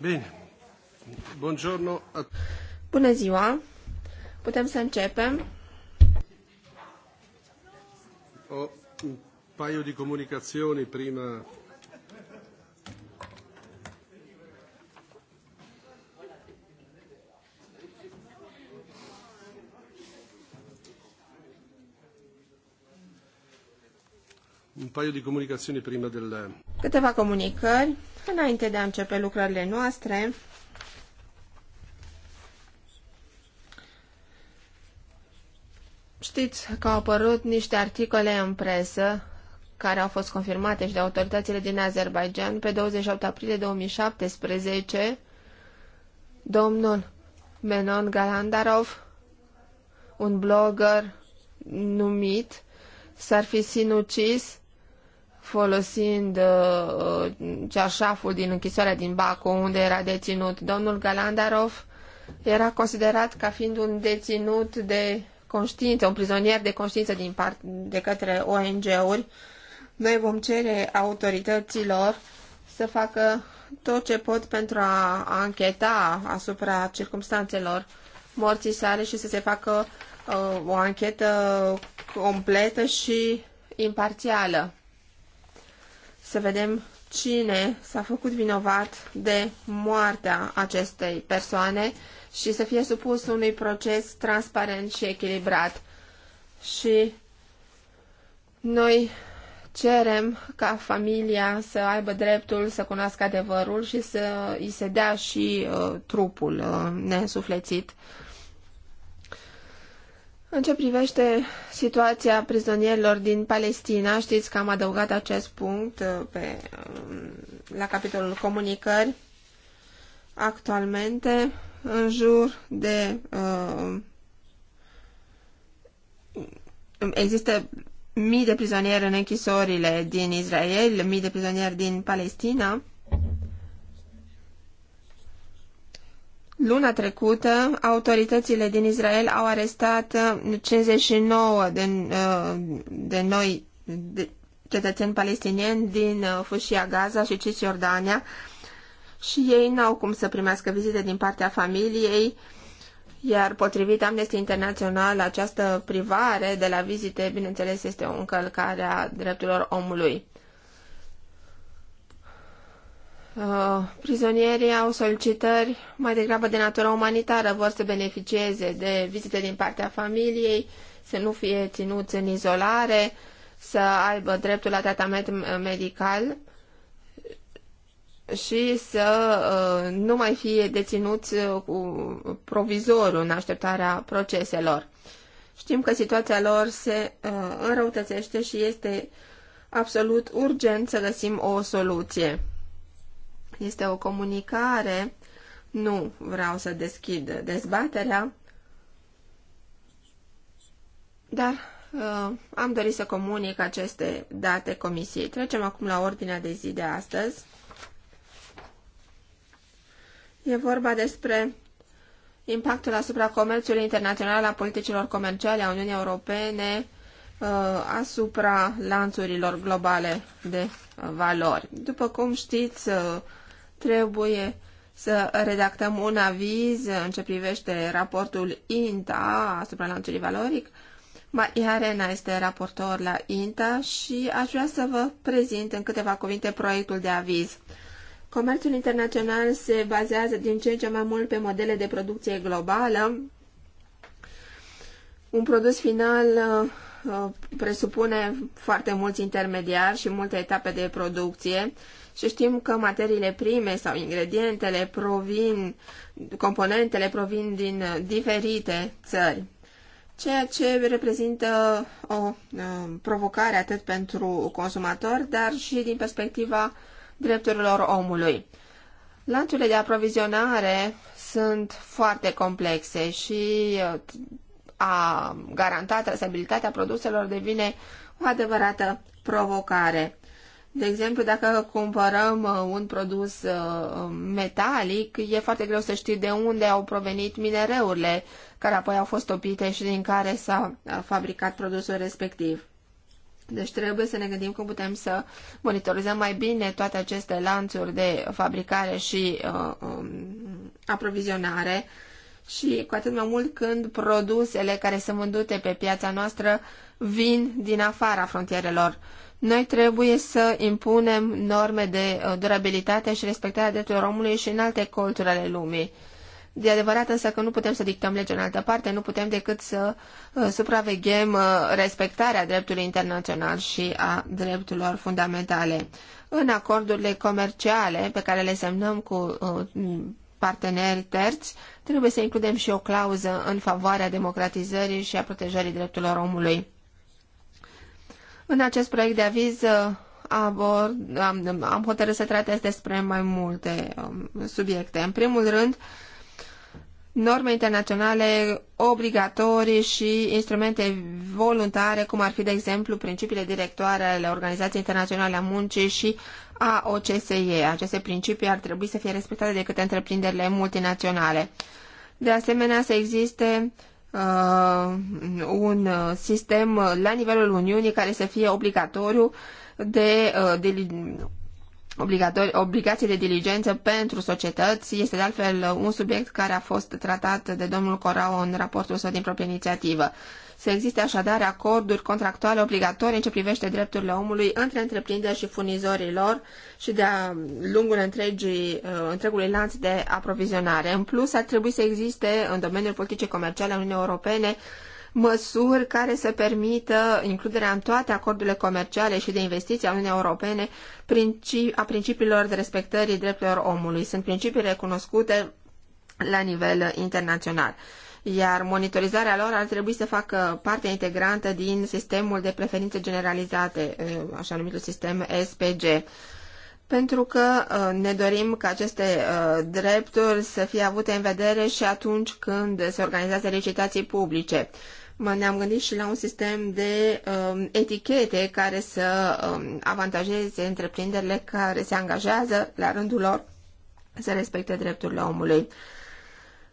Bine. Buongiorno. Bună ziua. Putem să începem. O un paio di comunicazioni prima Un paio di comunicazioni prima del Câteva comunicări Înainte de a începe lucrările noastre, știți că au apărut niște articole în presă care au fost confirmate și de autoritățile din Azerbaijan pe 28 aprilie 2017, domnul Menon Galandarov, un blogger numit, s-ar fi sinucis folosind uh, ceașaful din închisoarea din Baco, unde era deținut. Domnul Galandarov era considerat ca fiind un deținut de conștiință, un prizonier de conștiință din part, de către ONG-uri. Noi vom cere autorităților să facă tot ce pot pentru a ancheta asupra circumstanțelor morții sale și să se facă uh, o anchetă completă și imparțială să vedem cine s-a făcut vinovat de moartea acestei persoane și să fie supus unui proces transparent și echilibrat. Și noi cerem ca familia să aibă dreptul să cunoască adevărul și să îi se dea și uh, trupul uh, nesuflețit în ce privește situația prizonierilor din Palestina, știți că am adăugat acest punct uh, pe, um, la capitolul comunicări. Actualmente, în jur de. Uh, există mii de prizonieri în închisorile din Israel, mii de prizonieri din Palestina Luna trecută, autoritățile din Israel au arestat 59 uh, de, uh, de noi de cetățeni palestinieni din uh, Fâșia Gaza și Cisjordania și ei n-au cum să primească vizite din partea familiei, iar potrivit Amnesty International, această privare de la vizite, bineînțeles, este o încălcare a drepturilor omului. Uh, prizonierii au solicitări mai degrabă de natură umanitară, vor să beneficieze de vizite din partea familiei, să nu fie ținuți în izolare, să aibă dreptul la tratament medical și să uh, nu mai fie deținuți uh, cu provizorul în așteptarea proceselor. Știm că situația lor se uh, înrăutățește și este absolut urgent să găsim o soluție. Este o comunicare. Nu vreau să deschid dezbaterea, dar uh, am dorit să comunic aceste date comisiei. Trecem acum la ordinea de zi de astăzi. E vorba despre impactul asupra comerțului internațional a politicilor comerciale a Uniunii Europene uh, asupra lanțurilor globale de valori. După cum știți, uh, Trebuie să redactăm un aviz în ce privește raportul INTA asupra lanțului valoric. Maria Arena este raportor la INTA și aș vrea să vă prezint în câteva cuvinte proiectul de aviz. Comerțul internațional se bazează din ce în ce mai mult pe modele de producție globală. Un produs final uh, presupune foarte mulți intermediari și multe etape de producție și știm că materiile prime sau ingredientele provin, componentele provin din uh, diferite țări, ceea ce reprezintă o uh, provocare atât pentru consumator, dar și din perspectiva drepturilor omului. Lanțurile de aprovizionare sunt foarte complexe și uh, a garanta trasabilitatea produselor devine o adevărată provocare. De exemplu, dacă cumpărăm uh, un produs uh, metalic, e foarte greu să știi de unde au provenit minereurile care apoi au fost topite și din care s-a fabricat produsul respectiv. Deci trebuie să ne gândim cum putem să monitorizăm mai bine toate aceste lanțuri de fabricare și uh, um, aprovizionare și cu atât mai mult când produsele care sunt vândute pe piața noastră vin din afara frontierelor noi trebuie să impunem norme de uh, durabilitate și respectarea drepturilor omului și în alte colțuri ale lumii. De adevărat însă că nu putem să dictăm lege în altă parte, nu putem decât să uh, supraveghem uh, respectarea dreptului internațional și a drepturilor fundamentale. În acordurile comerciale pe care le semnăm cu parteneri terți, trebuie să includem și o clauză în favoarea democratizării și a protejării drepturilor omului. În acest proiect de aviz uh, abord, am, am hotărât să tratez despre mai multe um, subiecte. În primul rând, norme internaționale obligatorii și instrumente voluntare, cum ar fi, de exemplu, principiile directoare ale Organizației Internaționale a Muncii și a OCSE. Aceste principii ar trebui să fie respectate de către întreprinderile multinaționale. De asemenea, să existe uh, uh, un uh, sistem la nivelul Uniunii care să fie obligatoriu de, uh, de obligații de diligență pentru societăți este de altfel un subiect care a fost tratat de domnul Corao în raportul său din proprie inițiativă. Să existe așadar acorduri contractuale obligatorii în ce privește drepturile omului între întreprinderi și furnizorii lor și de-a lungul întregii, uh, întregului lanț de aprovizionare. În plus, ar trebui să existe în domeniul politicii comerciale a Uniunii Europene măsuri care să permită includerea în toate acordurile comerciale și de investiții a Uniunii Europene a principiilor de respectării drepturilor omului. Sunt principii recunoscute la nivel internațional iar monitorizarea lor ar trebui să facă parte integrantă din sistemul de preferințe generalizate, eh, așa numitul sistem SPG. Pentru că eh, ne dorim ca aceste eh, drepturi să fie avute în vedere și atunci când se organizează licitații publice ne-am gândit și la un sistem de um, etichete care să um, avantajeze întreprinderile care se angajează la rândul lor să respecte drepturile omului.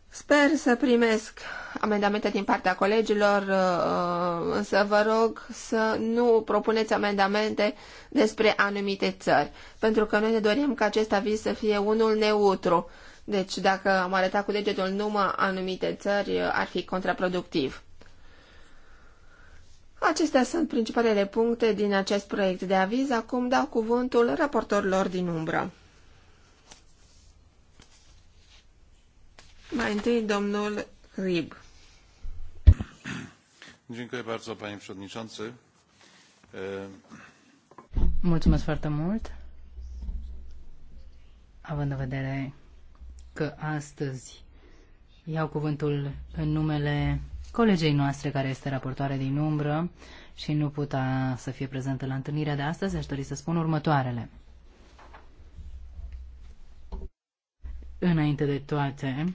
Sper să primesc amendamente din partea colegilor, uh, însă vă rog să nu propuneți amendamente despre anumite țări, pentru că noi ne dorim ca acest aviz să fie unul neutru. Deci dacă am arătat cu degetul numai anumite țări, uh, ar fi contraproductiv. Acestea sunt principalele puncte din acest proiect de aviz. Acum dau cuvântul raportorilor din umbră. Mai întâi, domnul Rib. Mulțumesc foarte mult. Având în vedere că astăzi iau cuvântul în numele colegei noastre care este raportoare din umbră și nu putea să fie prezentă la întâlnirea de astăzi, aș dori să spun următoarele. Înainte de toate,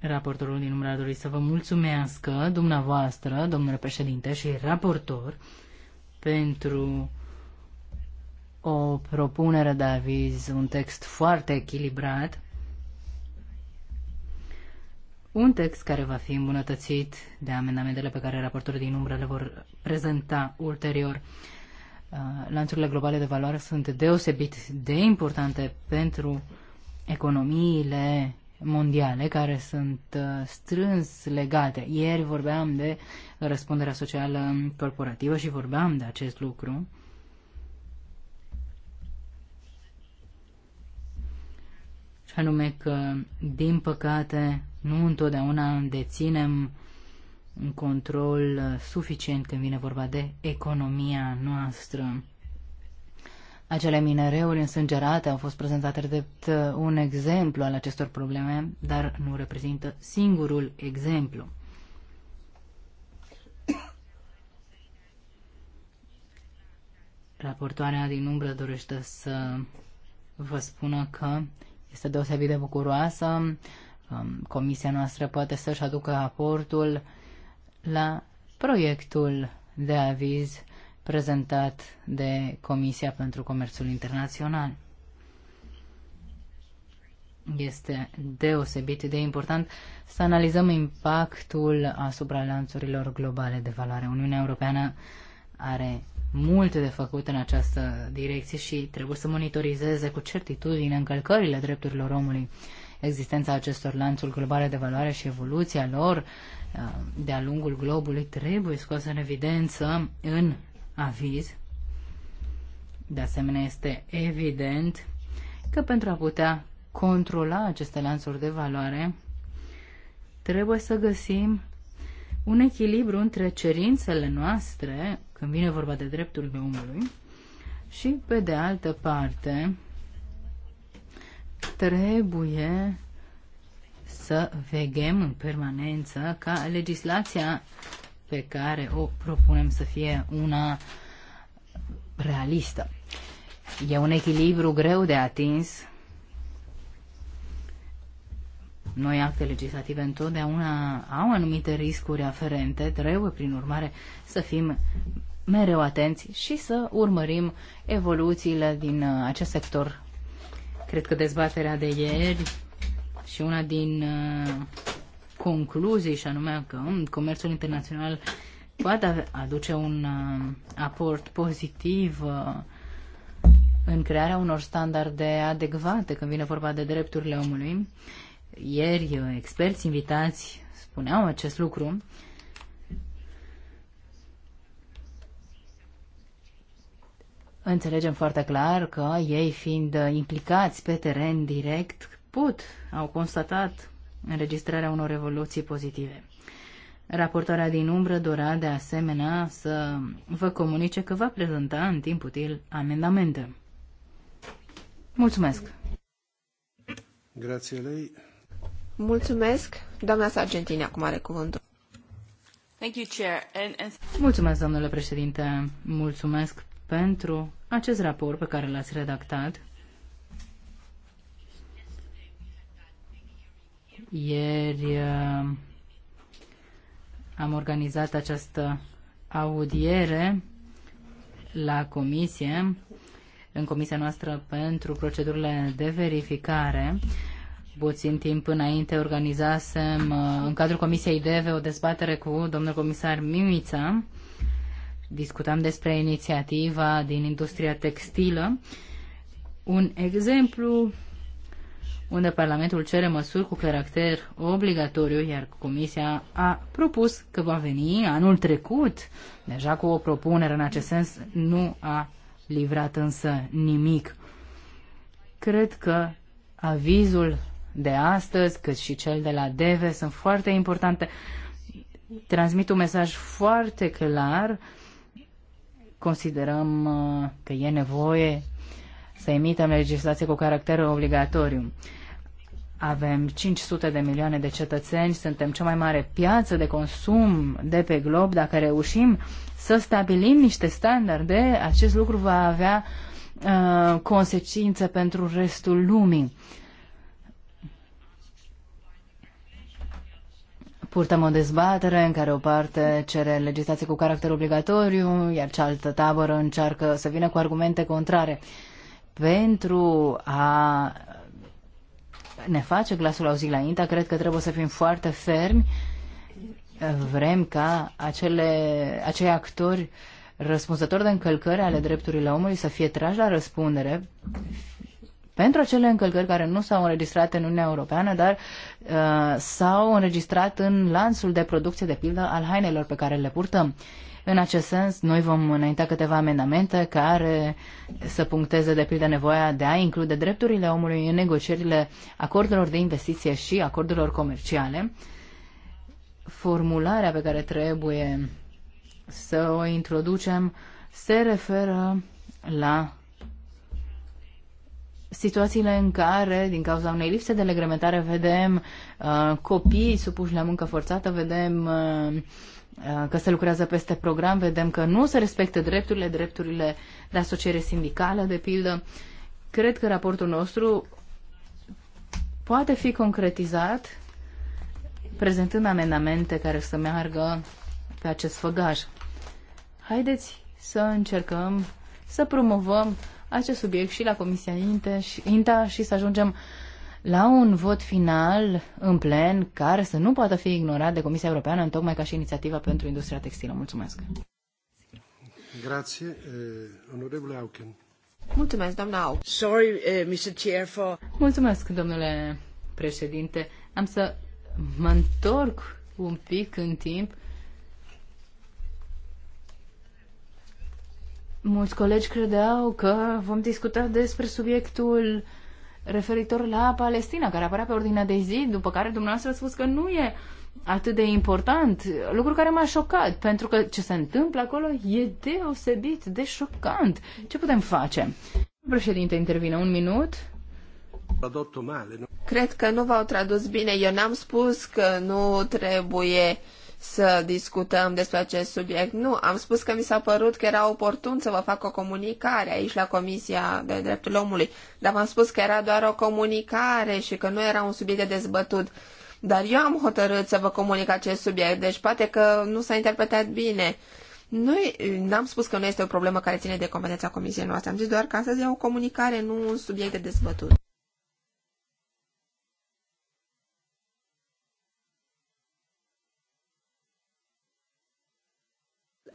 raportorul din umbră a dorit să vă mulțumească dumneavoastră, domnule președinte și raportor, pentru o propunere de aviz, un text foarte echilibrat, un text care va fi îmbunătățit de amendamentele pe care raportorii din umbră le vor prezenta ulterior. Uh, lanțurile globale de valoare sunt deosebit de importante pentru economiile mondiale care sunt uh, strâns legate. Ieri vorbeam de răspunderea socială corporativă și vorbeam de acest lucru. anume că, din păcate, nu întotdeauna deținem un control suficient când vine vorba de economia noastră. Acele minereuri însângerate au fost prezentate drept un exemplu al acestor probleme, dar nu reprezintă singurul exemplu. Raportoarea din umbră dorește să vă spună că este deosebit de bucuroasă. Um, comisia noastră poate să-și aducă aportul la proiectul de aviz prezentat de Comisia pentru Comerțul Internațional. Este deosebit de important să analizăm impactul asupra lanțurilor globale de valoare. Uniunea Europeană are multe de făcut în această direcție și trebuie să monitorizeze cu certitudine încălcările drepturilor omului, existența acestor lanțuri globale de valoare și evoluția lor uh, de-a lungul globului trebuie scoasă în evidență în aviz. De asemenea, este evident că pentru a putea controla aceste lanțuri de valoare, trebuie să găsim un echilibru între cerințele noastre când vine vorba de drepturile omului și, pe de altă parte, trebuie să vegem în permanență ca legislația pe care o propunem să fie una realistă. E un echilibru greu de atins noi acte legislative întotdeauna au anumite riscuri aferente, trebuie prin urmare să fim mereu atenți și să urmărim evoluțiile din uh, acest sector. Cred că dezbaterea de ieri și una din uh, concluzii, și anume că um, comerțul internațional poate aduce un uh, aport pozitiv în crearea unor standarde adecvate când vine vorba de drepturile omului, ieri, uh, experți invitați spuneau acest lucru. Înțelegem foarte clar că ei fiind uh, implicați pe teren direct pot, au constatat înregistrarea unor revoluții pozitive. Raportarea din umbră dorea de asemenea să vă comunice că va prezenta în timp util amendamente. Mulțumesc! Grazie lei. Mulțumesc. Doamna Sargentini acum are cuvântul. Thank you, Chair. And, and... Mulțumesc, domnule președinte. Mulțumesc pentru acest raport pe care l-ați redactat. Ieri uh, am organizat această audiere la comisie, în comisia noastră pentru procedurile de verificare puțin timp înainte organizasem uh, în cadrul Comisiei DEVE o dezbatere cu domnul comisar Mimița. Discutam despre inițiativa din industria textilă. Un exemplu unde Parlamentul cere măsuri cu caracter obligatoriu, iar Comisia a propus că va veni anul trecut, deja cu o propunere în acest sens, nu a livrat însă nimic. Cred că avizul de astăzi, cât și cel de la DEVE sunt foarte importante. Transmit un mesaj foarte clar. Considerăm uh, că e nevoie să emitem legislație cu caracter obligatoriu. Avem 500 de milioane de cetățeni, suntem cea mai mare piață de consum de pe glob. Dacă reușim să stabilim niște standarde, acest lucru va avea uh, consecințe pentru restul lumii. Uh, Purtăm o dezbatere în care o parte cere legislație cu caracter obligatoriu, iar cealaltă tabără încearcă să vină cu argumente contrare. Pentru a ne face glasul auzit la INTA, cred că trebuie să fim foarte fermi. Vrem ca acele, acei actori răspunzători de încălcări ale drepturilor omului să fie trași la răspundere, pentru acele încălcări care nu s-au înregistrat în Uniunea Europeană, dar uh, s-au înregistrat în lanțul de producție, de pildă, al hainelor pe care le purtăm. În acest sens, noi vom înainta câteva amendamente care să puncteze, de pildă, nevoia de a include drepturile omului în negocierile acordurilor de investiție și acordurilor comerciale. Formularea pe care trebuie să o introducem se referă la situațiile în care, din cauza unei lipse de legrementare, vedem uh, copii supuși la muncă forțată, vedem uh, uh, că se lucrează peste program, vedem că nu se respectă drepturile, drepturile de asociere sindicală, de pildă. Cred că raportul nostru poate fi concretizat prezentând amendamente care să meargă pe acest făgaj. Haideți să încercăm să promovăm acest subiect și la Comisia INTA și să ajungem la un vot final în plen care să nu poată fi ignorat de Comisia Europeană, în tocmai ca și inițiativa pentru industria textilă. Mulțumesc! Grazie, eh, onorevole Auken. Mulțumesc, doamna Auk. Sorry, eh, Mr. Chair, for... Mulțumesc, domnule președinte. Am să mă întorc un pic în timp Mulți colegi credeau că vom discuta despre subiectul referitor la Palestina, care apărea pe ordinea de zi, după care dumneavoastră a spus că nu e atât de important, lucru care m-a șocat, pentru că ce se întâmplă acolo e deosebit de șocant. Ce putem face? Președinte, intervine un minut. Cred că nu v-au tradus bine. Eu n-am spus că nu trebuie uh, să discutăm despre acest subiect. Nu, am spus că mi s-a părut că era oportun să vă fac o comunicare aici la Comisia de Dreptul Omului, dar v-am spus că era doar o comunicare și că nu era un subiect de dezbătut. Dar eu am hotărât să vă comunic acest subiect, deci poate că nu s-a interpretat bine. Noi n-am spus că nu este o problemă care ține de competența comisiei noastre, am zis doar că astăzi e o comunicare, nu un subiect de dezbătut.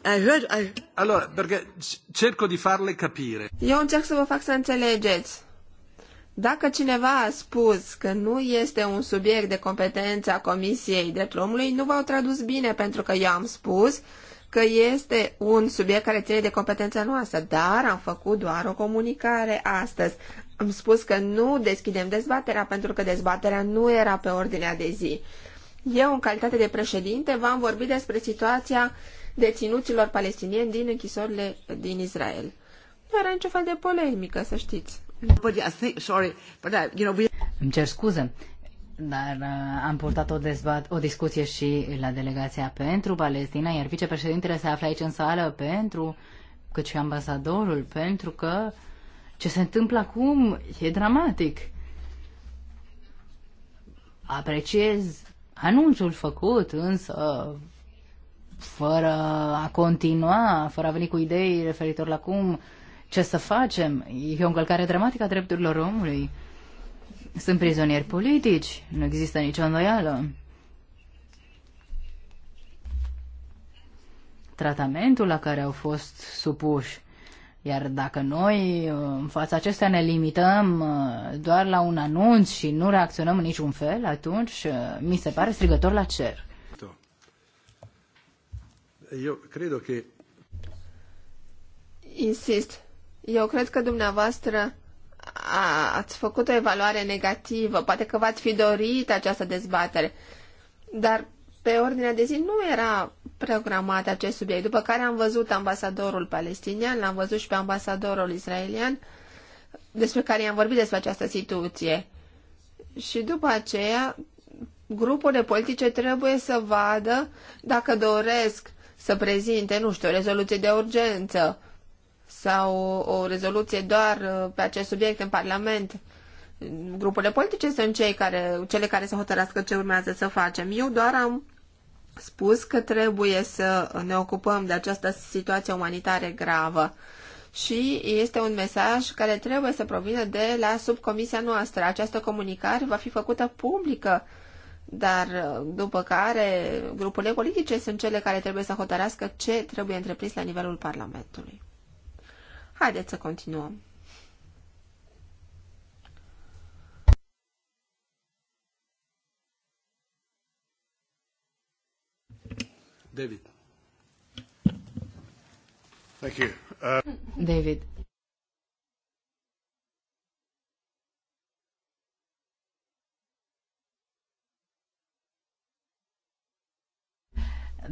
I heard, I... Allora, perché cerco di farle capire. Eu încerc să vă fac să înțelegeți. Dacă cineva a spus că nu este un subiect de competență a Comisiei Dreptul Omului, nu v-au tradus bine, pentru că eu am spus că este un subiect care ține de competența noastră, dar am făcut doar o comunicare astăzi. Am spus că nu deschidem dezbaterea pentru că dezbaterea nu era pe ordinea de zi. Eu, în calitate de președinte, v-am vorbit despre situația uh, deținuților palestinieni din închisorile din Israel. Nu era nicio fel de polemică, să știți. Îmi cer scuze, dar uh, am purtat o, dezbat, o discuție și la delegația pentru Palestina, iar vicepreședintele se află aici în sală pentru, cât și ambasadorul, pentru că ce se întâmplă acum e dramatic. Apreciez anunțul făcut, însă fără a continua, fără a veni cu idei referitor la cum, ce să facem. E o încălcare dramatică a drepturilor omului. Sunt prizonieri politici, nu există nicio îndoială. Tratamentul la care au fost supuși iar dacă noi în fața acestea ne limităm uh, doar la un anunț și nu reacționăm în niciun fel, atunci uh, mi se pare strigător la cer eu cred că... Insist, eu cred că dumneavoastră a, ați făcut o evaluare negativă, poate că v-ați fi dorit această dezbatere, dar pe ordinea de zi nu era programat acest subiect, după care am văzut ambasadorul palestinian, l-am văzut și pe ambasadorul israelian, despre care i-am vorbit despre această situație. Și după aceea, grupurile politice trebuie să vadă dacă doresc să prezinte, nu știu, o rezoluție de urgență sau o rezoluție doar uh, pe acest subiect în Parlament. Grupurile politice sunt cei care, cele care să hotărască ce urmează să facem. Eu doar am spus că trebuie să ne ocupăm de această situație umanitară gravă și este un mesaj care trebuie să provină de la subcomisia noastră. Această comunicare va fi făcută publică dar după care grupurile politice sunt cele care trebuie să hotărească ce trebuie întreprins la nivelul Parlamentului. Haideți să continuăm. David. Thank you. Uh... David.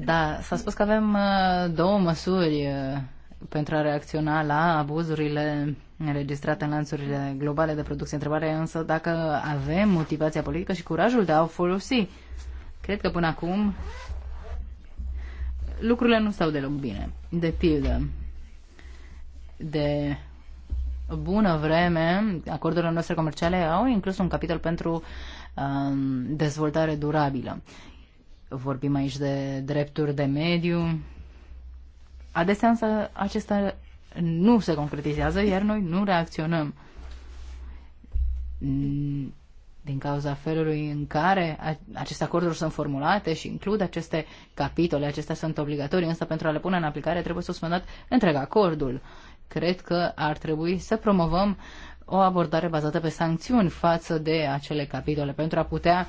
Da, s-a spus că avem uh, două măsuri uh, pentru a reacționa la abuzurile înregistrate în lanțurile globale de producție. Întrebarea însă dacă avem motivația politică și curajul de a o folosi. Cred că până acum lucrurile nu stau deloc bine. De pildă, de bună vreme, acordurile noastre comerciale au inclus un capitol pentru um, dezvoltare durabilă. Vorbim aici de drepturi de mediu. Adesea însă acestea nu se concretizează, iar noi nu reacționăm. Din cauza felului în care aceste acorduri sunt formulate și includ aceste capitole, acestea sunt obligatorii, însă pentru a le pune în aplicare trebuie suspendat întreg acordul. Cred că ar trebui să promovăm o abordare bazată pe sancțiuni față de acele capitole pentru a putea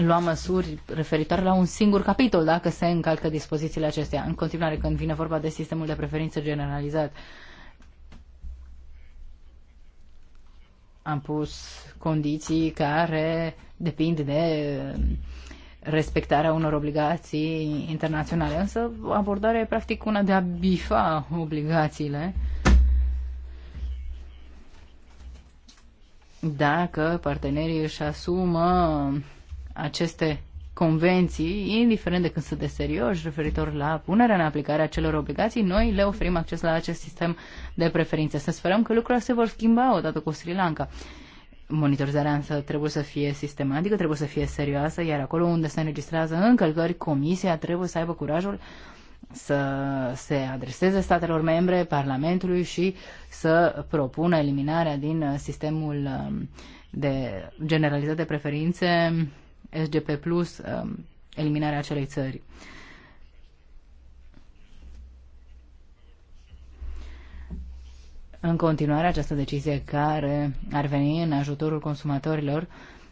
lua măsuri referitoare la un singur capitol dacă se încalcă dispozițiile acestea. În continuare, când vine vorba de sistemul de preferințe generalizat, am pus condiții care depind de respectarea unor obligații internaționale. Însă abordarea e practic una de a bifa obligațiile dacă partenerii își asumă aceste convenții, indiferent de când sunt de serioși referitor la punerea în aplicare a celor obligații, noi le oferim acces la acest sistem de preferințe. Să sperăm că lucrurile se vor schimba odată cu Sri Lanka. Monitorizarea însă trebuie să fie sistematică, trebuie să fie serioasă, iar acolo unde se înregistrează încălcări, comisia trebuie să aibă curajul să se adreseze statelor membre, Parlamentului și să propună eliminarea din sistemul um, de generalizate preferințe SGP Plus, um, eliminarea acelei țări. În continuare, această decizie care ar veni în ajutorul consumatorilor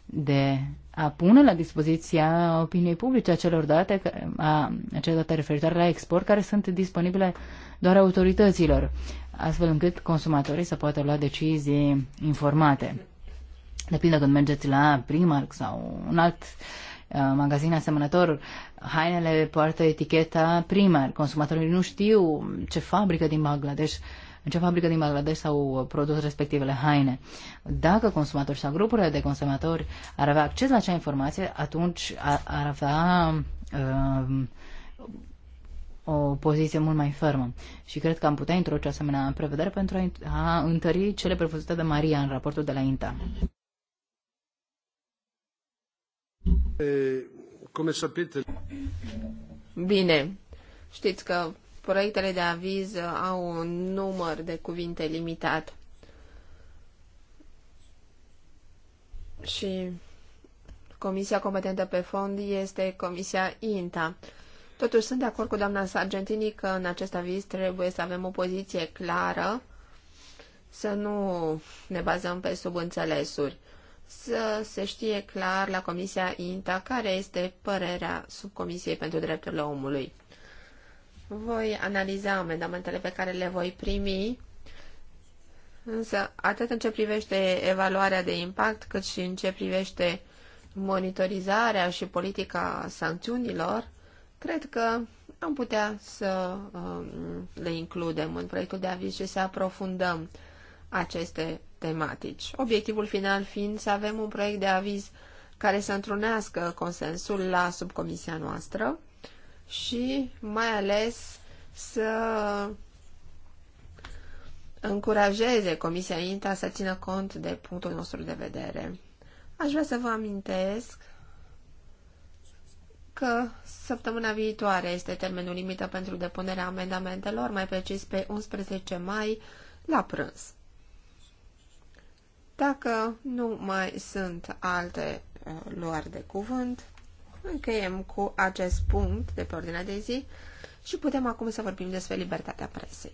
de a pune la dispoziția opiniei publice acelor date, a, acele date referitoare la export, care sunt disponibile doar autorităților, astfel încât consumatorii să poată lua decizii informate. De pildă când mergeți la Primark sau un alt uh, magazin asemănător, hainele poartă eticheta Primar. Consumatorii nu știu ce fabrică din Bangladesh în ce fabrică din Bangladesh s-au produs respectivele haine. Dacă consumatori sau grupurile de consumatori ar avea acces la acea informație, atunci ar, ar avea uh, o poziție mult mai fermă. Și cred că am putea introduce asemenea prevedere pentru a întări cele prevăzute de Maria în raportul de la INTA. Bine, știți că proiectele de aviz au un număr de cuvinte limitat. Și comisia competentă pe fond este comisia INTA. Totuși sunt de acord cu doamna Sargentini că în acest aviz trebuie să avem o poziție clară, să nu ne bazăm pe subînțelesuri să se știe clar la Comisia INTA care este părerea Subcomisiei pentru Drepturile Omului. Voi analiza amendamentele pe care le voi primi, însă atât în ce privește evaluarea de impact, cât și în ce privește monitorizarea și politica sancțiunilor, cred că am putea să um, le includem în proiectul de aviz și să aprofundăm uh, aceste tematici. Obiectivul final fiind să avem un proiect de aviz care să întrunească consensul la subcomisia noastră și mai ales să încurajeze Comisia INTA să țină cont de punctul nostru de vedere. Aș vrea să vă amintesc că săptămâna viitoare este termenul limită pentru depunerea amendamentelor, mai precis pe 11 mai, la prânz. Dacă nu mai sunt alte uh, luări de cuvânt, încheiem cu acest punct de pe ordinea de zi și putem acum să vorbim despre libertatea presei.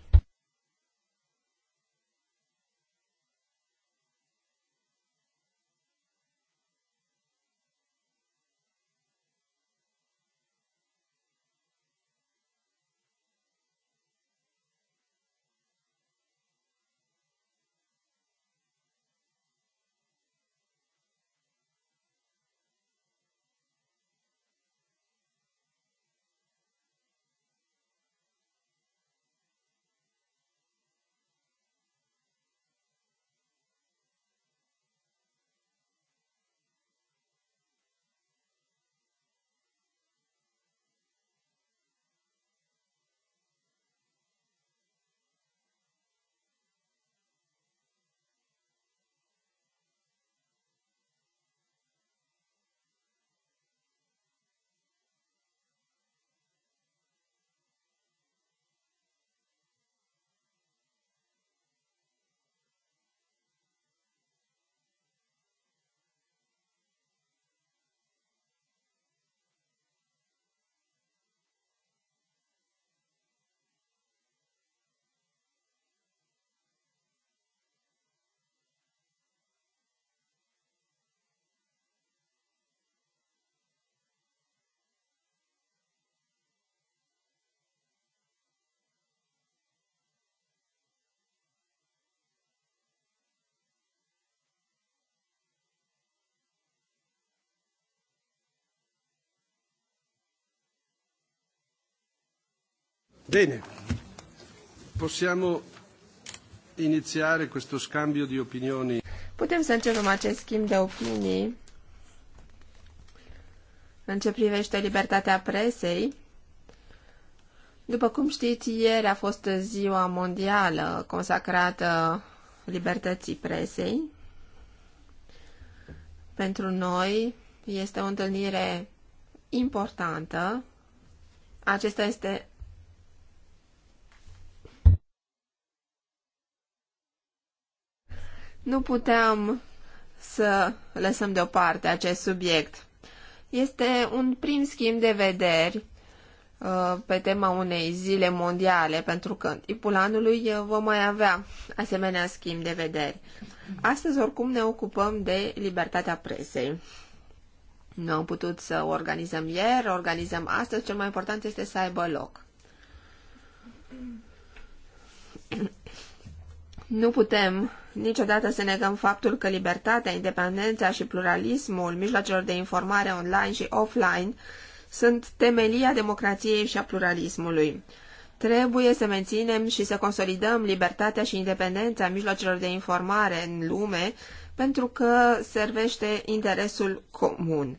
Bene, possiamo iniziare questo scambio di opinioni. Putem să începem acest schimb de opinii în ce privește libertatea presei. După cum știți, ieri a fost ziua mondială consacrată libertății presei. Pentru noi este o întâlnire importantă. Acesta este Nu puteam să lăsăm deoparte acest subiect. Este un prim schimb de vederi uh, pe tema unei zile mondiale, pentru că în timpul anului uh, vom mai avea asemenea schimb de vederi. Astăzi, oricum, ne ocupăm de libertatea presei. Nu am putut să organizăm ieri, organizăm astăzi, cel mai important este să aibă loc. Nu putem niciodată să negăm faptul că libertatea, independența și pluralismul mijloacelor de informare online și offline sunt temelia democrației și a pluralismului. Trebuie să menținem și să consolidăm libertatea și independența mijloacelor de informare în lume pentru că servește interesul comun.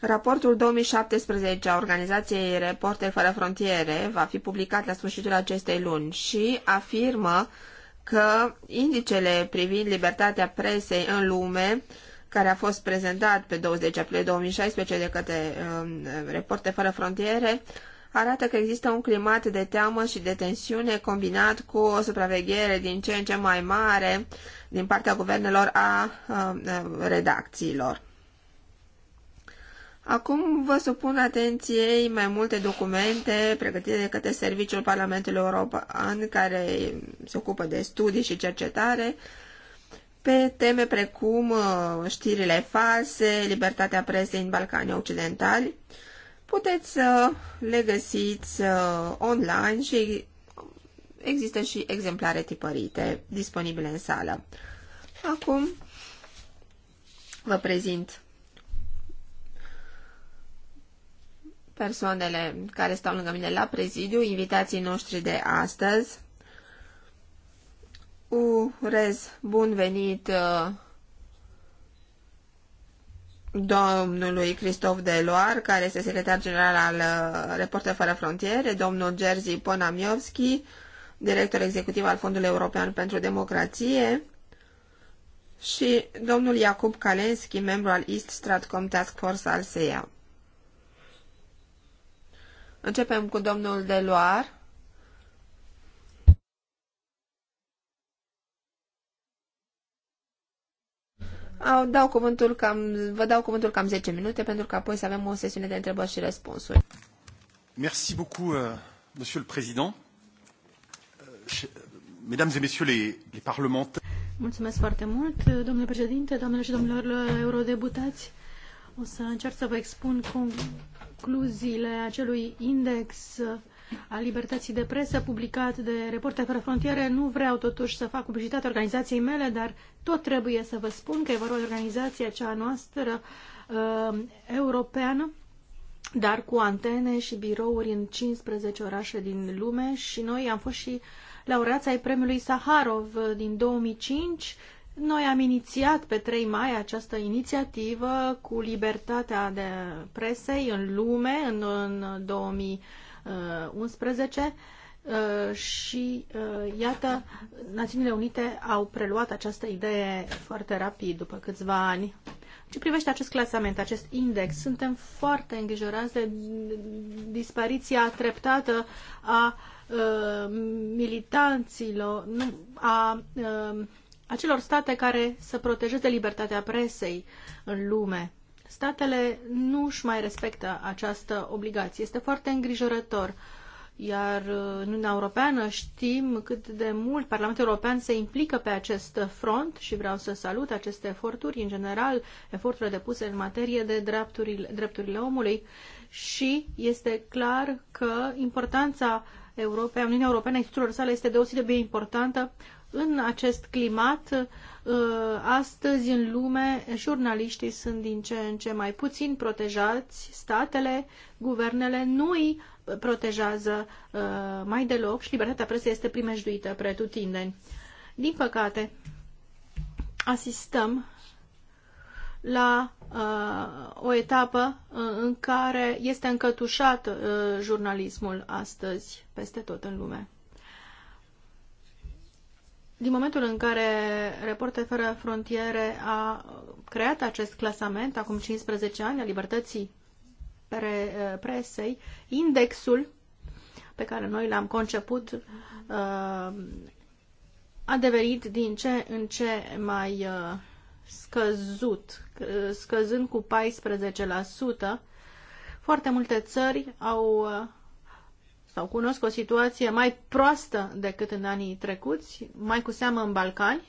Raportul 2017 a organizației Reporteri fără frontiere va fi publicat la sfârșitul acestei luni și afirmă că indicele privind libertatea presei în lume, care a fost prezentat pe 20 aprilie 2016 de către um, Reporte Fără Frontiere, arată că există un climat de teamă și de tensiune combinat cu o supraveghere din ce în ce mai mare din partea guvernelor a, a redacțiilor. Acum vă supun atenției mai multe documente pregătite de către Serviciul Parlamentului European, care se ocupă de studii și cercetare, pe teme precum uh, știrile false, libertatea presei în Balcanii Occidentali. Puteți să le găsiți uh, online și există și exemplare tipărite disponibile în sală. Acum vă prezint persoanele care stau lângă mine la prezidiu, invitații noștri de astăzi. Urez bun venit uh, domnului Cristof Deloar, care este secretar general al uh, Reporter Fără Frontiere, domnul Jerzy Ponamiovski, director executiv al Fondului European pentru Democrație, și domnul Iacob Kalenski, membru al East Stratcom Task Force al SEA. Începem cu domnul Deloar. Dau cuvântul cam, vă dau cuvântul cam 10 minute pentru că apoi să avem o sesiune de întrebări și răspunsuri. Merci beaucoup, euh, monsieur le président. Euh, mesdames et messieurs les, les parlementaires. Mulțumesc foarte mult, domnule președinte, doamnelor și domnilor eurodeputați. O să încerc să vă expun cum concluziile acelui index a libertății de presă publicat de Reporter fără frontiere. Nu vreau totuși să fac publicitate organizației mele, dar tot trebuie să vă spun că e vorba de organizația cea noastră uh, europeană, dar cu antene și birouri în 15 orașe din lume și noi am fost și laureați ai premiului Saharov din 2005 noi am inițiat pe 3 mai această inițiativă cu libertatea de presei în lume în, în 2011 uh, uh, și uh, iată, Națiunile Unite au preluat această idee foarte rapid, după câțiva ani. Ce privește acest clasament, acest index, suntem foarte îngrijorați de dispariția treptată a uh, militanților, nu, a uh, acelor state care să protejeze libertatea presei în lume. Statele nu își mai respectă această obligație. Este foarte îngrijorător. Iar în Uniunea Europeană știm cât de mult Parlamentul European se implică pe acest front și vreau să salut aceste eforturi, în general, eforturile depuse în materie de drepturile, drepturile omului și este clar că importanța Europei, a Uniunii Europene a sale este deosebit de importantă în acest climat, uh, astăzi în lume, jurnaliștii sunt din ce în ce mai puțin protejați, statele, guvernele nu îi protejează uh, mai deloc și libertatea presei este primejduită pretutindeni. Din păcate, asistăm la uh, o etapă uh, în care este încătușat uh, jurnalismul astăzi peste tot în lume. Din momentul în care Reporte Fără Frontiere a creat acest clasament, acum 15 ani, a libertății pre, eh, presei, indexul pe care noi l-am conceput eh, a devenit din ce în ce mai eh, scăzut, scăzând cu 14%. Foarte multe țări au sau cunosc o situație mai proastă decât în anii trecuți, mai cu seamă în Balcani.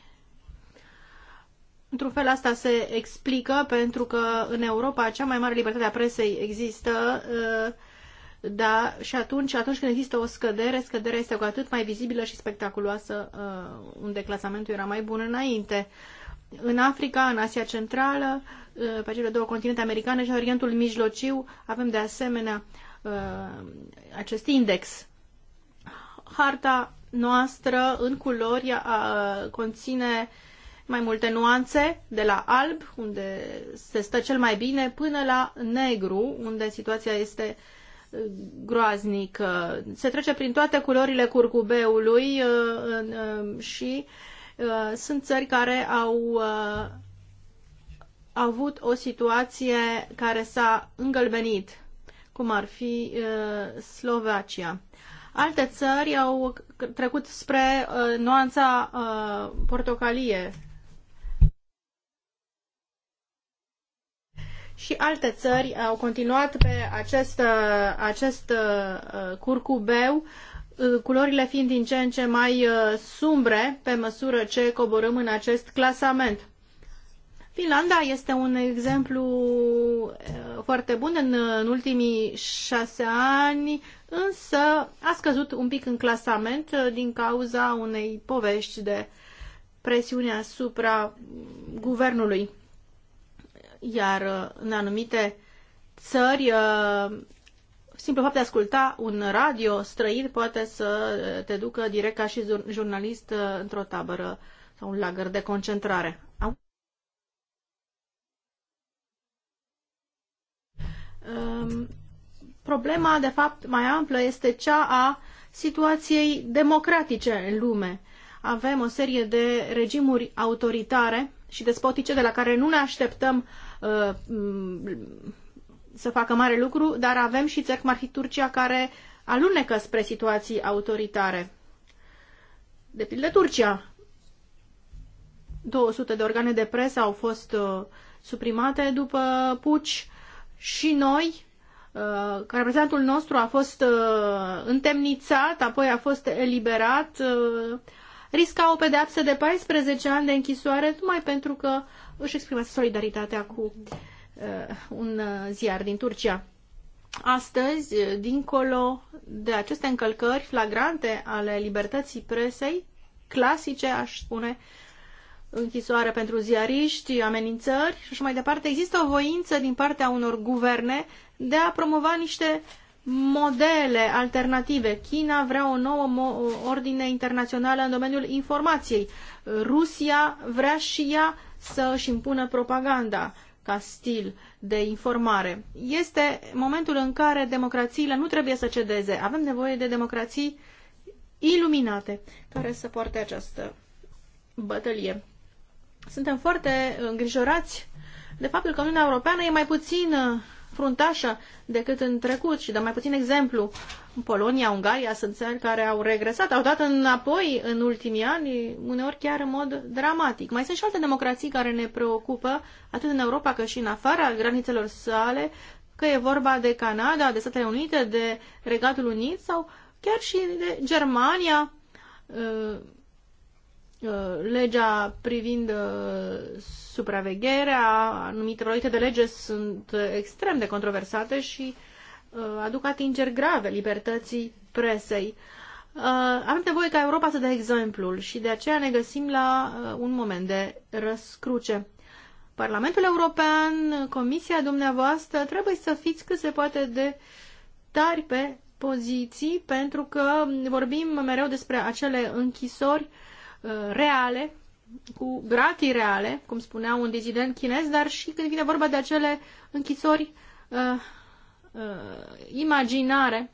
Într-un fel asta se explică pentru că în Europa cea mai mare libertate a presei există, da, și atunci, atunci când există o scădere, scăderea este cu atât mai vizibilă și spectaculoasă, uh, unde clasamentul era mai bun înainte. În Africa, în Asia Centrală, uh, pe cele două continente americane și în Orientul Mijlociu avem de asemenea Uh, acest index. Harta noastră în culori conține mai multe nuanțe, de la alb, unde se stă cel mai bine, până la negru, unde situația este uh, groaznic. Se trece prin toate culorile curcubeului uh, și sunt țări care au avut o situație care s-a îngălbenit cum ar fi uh, Slovacia. Alte țări au trecut spre uh, nuanța uh, portocalie și alte țări au continuat pe acest, acest curcubeu, culorile fiind din ce în ce mai sumbre pe măsură ce coborâm în acest clasament. Finlanda este un exemplu eh, foarte bun în, în ultimii șase ani, însă a scăzut un pic în clasament eh, din cauza unei povești de presiune asupra guvernului. Iar eh, în anumite țări, simplu fapt de asculta un radio străin poate să te ducă direct ca și jurnalist într-o tabără sau un lagăr de concentrare. Ehm, problema, de fapt, mai amplă este cea a situației democratice în lume. Avem o serie de regimuri autoritare și despotice de la care nu ne așteptăm uh, să facă mare lucru, dar avem și țări cum ar fi Turcia care alunecă spre situații autoritare. De pildă Turcia. 200 de organe de presă au fost uh, suprimate după puci, și noi, uh, că reprezentantul nostru a fost uh, întemnițat, apoi a fost eliberat, uh, risca o pedeapsă de 14 ani de închisoare numai pentru că își exprimă solidaritatea cu un ziar din Turcia. Astăzi, dincolo de aceste încălcări flagrante ale libertății presei, clasice, aș spune, uh, închisoare pentru ziariști, amenințări și așa mai departe, există o voință din partea unor guverne de a promova niște modele alternative. China vrea o nouă ordine internațională în domeniul informației. Rusia vrea și ea să își impună propaganda ca stil de informare. Este momentul în care democrațiile nu trebuie să cedeze. Avem nevoie de democrații iluminate care să poarte această bătălie suntem foarte îngrijorați de faptul că Uniunea Europeană e mai puțin uh, fruntașă decât în trecut și dăm mai puțin exemplu. Polonia, Ungaria sunt țări care au regresat, au dat înapoi în ultimii ani, uneori chiar în mod dramatic. Mai sunt și alte democrații care ne preocupă, atât în Europa cât și în afara granițelor sale, că e vorba de Canada, de Statele Unite, de Regatul Unit sau chiar și de Germania uh, Uh, legea privind uh, supravegherea, anumite proiecte de lege sunt extrem de controversate și uh, aduc atingeri grave libertății presei. Avem nevoie ca Europa să dea exemplul și de aceea ne găsim la un moment de răscruce. Parlamentul European, Comisia dumneavoastră, trebuie să fiți cât se poate de tari pe poziții, pentru că vorbim mereu despre acele închisori Uh, reale, cu gratii reale, cum spunea un dizident chinez, dar și când vine vorba de acele închisori uh, uh, imaginare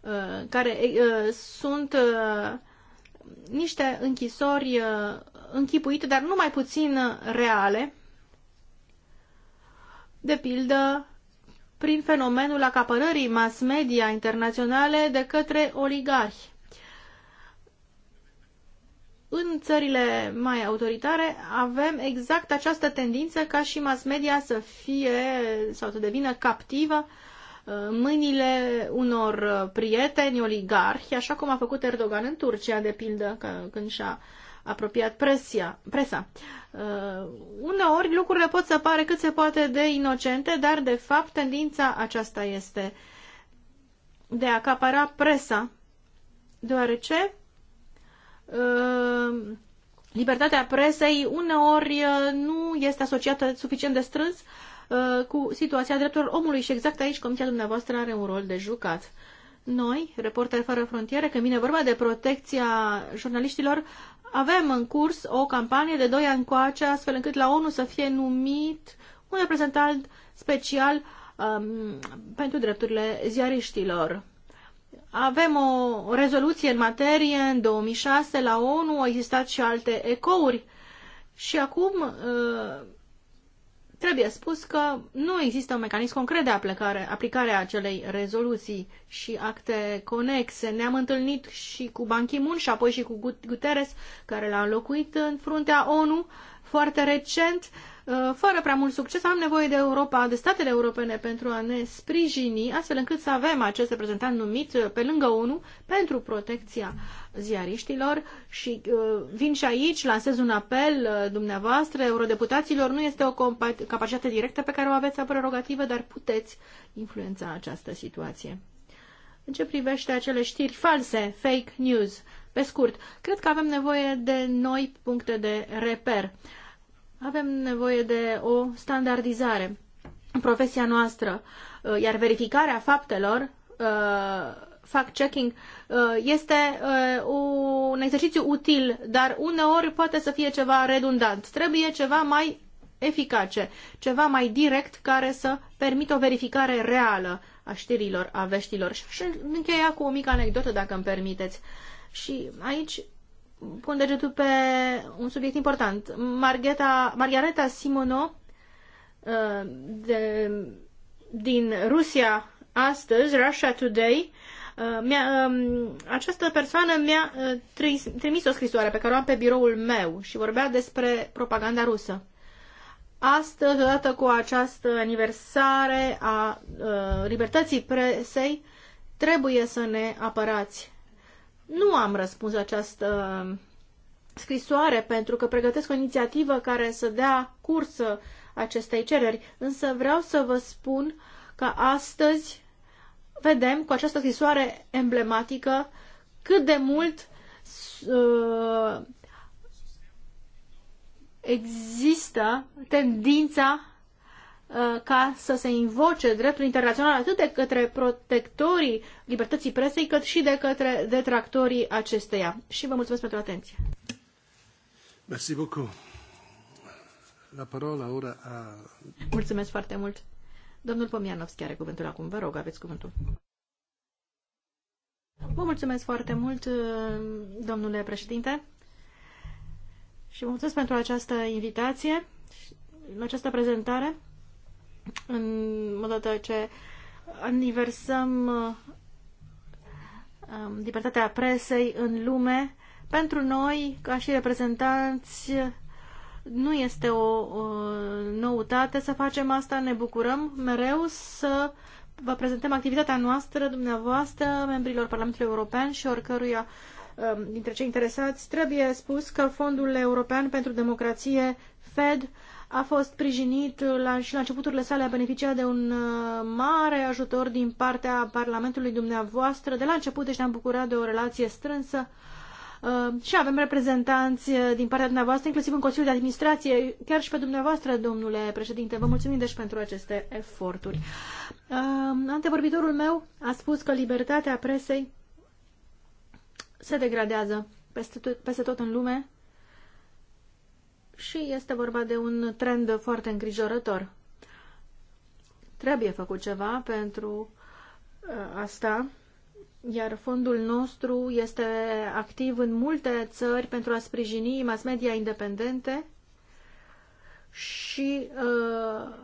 uh, care uh, sunt uh, niște închisori uh, închipuite, dar nu mai puțin reale, de pildă prin fenomenul acapărării mass media internaționale de către oligarhi în țările mai autoritare avem exact această tendință ca și mass media să fie sau să devină captivă în uh, mâinile unor uh, prieteni oligarhi, așa cum a făcut Erdogan în Turcia, de pildă, când și-a apropiat presia, presa. Uh, uneori lucrurile pot să pare cât se poate de inocente, dar de fapt tendința aceasta este de a acapara presa, deoarece Ehm, libertatea presei uneori eh, nu este asociată suficient de strâns eh, cu situația drepturilor omului și exact aici Comisia dumneavoastră are un rol de jucat. Noi, Reporteri Fără Frontiere, când vine vorba de protecția jurnaliștilor, avem în curs o campanie de doi ani coace, astfel încât la ONU să fie numit un reprezentant special um, pentru drepturile ziariștilor. Avem o rezoluție în materie în 2006 la ONU, au existat și alte ecouri și acum ă, trebuie spus că nu există un mecanism concret de aplicare, aplicare a acelei rezoluții și acte conexe. Ne-am întâlnit și cu Ban Ki-moon și apoi și cu Guterres, care l-a înlocuit în fruntea ONU foarte recent. Uh, Uh, fără prea mult succes, avem nevoie de Europa, de statele europene pentru a ne sprijini, astfel încât să avem acest reprezentant numit uh, pe lângă ONU pentru protecția ziariștilor și uh, vin și aici, lansez un apel uh, dumneavoastră, eurodeputaților, nu este o capacitate directă pe care o aveți a prerogativă, dar puteți influența această situație. În ce privește acele știri false, fake news, pe scurt, cred că avem nevoie de noi puncte de reper. Uh, avem nevoie de o standardizare în profesia noastră, uh, iar verificarea faptelor, uh, fact-checking, uh, este un exercițiu util, dar uneori poate să fie ceva redundant. Trebuie ceva mai eficace, ceva mai direct care să permită o verificare reală a știrilor, a veștilor. Și încheia cu o mică anecdotă, dacă îmi permiteți. Și aici pun degetul pe un subiect important. Margheta, Margareta Simono uh, de, din Rusia astăzi, Russia Today, uh, mi-a, um, această persoană mi-a uh, trimis o scrisoare pe care o am pe biroul meu și vorbea despre propaganda rusă. Astăzi, odată cu această aniversare a uh, libertății presei, trebuie să ne apărați nu am răspuns această scrisoare pentru că pregătesc o inițiativă care să dea curs acestei cereri, însă vreau să vă spun că astăzi vedem cu această scrisoare emblematică cât de mult uh, există tendința Uh, ca să se invoce dreptul internațional atât de către protectorii libertății presei, cât și de către detractorii acesteia. Și vă mulțumesc pentru atenție. Merci beaucoup. La parola ora a... Mulțumesc foarte mult. Domnul Pomianovski are cuvântul acum. Vă rog, aveți cuvântul. Vă mulțumesc foarte mult, uh, domnule președinte, și vă mulțumesc pentru această invitație, această prezentare în odată ce aniversăm um, libertatea presei în lume, pentru noi, ca și reprezentanți, nu este o uh, noutate să facem asta, ne bucurăm mereu să vă prezentăm activitatea noastră, dumneavoastră, membrilor Parlamentului European și oricăruia um, dintre cei interesați. Trebuie spus că Fondul European pentru Democrație, FED, a fost sprijinit la, și la începuturile sale a beneficiat de un uh, mare ajutor din partea Parlamentului dumneavoastră. De la început deci ne-am bucurat de o relație strânsă uh, și avem reprezentanți uh, din partea dumneavoastră, inclusiv în Consiliul de Administrație, chiar și pe dumneavoastră, domnule președinte. Vă mulțumim deci pentru aceste eforturi. Antevorbitorul meu a spus că libertatea presei se degradează peste tot, tot în lume și este vorba de un trend foarte îngrijorător. Trebuie făcut ceva pentru uh, asta, iar fondul nostru este activ în multe țări pentru a sprijini mass media independente și uh,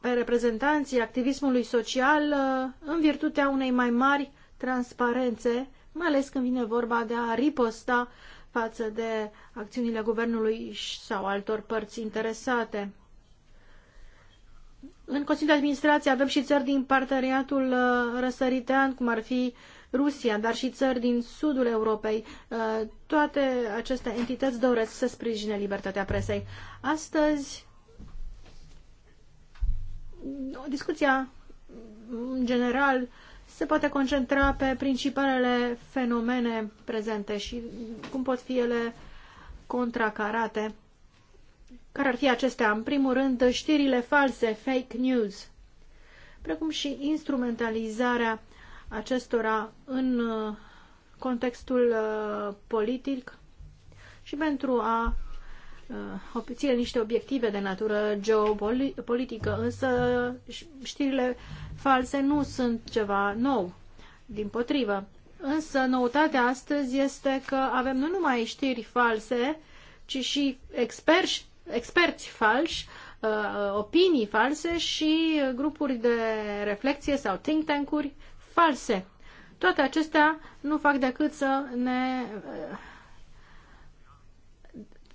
pe reprezentanții activismului social uh, în virtutea unei mai mari transparențe, mai ales când vine vorba de a riposta uh, față de acțiunile guvernului sau altor părți interesate. În Consiliul de Administrație avem și țări din parteneriatul uh, răsăritean, cum ar fi Rusia, dar și țări din sudul Europei. Uh, toate aceste entități doresc să sprijine libertatea presei. Astăzi, discuția în general se poate concentra pe principalele fenomene prezente și cum pot fi ele contracarate. Care ar fi acestea? În primul rând, știrile false, fake news, precum și instrumentalizarea acestora în uh, contextul uh, politic și pentru a Uh, obține niște obiective de natură geopolitică, însă știrile false nu sunt ceva nou, din potrivă. Însă noutatea astăzi este că avem nu numai știri false, ci și experți, experți falși, uh, opinii false și grupuri de reflexie sau think tank-uri false. Toate acestea nu fac decât să ne uh,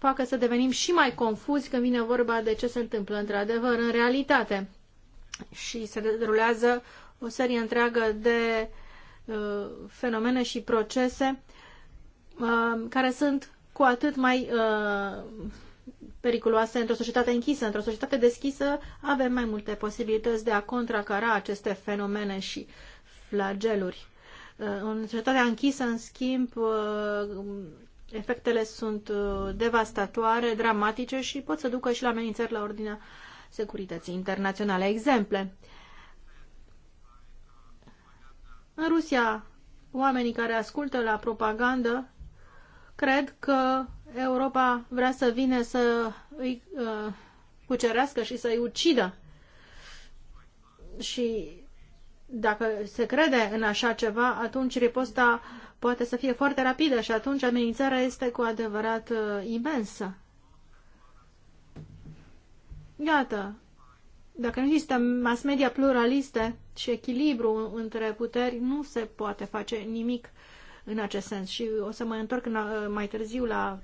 facă să devenim și mai confuzi când vine vorba de ce se întâmplă într-adevăr în realitate. Și se derulează o serie întreagă de uh, fenomene și procese uh, care sunt cu atât mai uh, periculoase într-o societate închisă. Într-o societate deschisă avem mai multe posibilități de a contracara aceste fenomene și flageluri. Uh, în societatea închisă, în schimb, uh, Efectele sunt uh, devastatoare, dramatice și pot să ducă și la amenințări la ordinea securității internaționale. Exemple. În Rusia, oamenii care ascultă la propagandă cred că Europa vrea să vină să îi uh, cucerească și să îi ucidă. Și dacă se crede în așa ceva, atunci riposta poate să fie foarte rapidă și atunci amenințarea este cu adevărat uh, imensă. Iată, dacă nu există mass media pluraliste și echilibru între puteri, nu se poate face nimic în acest sens. Și o să mă întorc uh, mai târziu la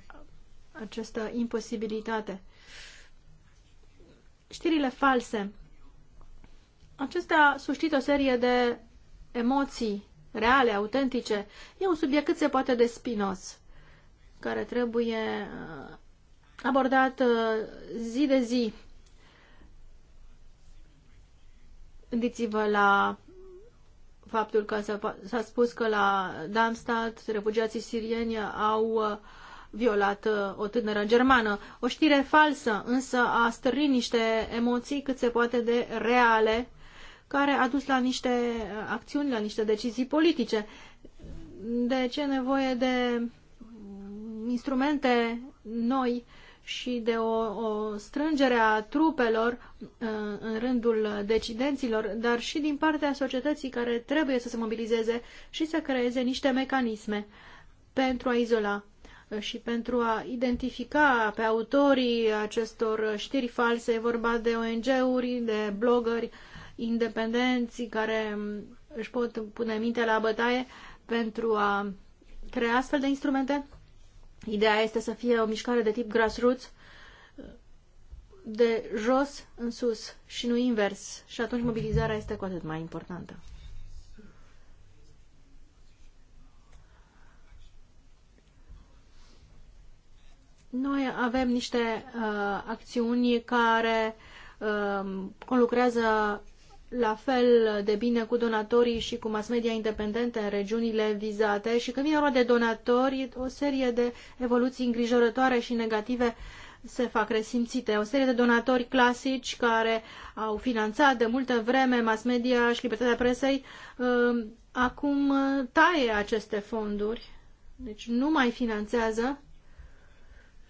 această imposibilitate. Știrile false acestea suscită o serie de emoții reale, autentice. E un subiect cât se poate de spinos, care trebuie uh, abordat uh, zi de zi. Gândiți-vă la faptul că s-a spus că la Darmstadt refugiații sirieni au uh, violat o tânără germană. O știre falsă, însă a stârnit niște emoții cât se poate de reale care a dus la niște uh, acțiuni, la niște decizii politice. de ce nevoie de instrumente noi și de o, o strângere a trupelor uh, în rândul decidenților, dar și din partea societății care trebuie să se mobilizeze și să creeze niște mecanisme pentru a izola uh, și pentru a identifica pe autorii acestor știri false, e vorba de ONG-uri, de blogări, independenți care își pot pune minte la bătaie pentru a crea astfel de instrumente. Ideea este să fie o mișcare de tip grassroots, de jos în sus și nu invers. Și atunci mobilizarea este cu atât mai importantă. Noi avem niște uh, acțiuni care uh, conlucrează la fel de bine cu donatorii și cu mass media independente în regiunile vizate și când vine vorba de donatori, o serie de evoluții îngrijorătoare și negative se fac resimțite. O serie de donatori clasici care au finanțat de multă vreme mass media și libertatea presei, um, acum taie aceste fonduri, deci nu mai finanțează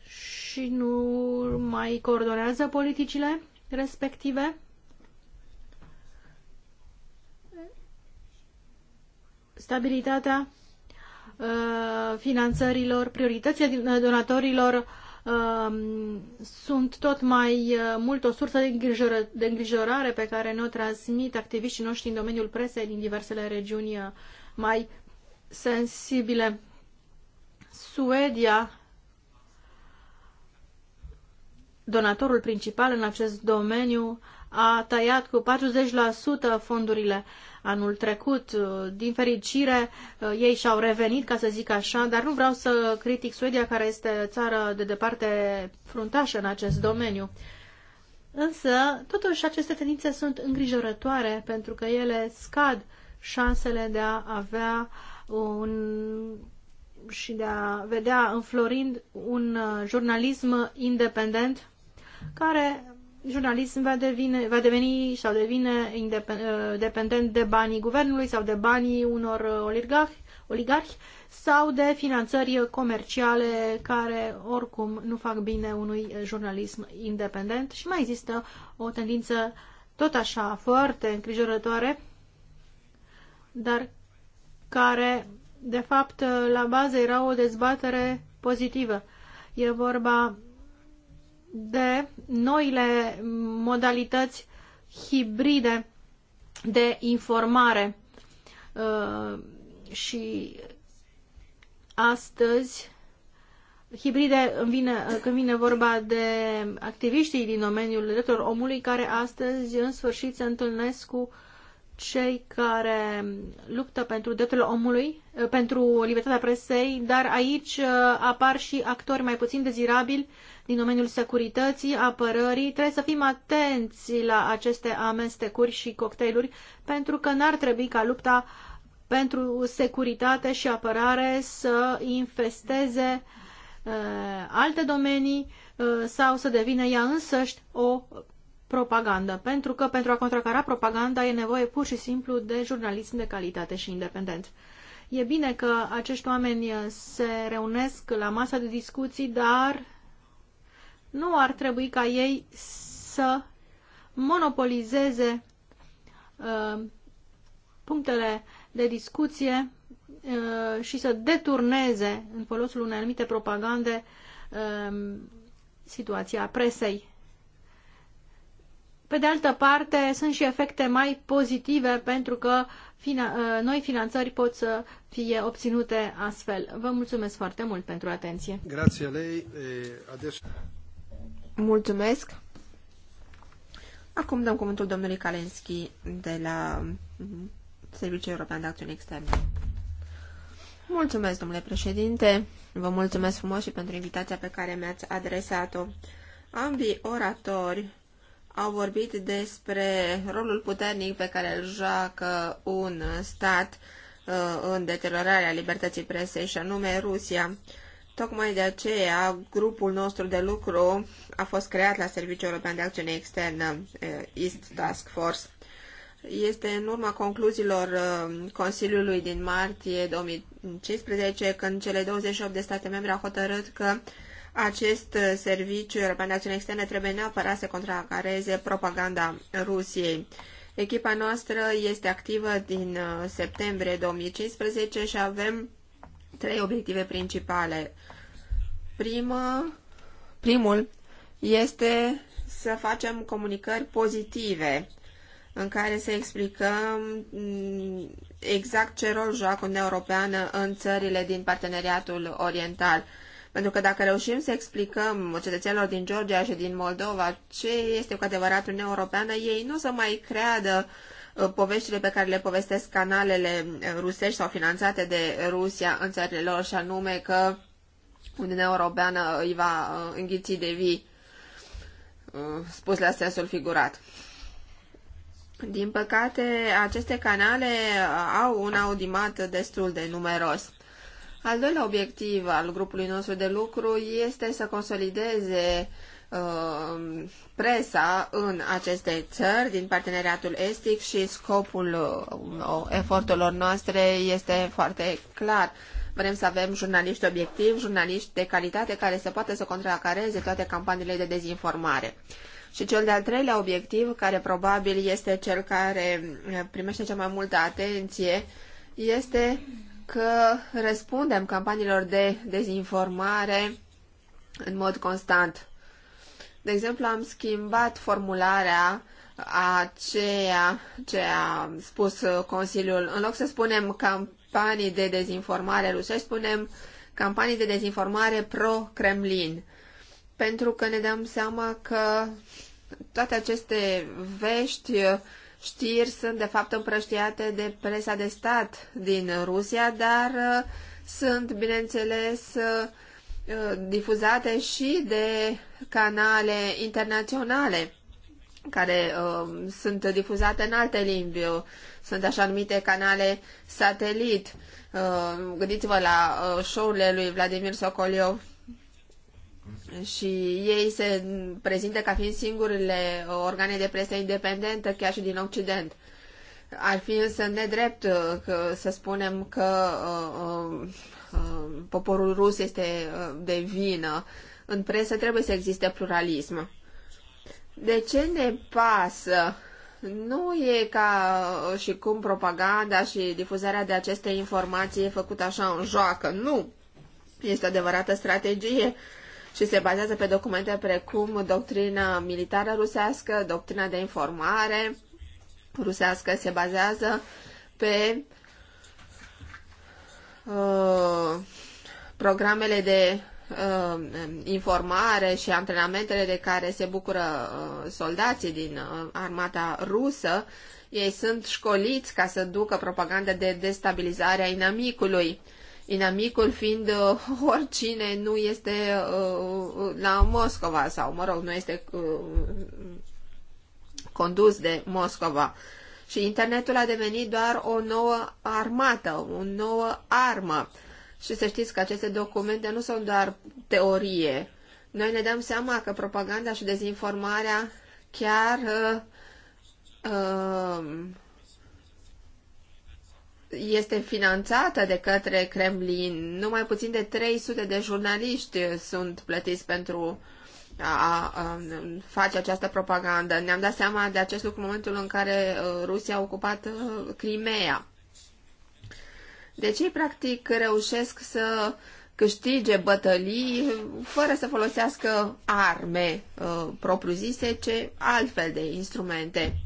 și nu mai coordonează politicile respective stabilitatea uh, finanțărilor, prioritățile uh, donatorilor uh, sunt tot mai mult o sursă de îngrijorare pe care ne-o transmit activiștii noștri în domeniul presei din diversele regiuni mai sensibile. Suedia, donatorul principal în acest domeniu, a tăiat cu 40% fondurile anul trecut. Din fericire, eh, ei și-au revenit, ca să zic așa, dar nu vreau să critic Suedia, care este țară de departe fruntașă în acest domeniu. Însă, totuși, aceste tendințe sunt îngrijorătoare pentru că ele scad șansele de a avea un și de a vedea înflorind un eh, jurnalism independent care jurnalism va, devine, va deveni sau devine uh, dependent de banii guvernului sau de banii unor uh, oligarhi, oligarhi sau de finanțări comerciale care oricum nu fac bine unui jurnalism independent și mai există o tendință tot așa foarte îngrijorătoare, dar care de fapt la bază era o dezbatere pozitivă. E vorba de noile modalități hibride de informare. Uh, și astăzi hibride când vine, uh, când vine vorba de activiștii din domeniul drepturilor omului care astăzi în sfârșit se întâlnesc cu cei care luptă pentru drepturile omului, uh, pentru libertatea presei, dar aici apar și actori mai puțin dezirabili din domeniul securității, apărării. Trebuie să fim atenți la aceste amestecuri și cocktailuri, pentru că n-ar trebui ca lupta pentru securitate și apărare să infesteze uh, alte domenii uh, sau să devină ea însăși o propagandă, pentru că pentru a contracara propaganda e nevoie pur și simplu de jurnalism de calitate și independent. E bine că acești oameni se reunesc la masa de discuții, dar nu ar trebui ca ei să monopolizeze uh, punctele de discuție uh, și să deturneze în folosul unei anumite propagande uh, situația presei. Pe de altă parte, sunt și efecte mai pozitive pentru că fina uh, noi finanțări pot să fie obținute astfel. Vă mulțumesc foarte mult pentru atenție. Grazie lei. Adesso... Mulțumesc. Acum dăm cuvântul domnului Kalenski de la mm, Serviciul European de Acțiune Externe. Mulțumesc, domnule președinte. Vă mulțumesc frumos și pentru invitația pe care mi-ați adresat-o. Ambii oratori au vorbit despre rolul puternic pe care îl joacă un stat uh, în deteriorarea libertății presei, și anume Rusia. Tocmai de aceea, grupul nostru de lucru a fost creat la Serviciul European de Acțiune Externă, eh, East Task Force. Este în urma concluziilor eh, Consiliului din martie 2015, când cele 28 de state membre au hotărât că acest eh, serviciu european de acțiune externă trebuie neapărat să contracareze propaganda Rusiei. Echipa noastră este activă din septembrie 2015 și avem trei obiective principale. Primă, primul este să facem comunicări pozitive în care să explicăm mm, exact ce rol joacă Uniunea Europeană în țările din parteneriatul oriental. Pentru că dacă reușim să explicăm cetățenilor din Georgia și din Moldova ce este cu adevărat Uniunea Europeană, ei nu o să mai creadă uh, Uh, poveștile pe care le povestesc canalele uh, rusești sau finanțate de Rusia în țările lor și anume că Uniunea Europeană îi va uh, înghiți de vii, spus la sensul figurat. Din păcate, aceste canale au un audimat destul de numeros. Al doilea obiectiv al grupului nostru de lucru este să consolideze Um, presa în aceste țări din parteneriatul estic și scopul uh, eforturilor noastre este foarte clar. Vrem să avem jurnaliști obiectivi, jurnaliști de calitate care să poată să contracareze toate campaniile de dezinformare. Și cel de-al treilea obiectiv, care probabil este cel care uh, primește cea mai multă atenție, este că răspundem campaniilor de dezinformare în mod constant. De exemplu, am schimbat formularea a ceea ce a spus Consiliul. În loc să spunem campanii de dezinformare rusești, spunem campanii de dezinformare pro-Kremlin. Pentru că ne dăm seama că toate aceste vești, știri sunt de fapt împrăștiate de presa de stat din Rusia, dar uh, sunt, bineînțeles, uh, difuzate și de canale internaționale care uh, sunt difuzate în alte limbi, sunt așa numite canale satelit. Uh, gândiți-vă la uh, show-urile lui Vladimir Sokoliov și ei se prezintă ca fiind singurile uh, organe de presă independentă, chiar și din Occident. Ar fi însă nedrept uh, că, să spunem că uh, uh, uh, poporul rus este uh, de vină uh, în presă, trebuie să existe pluralism. De ce ne pasă? Nu e ca și cum propaganda și difuzarea de aceste informații e făcută așa în joacă. Nu! Este o adevărată strategie și se bazează pe documente precum doctrina militară rusească, doctrina de informare rusească se bazează pe uh, programele de uh, informare și antrenamentele de care se bucură uh, soldații din uh, armata rusă, ei sunt școliți ca să ducă propaganda de destabilizare a inamicului. Inamicul fiind uh, oricine nu este uh, uh, la Moscova sau, mă rog, nu este uh, condus de Moscova. Și internetul a devenit doar o nouă armată, o nouă armă. Uh, și să știți că aceste documente nu sunt doar teorie. Noi ne dăm seama că propaganda și dezinformarea chiar uh, uh, este finanțată de către Kremlin. Numai puțin de 300 de jurnaliști sunt plătiți pentru a, a face această propagandă. Ne-am dat seama de acest lucru în momentul în care uh, Rusia a ocupat uh, Crimea. Deci ei practic reușesc să câștige bătălii fără să folosească arme uh, propriu-zise, ce altfel de instrumente.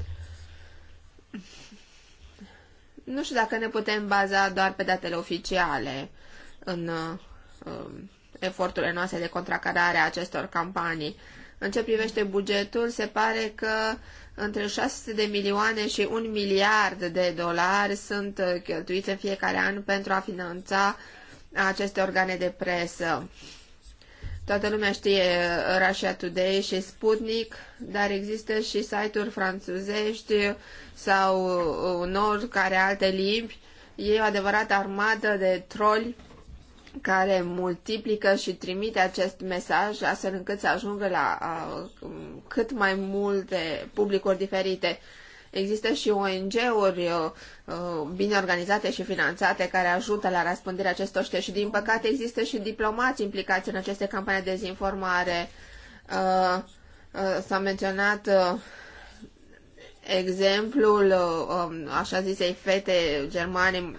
Nu știu dacă ne putem baza doar pe datele oficiale în uh, um, eforturile noastre de contracarare a acestor campanii. În ce privește bugetul, se pare că între 600 de milioane și 1 miliard de dolari sunt uh, cheltuiți în fiecare an pentru a finanța aceste organe de presă. Toată lumea știe uh, Russia Today și Sputnik, dar există și site-uri franțuzești sau uh, nord care alte limbi. E o adevărată armată de troli care multiplică și trimite acest mesaj astfel încât să ajungă la cât mai multe publicuri diferite. Există și ONG-uri uh, uh, bine organizate și finanțate care ajută la răspândirea acestor știri și, din păcate, există și diplomați implicați în aceste campanii de dezinformare. Uh, s-a menționat exemplul um, așa zisei fete germane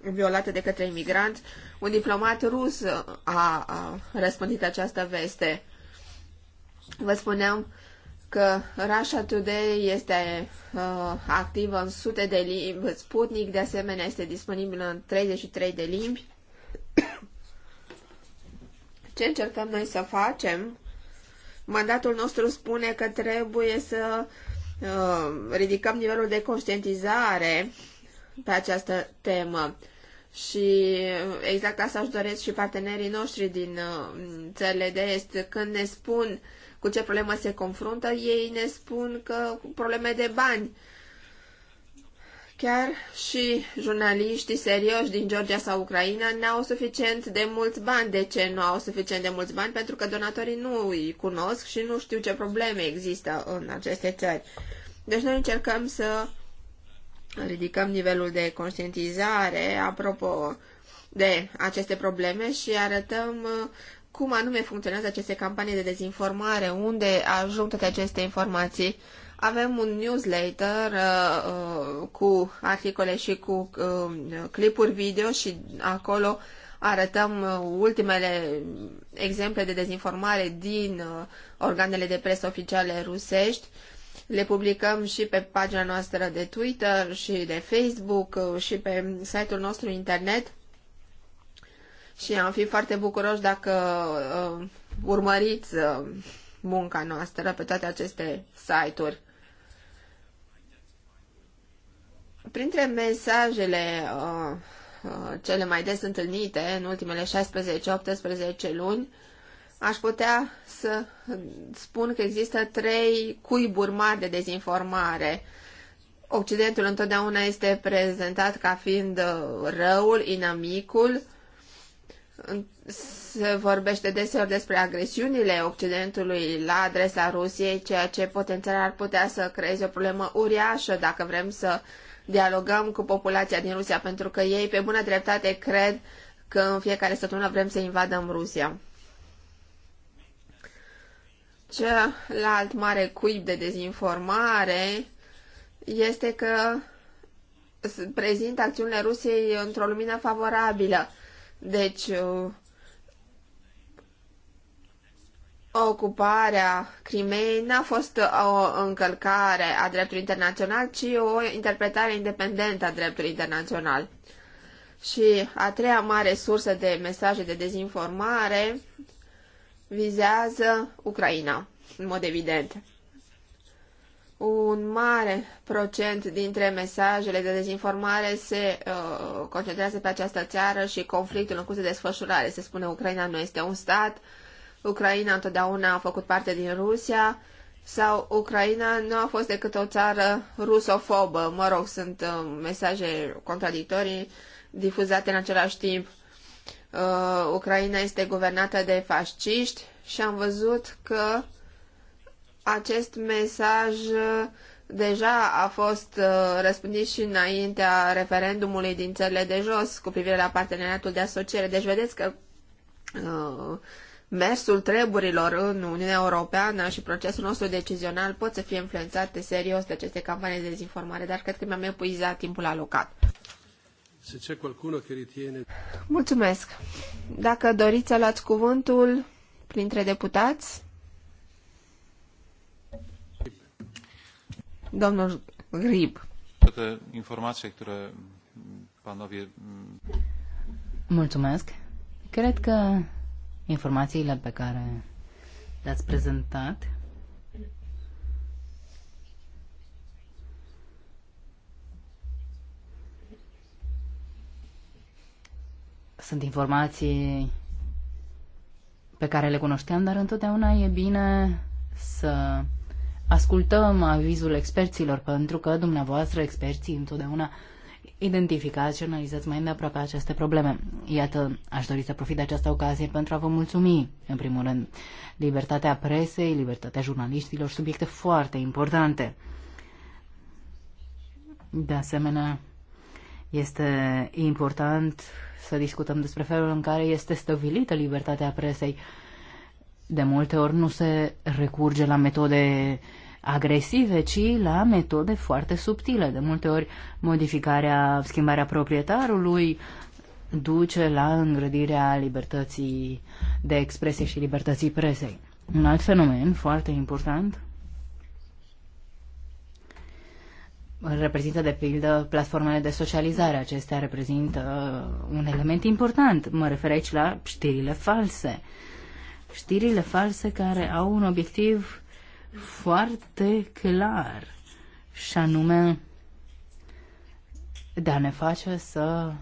violate de către imigranți un diplomat rus a, a răspândit această veste. Vă spuneam că Russia Today este uh, activă în sute de limbi, Sputnik de asemenea este disponibil în 33 de limbi. Ce încercăm noi să facem? Mandatul nostru spune că trebuie să uh, ridicăm nivelul de conștientizare pe această temă și uh, exact asta își doresc și partenerii noștri din uh, țările de est. Când ne spun cu ce problemă se confruntă, ei ne spun că cu probleme de bani. Chiar și jurnaliștii serioși din Georgia sau Ucraina n-au suficient de mulți bani. De ce nu au suficient de mulți bani? Pentru că donatorii nu îi cunosc și nu știu ce probleme există în aceste țări. Deci noi încercăm să ridicăm nivelul de conștientizare apropo de aceste probleme și arătăm uh, cum anume funcționează aceste campanii de dezinformare, unde ajung toate aceste informații. Avem un newsletter uh, uh cu articole și cu uh, clipuri video și acolo arătăm uh, ultimele exemple de dezinformare din uh, organele de presă oficiale rusești. Uh, le publicăm și pe pagina noastră de Twitter și de Facebook și pe site-ul nostru internet. Și am fi foarte bucuroși dacă uh, urmăriți uh, munca noastră pe toate aceste site-uri. Printre mesajele uh, uh cele mai des întâlnite în ultimele 16-18 luni aș putea să spun că există trei cuiburi mari de dezinformare. Occidentul întotdeauna este prezentat ca fiind uh, răul, inamicul. Se vorbește deseori despre agresiunile Occidentului la adresa Rusiei, ceea ce potențial ar putea să creeze o problemă uriașă dacă vrem să dialogăm cu populația din Rusia, pentru că ei, pe bună dreptate, cred că în fiecare săptămână vrem să invadăm Rusia. Celălalt mare cuib de dezinformare este că prezintă acțiunile Rusiei într-o lumină favorabilă. Deci, uh, ocuparea Crimeei n-a fost o încălcare a dreptului internațional, ci o interpretare independentă a dreptului internațional. Și a treia mare sursă de mesaje de dezinformare vizează Ucraina, în mod evident. Un mare procent dintre mesajele de dezinformare se uh, concentrează pe această țară și conflictul în curs de desfășurare. Se spune Ucraina nu este un stat, Ucraina întotdeauna a făcut parte din Rusia sau Ucraina nu a fost decât o țară rusofobă. Mă rog, sunt uh, mesaje contradictorii difuzate în același timp. Uh, uh, Ucraina este guvernată de fasciști și am văzut că acest mesaj uh, deja a fost uh, răspândit și înaintea referendumului din țările de jos cu privire la parteneriatul de asociere. Deci vedeți că uh, mersul treburilor în Uniunea Europeană și procesul nostru decizional pot să fie influențate serios de aceste campanii de dezinformare, dar cred că mi-am epuizat timpul alocat. Mulțumesc. Dacă doriți să luați cuvântul printre deputați, domnul Grib. Toate informații care panowie... Mulțumesc. Cred că informațiile pe care le-ați prezentat Sunt informații pe care le cunoșteam, dar întotdeauna e bine să ascultăm avizul experților, pentru că dumneavoastră, experții, întotdeauna identificați și analizați mai îndeaproape aceste probleme. Iată, aș dori să profit de această ocazie pentru a vă mulțumi, în primul rând, libertatea presei, libertatea jurnaliștilor, subiecte foarte importante. De asemenea, este important să discutăm despre felul în care este stăvilită libertatea presei. De multe ori nu se recurge la metode agresive, ci la metode foarte subtile. De multe ori modificarea, schimbarea proprietarului duce la îngrădirea libertății de expresie și libertății presei. Un alt fenomen foarte important reprezintă, de pildă, platformele de socializare. Acestea reprezintă uh, un element important. Mă refer aici la știrile false. Știrile false care au un obiectiv foarte clar și anume de a ne face să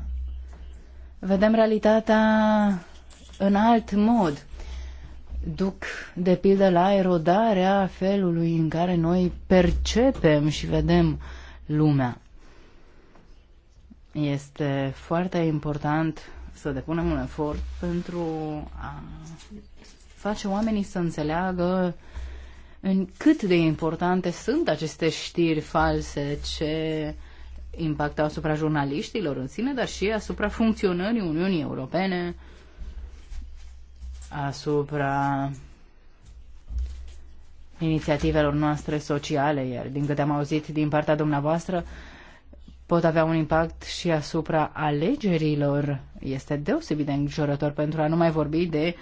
vedem realitatea în alt mod. Duc, de pildă, la erodarea felului în care noi percepem și vedem uh, lumea. Este foarte important să depunem un efort pentru a face oamenii să înțeleagă în cât de importante sunt aceste știri false, ce impact au asupra jurnaliștilor în sine, dar și asupra funcționării Uniunii Europene, asupra inițiativelor noastre sociale, iar din câte am auzit din partea dumneavoastră, pot avea un impact și asupra alegerilor. Este deosebit de îngrijorător pentru a nu mai vorbi de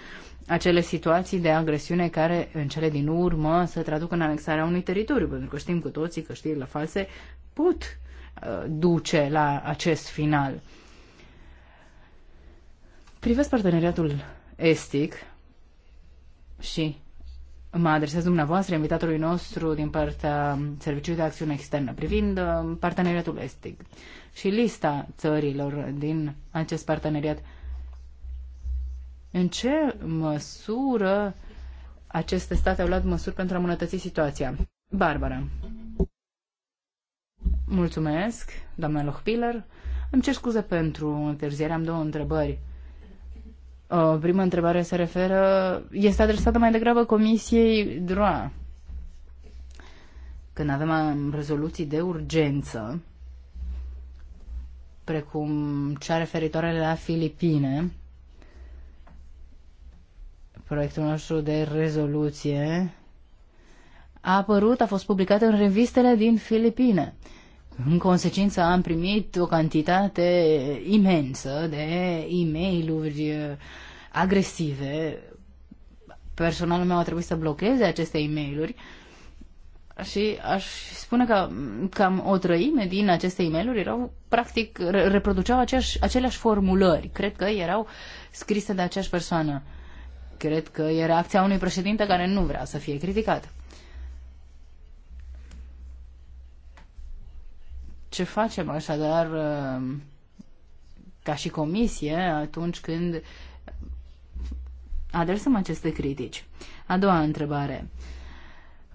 acele situații de agresiune care în cele din urmă se traduc în anexarea unui teritoriu, pentru că știm cu toții că știrile false pot uh, duce la acest final. Privesc parteneriatul estic și mă adresez dumneavoastră, invitatului nostru din partea Serviciului de Acțiune Externă, privind uh, parteneriatul estic și lista țărilor din acest parteneriat. În ce măsură aceste state au luat măsuri pentru a îmbunătăți situația? Barbara. Mulțumesc, doamna Lochpiller. Îmi cer scuze pentru întârziere, am două întrebări. Uh, prima întrebare se referă, este adresată mai degrabă Comisiei DROA. Când avem rezoluții de urgență, precum cea referitoare la Filipine, proiectul nostru de rezoluție a apărut, a fost publicat în revistele din Filipine. În consecință am primit o cantitate imensă de e mail uh, agresive. Personalul meu a trebuit să blocheze aceste e mail și aș spune că cam o trăime din aceste e mail erau, practic, reproduceau aceeași, aceleași formulări. Cred că erau scrise de aceeași persoană. Cred că era reacția unui președinte care nu vrea să fie criticat. Ce facem așadar uh, ca și comisie atunci când adresăm aceste critici? A doua întrebare.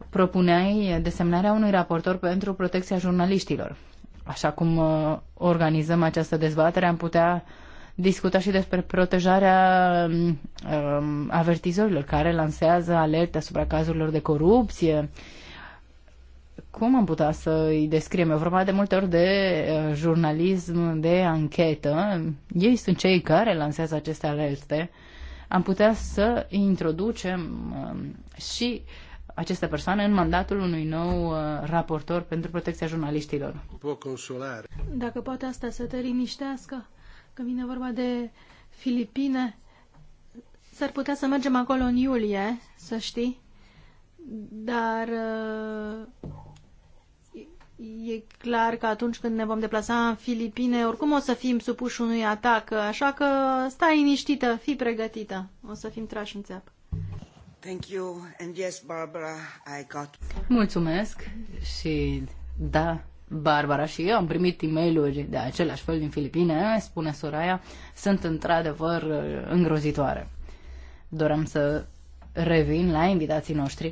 Propuneai desemnarea unui raportor pentru protecția jurnaliștilor. Așa cum uh, organizăm această dezbatere, am putea discuta și despre protejarea um, avertizorilor care lansează alerte asupra cazurilor de corupție, uh, cum am putea să îi descriem? E vorba de multe ori de uh, jurnalism de anchetă. Ei sunt cei care lansează aceste alerte. Am putea să introducem um, și aceste persoane în mandatul unui nou uh, raportor pentru protecția jurnaliștilor. Dacă poate asta să te liniștească, că vine vorba de Filipine, s-ar putea să mergem acolo în iulie, să știi, dar uh, E clar că atunci când ne vom deplasa în Filipine, oricum o să fim supuși unui atac, așa că stai liniștită, fii pregătită. O să fim trași în țeapă. Thank you. And yes, Barbara, I got... Mulțumesc și da, Barbara și eu am primit e mail de același fel din Filipine, spune Soraya, sunt într-adevăr uh, îngrozitoare. Doream să revin la invitații noștri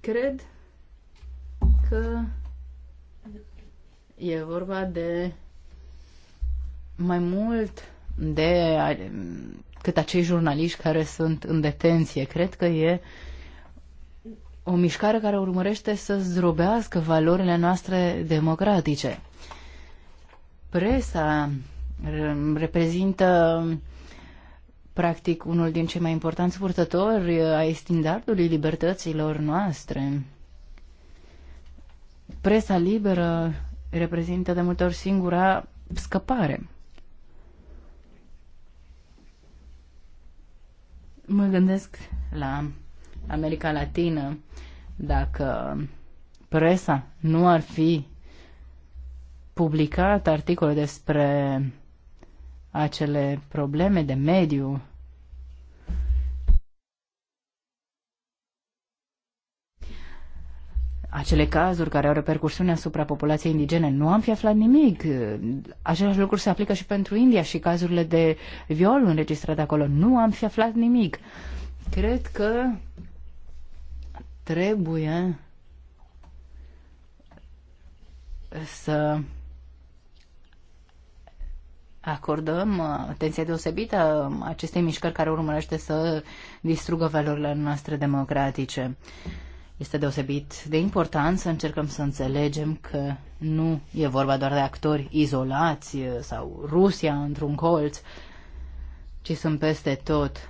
Cred că e vorba de mai mult de cât acei jurnaliști care sunt în detenție. Cred că e o mișcare care urmărește să zdrobească valorile noastre democratice. Presa reprezintă practic unul din cei mai importanți purtători ai standardului libertăților noastre. Presa liberă reprezintă de multe ori singura scăpare. Mă gândesc la America Latină, dacă presa nu ar fi publicat articole despre acele probleme de mediu acele cazuri care au repercursiuni asupra populației indigene. Nu am fi aflat nimic. Același lucru se aplică și pentru India și cazurile de viol înregistrate acolo. Nu am fi aflat nimic. Cred că trebuie să acordăm uh, atenție deosebită um, acestei mișcări care urmărește să distrugă valorile noastre democratice. Este deosebit de important să încercăm să înțelegem că nu e vorba doar de actori izolați uh, sau Rusia într-un colț, ci sunt peste tot.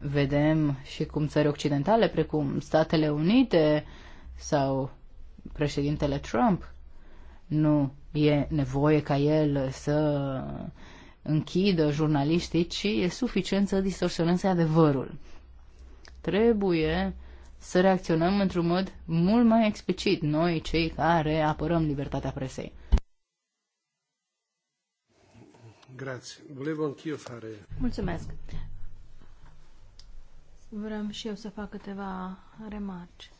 Vedem și cum țări occidentale, precum Statele Unite sau președintele Trump, nu e nevoie ca el să închidă jurnaliștii, ci e suficient să distorsioneze adevărul. Trebuie să reacționăm într-un mod mult mai explicit noi, cei care apărăm libertatea presei. Grazie. Volevo anch'io fare... Mulțumesc. Vreau și eu să fac câteva remarci.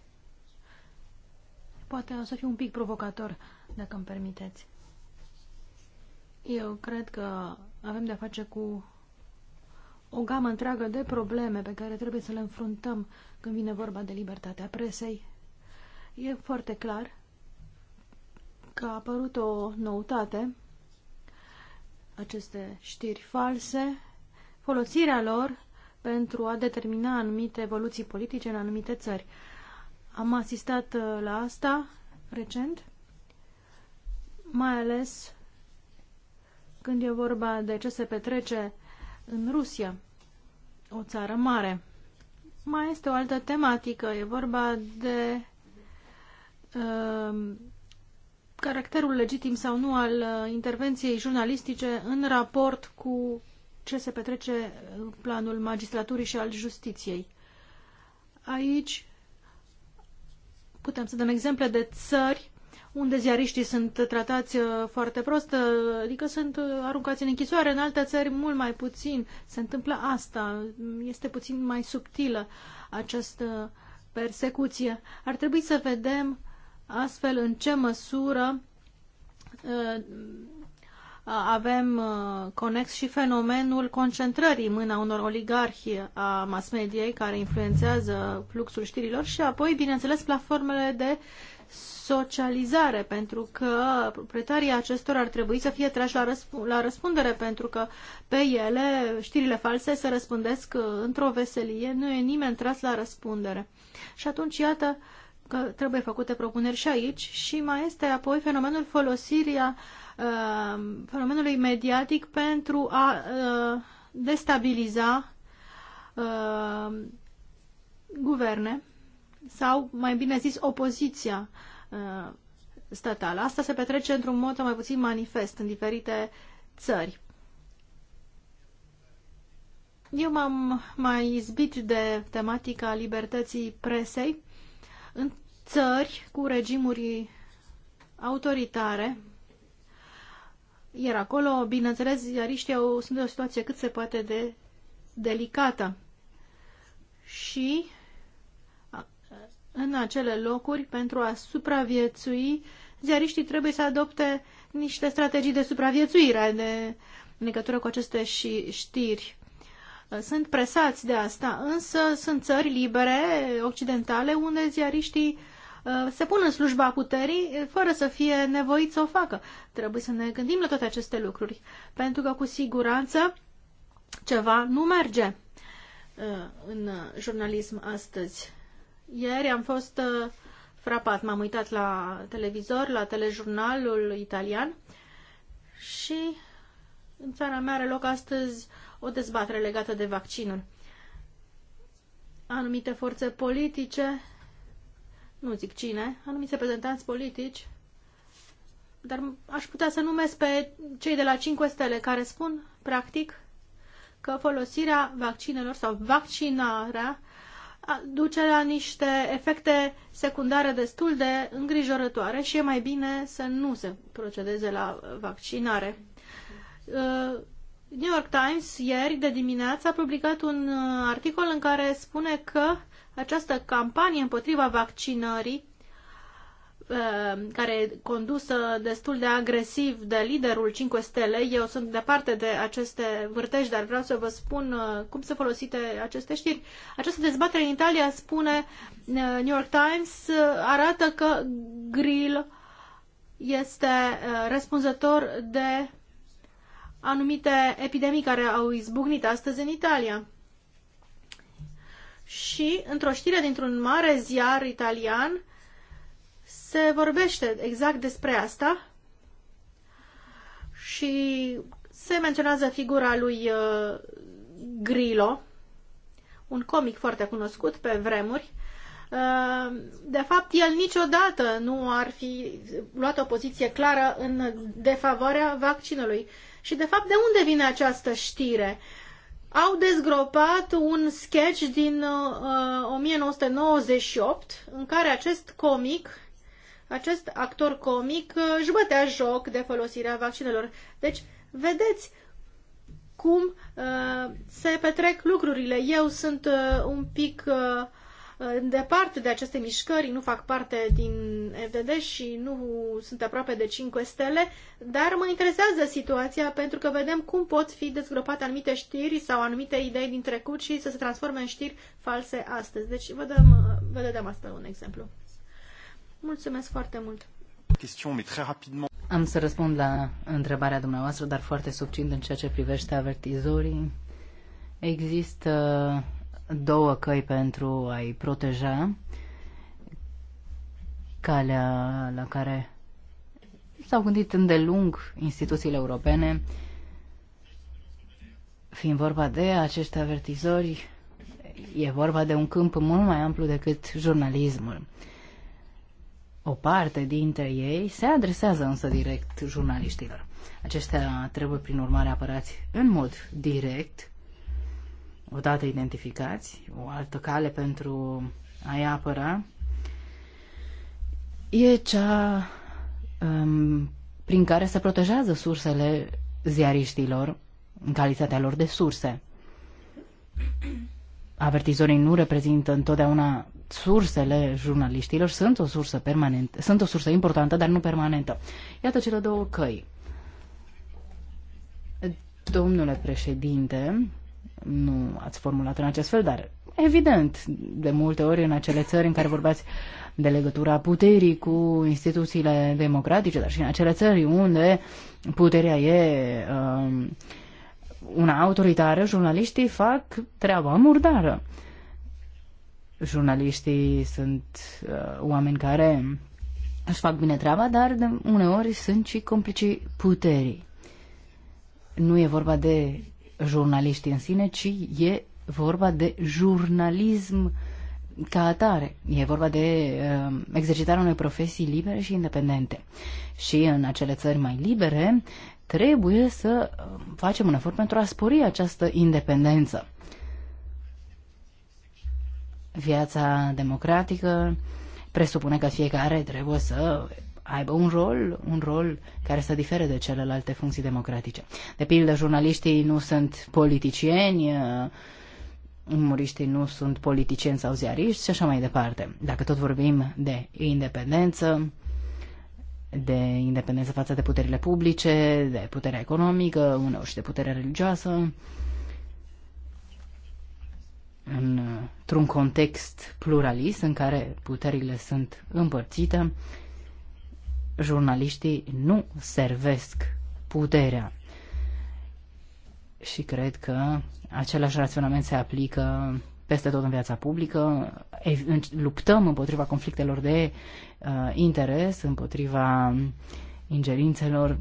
Poate o să fiu un pic provocator, dacă îmi permiteți. Eu cred că avem de-a face cu o gamă întreagă de probleme pe care trebuie să le înfruntăm când vine vorba de libertatea presei. E foarte clar că a apărut o noutate, aceste știri false, folosirea lor pentru a determina anumite evoluții politice în anumite țări. Am asistat uh, la asta recent, mai ales când e vorba de ce se petrece în Rusia, o țară mare. Mai este o altă tematică, e vorba de uh, caracterul legitim sau nu al uh, intervenției jurnalistice în raport cu ce se petrece în planul magistraturii și al justiției. Aici Putem să dăm exemple de țări unde ziariștii sunt tratați uh, foarte prost, uh, adică sunt uh, aruncați în închisoare, în alte țări mult mai puțin se întâmplă asta, este puțin mai subtilă această persecuție. Ar trebui să vedem astfel în ce măsură avem uh, conex și fenomenul concentrării în mâna unor oligarhi a mass-mediei care influențează fluxul știrilor și apoi, bineînțeles, platformele de socializare, pentru că proprietarii acestor ar trebui să fie trași la, răsp- la răspundere, pentru că pe ele știrile false se răspândesc uh, într-o veselie, nu e nimeni tras la răspundere. Și atunci, iată că trebuie făcute propuneri și aici și mai este apoi fenomenul folosirii Uh, fenomenului mediatic pentru a uh, destabiliza uh, guverne sau, mai bine zis, opoziția statală. Asta se petrece într-un mod mai puțin manifest în diferite țări. Eu m-am mai izbit de tematica libertății presei în țări cu regimuri autoritare, iar acolo, bineînțeles, ziariștii au, sunt o situație cât se poate de delicată. Și în acele locuri, pentru a supraviețui, ziariștii trebuie să adopte niște strategii de supraviețuire de, în legătură cu aceste și știri. Sunt presați de asta, însă sunt țări libere, occidentale, unde ziariștii uh, Uh, se pun în slujba puterii uh, fără să fie nevoit să o facă. Trebuie să ne gândim la toate aceste lucruri, pentru că cu siguranță ceva nu merge uh, în jurnalism astăzi. Ieri am fost frapat, m-am uitat la televizor, la telejurnalul italian și în țara mea are loc astăzi o dezbatere legată de vaccinul. Anumite forțe politice nu zic cine, anumiți reprezentanți politici, dar aș putea să numesc pe cei de la 5 stele care spun, practic, că folosirea vaccinelor sau vaccinarea duce la niște efecte secundare destul de îngrijorătoare și e mai bine să nu se procedeze la vaccinare. Uh, New York Times ieri de dimineață a publicat un uh, articol în care spune că această campanie împotriva vaccinării, uh, care condusă destul de agresiv de liderul 5 stele, eu sunt departe de aceste vârtești, dar vreau să vă spun uh, cum să folosite aceste știri. Această dezbatere în Italia, spune uh, New York Times, arată că Grill este răspunzător de anumite epidemii care au izbucnit astăzi în Italia și într-o știre dintr-un mare ziar italian se vorbește exact despre asta și se menționează figura lui uh, Grillo, un comic foarte cunoscut pe vremuri. Uh, de fapt, el niciodată nu ar fi luat o poziție clară în defavoarea vaccinului. Și, de fapt, de unde vine această știre? Uh, au dezgropat un sketch din uh, 1998 în care acest comic, acest actor comic uh, își bătea joc de folosirea vaccinelor. Deci, vedeți cum uh, se petrec lucrurile. Eu sunt uh, un pic uh, departe de aceste mișcări, nu fac parte din FDD și nu sunt aproape de 5 stele, dar mă interesează situația pentru că vedem cum pot fi dezgropate anumite știri sau anumite idei din trecut și să se transforme în știri false astăzi. Deci vă dăm, vă dăm asta un exemplu. Mulțumesc foarte mult! Am să răspund la întrebarea dumneavoastră, dar foarte subțin în ceea ce privește avertizorii. Există două căi pentru a-i proteja. Calea la care s-au gândit îndelung instituțiile europene, fiind vorba de acești avertizori, e vorba de un câmp mult mai amplu decât jurnalismul. O parte dintre ei se adresează însă direct jurnaliștilor. Aceștia trebuie, prin urmare, apărați în mod direct odată identificați, o altă cale pentru a-i apăra, e cea um, prin care se protejează sursele ziariștilor în calitatea lor de surse. Avertizorii nu reprezintă întotdeauna sursele jurnaliștilor, sunt o sursă permanentă, sunt o sursă importantă, dar nu permanentă. Iată cele două căi. Domnule președinte, nu ați formulat în acest fel, dar evident, de multe ori în acele țări în care vorbeați de legătura puterii cu instituțiile democratice, dar și în acele țări unde puterea e um, una autoritară, jurnaliștii fac treaba murdară. Jurnaliștii sunt uh, oameni care își fac bine treaba, dar de uneori sunt și complicii puterii. Nu e vorba de jurnaliști în sine, ci e vorba de jurnalism ca atare. E vorba de uh, exercitarea unei profesii libere și independente. Și în acele țări mai libere trebuie să uh, facem un efort pentru a spori această independență. Viața democratică presupune că fiecare trebuie să aibă un rol, un rol care să difere de celelalte funcții democratice. De pildă, jurnaliștii nu sunt politicieni, uh, umoriștii nu sunt politicieni sau ziariști și așa mai departe. Dacă tot vorbim de independență, de independență față de puterile publice, de puterea economică, uneori și de puterea religioasă, uh, într-un context pluralist în care puterile sunt împărțite, jurnaliștii nu servesc puterea. Și cred că același raționament se aplică peste tot în viața publică. Luptăm împotriva conflictelor de uh, interes, împotriva ingerințelor.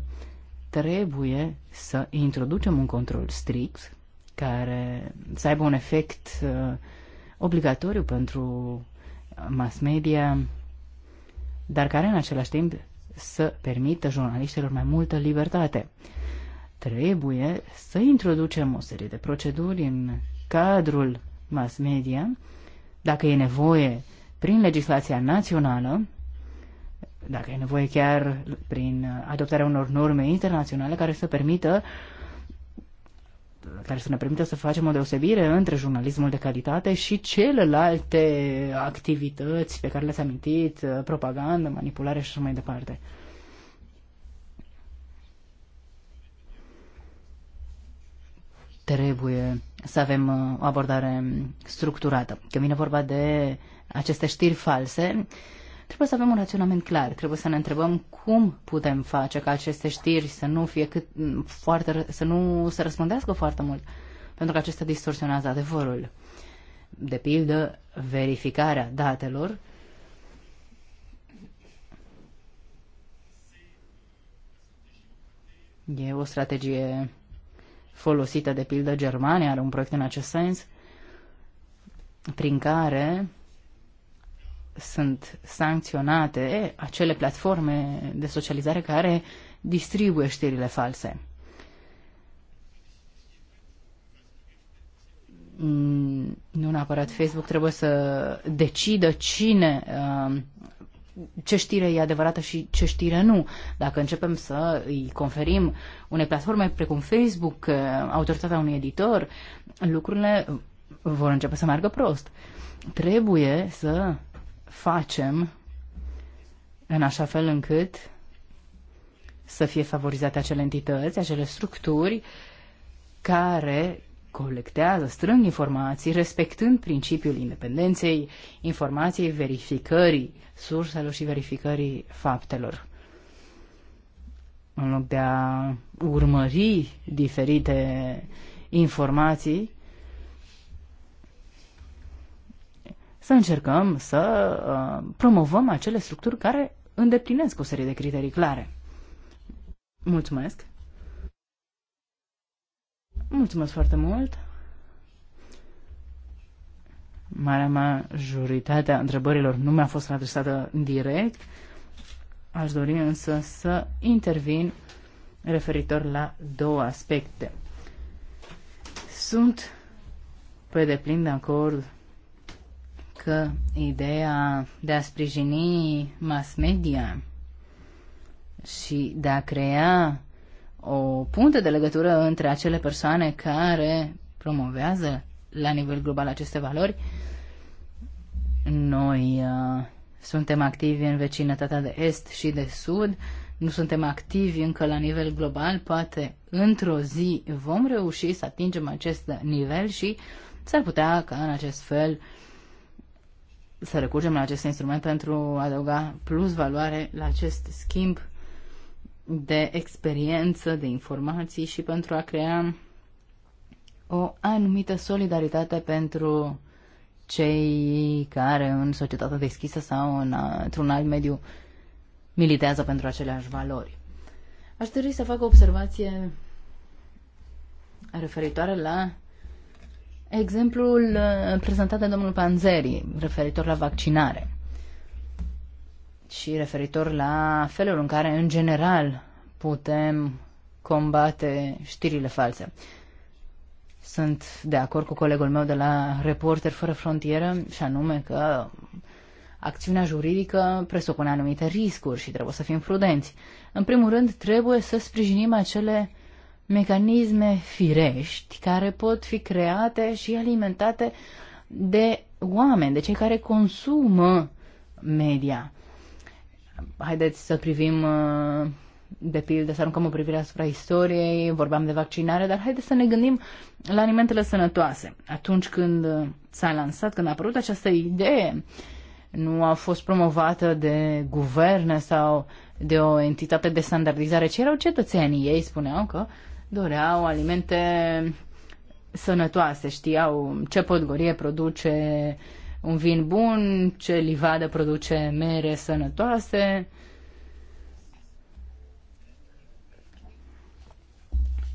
Trebuie să introducem un control strict care să aibă un efect uh, obligatoriu pentru mass media, dar care în același timp să permită jurnaliștilor mai multă libertate. Trebuie să introducem o serie de proceduri în cadrul mass media, dacă e nevoie prin legislația națională, dacă e nevoie chiar prin adoptarea unor norme internaționale care să permită care să ne permită să facem o deosebire între jurnalismul de calitate și celelalte activități pe care le-ați amintit, uh, propagandă, manipulare și așa mai departe. Trebuie să avem uh, o abordare structurată. Când vine vorba de aceste știri false, uh, Trebuie să avem un raționament clar, trebuie să ne întrebăm cum putem face ca aceste știri să nu fie cât, foarte, să nu se răspundească foarte mult, pentru că acestea distorsionează adevărul. De pildă, verificarea datelor E o strategie folosită, de pildă, Germania are un proiect în acest sens, prin care sunt sancționate acele platforme de socializare care distribuie știrile false. Mm, nu neapărat Facebook trebuie să decidă cine uh, ce știre e adevărată și ce știre nu. Dacă începem să îi conferim unei platforme precum Facebook uh, autoritatea unui editor, lucrurile vor începe să meargă prost. Trebuie să facem în așa fel încât să fie favorizate acele entități, acele structuri care colectează, strâng informații, respectând principiul independenței informației, verificării surselor și verificării faptelor. În loc de a urmări diferite informații, să încercăm să uh, promovăm acele structuri care îndeplinesc o serie de criterii clare. Mulțumesc! Mulțumesc foarte mult! Marea majoritatea întrebărilor nu mi-a fost adresată direct. Aș dori însă să intervin referitor la două aspecte. Sunt pe deplin de acord că ideea de a sprijini mass media și de a crea o punte de legătură între acele persoane care promovează la nivel global aceste valori. Noi uh, suntem activi în vecinătatea de est și de sud, nu suntem activi încă la nivel global, poate într-o zi vom reuși să atingem acest nivel și s-ar putea ca în acest fel să recurgem la acest instrument pentru a adăuga plus valoare la acest schimb de experiență, de informații și pentru a crea o anumită solidaritate pentru cei care în societatea deschisă sau în, într-un alt mediu militează pentru aceleași valori. Aș dori să fac o observație referitoare la exemplul uh, prezentat de domnul Panzeri referitor la vaccinare și referitor la felul în care, în general, putem combate știrile false. Sunt de acord cu colegul meu de la Reporter Fără Frontieră și anume că acțiunea juridică presupune anumite riscuri și trebuie să fim prudenți. În primul rând, trebuie să sprijinim acele mecanisme firești care pot fi create și alimentate de oameni, de cei care consumă media. Haideți să privim, uh, de pildă, să aruncăm o privire asupra istoriei, vorbeam de vaccinare, dar haideți să ne gândim la alimentele sănătoase. Atunci când uh, s-a lansat, când a apărut această idee, nu a fost promovată de guverne sau de o entitate de standardizare, ci erau cetățenii. Ei spuneau că doreau alimente sănătoase, știau ce podgorie produce un vin bun, ce livadă produce mere sănătoase.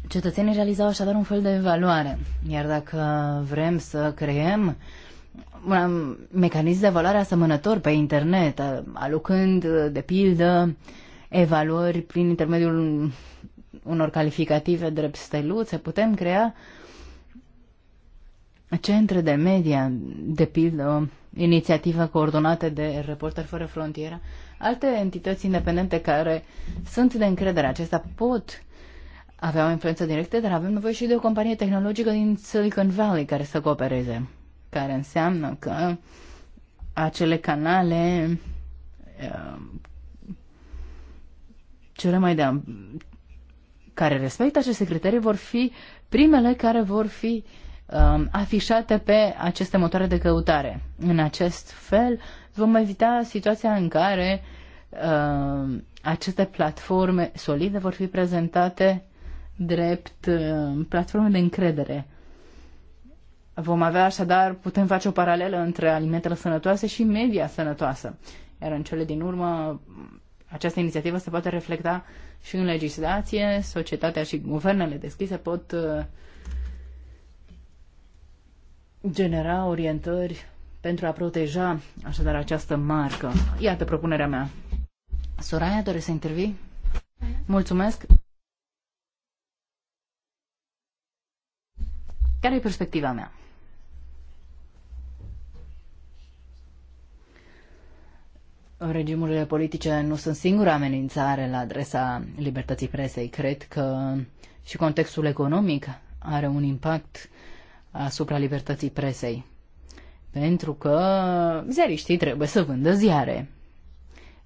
Cetățenii realizau așadar un fel de evaluare, iar dacă vrem să creăm un um, mecanism de evaluare asemănător pe internet, alucând, de pildă, evaluări prin intermediul unor calificative drept steluțe, putem crea centre de media, de pildă, inițiativă coordonată de Reporteri Fără Frontieră, alte entități independente care sunt de încredere. Acestea pot avea o influență directă, dar avem nevoie și de o companie tehnologică din Silicon Valley care să coopereze, care înseamnă că acele canale uh, cele mai de, care respectă aceste criterii vor fi primele care vor fi um, afișate pe aceste motoare de căutare. În acest fel vom evita situația în care um, aceste platforme solide vor fi prezentate drept um, platforme de încredere. Vom avea așadar, putem face o paralelă între alimentele sănătoase și media sănătoasă. Iar în cele din urmă, această inițiativă se poate reflecta și în legislație, societatea și guvernele deschise pot uh, genera orientări pentru a proteja așadar această marcă. Iată propunerea mea. Soraya, doresc să intervii? Mulțumesc. Care e perspectiva mea? regimurile politice nu sunt singura amenințare la adresa libertății presei. Cred că și contextul economic are un impact asupra libertății presei. Pentru că ziariștii trebuie să vândă ziare.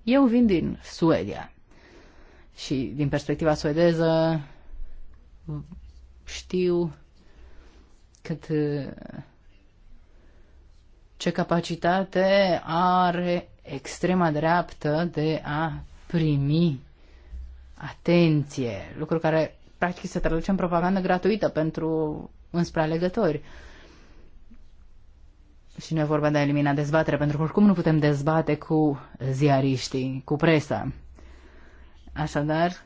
Eu vin din Suedia și din perspectiva suedeză știu cât ce capacitate are extrema dreaptă de a primi atenție, lucru care practic se traduce în propagandă gratuită pentru înspre alegători. Și nu e vorba de a elimina dezbatere, pentru că oricum nu putem dezbate cu ziariștii, cu presa. Așadar,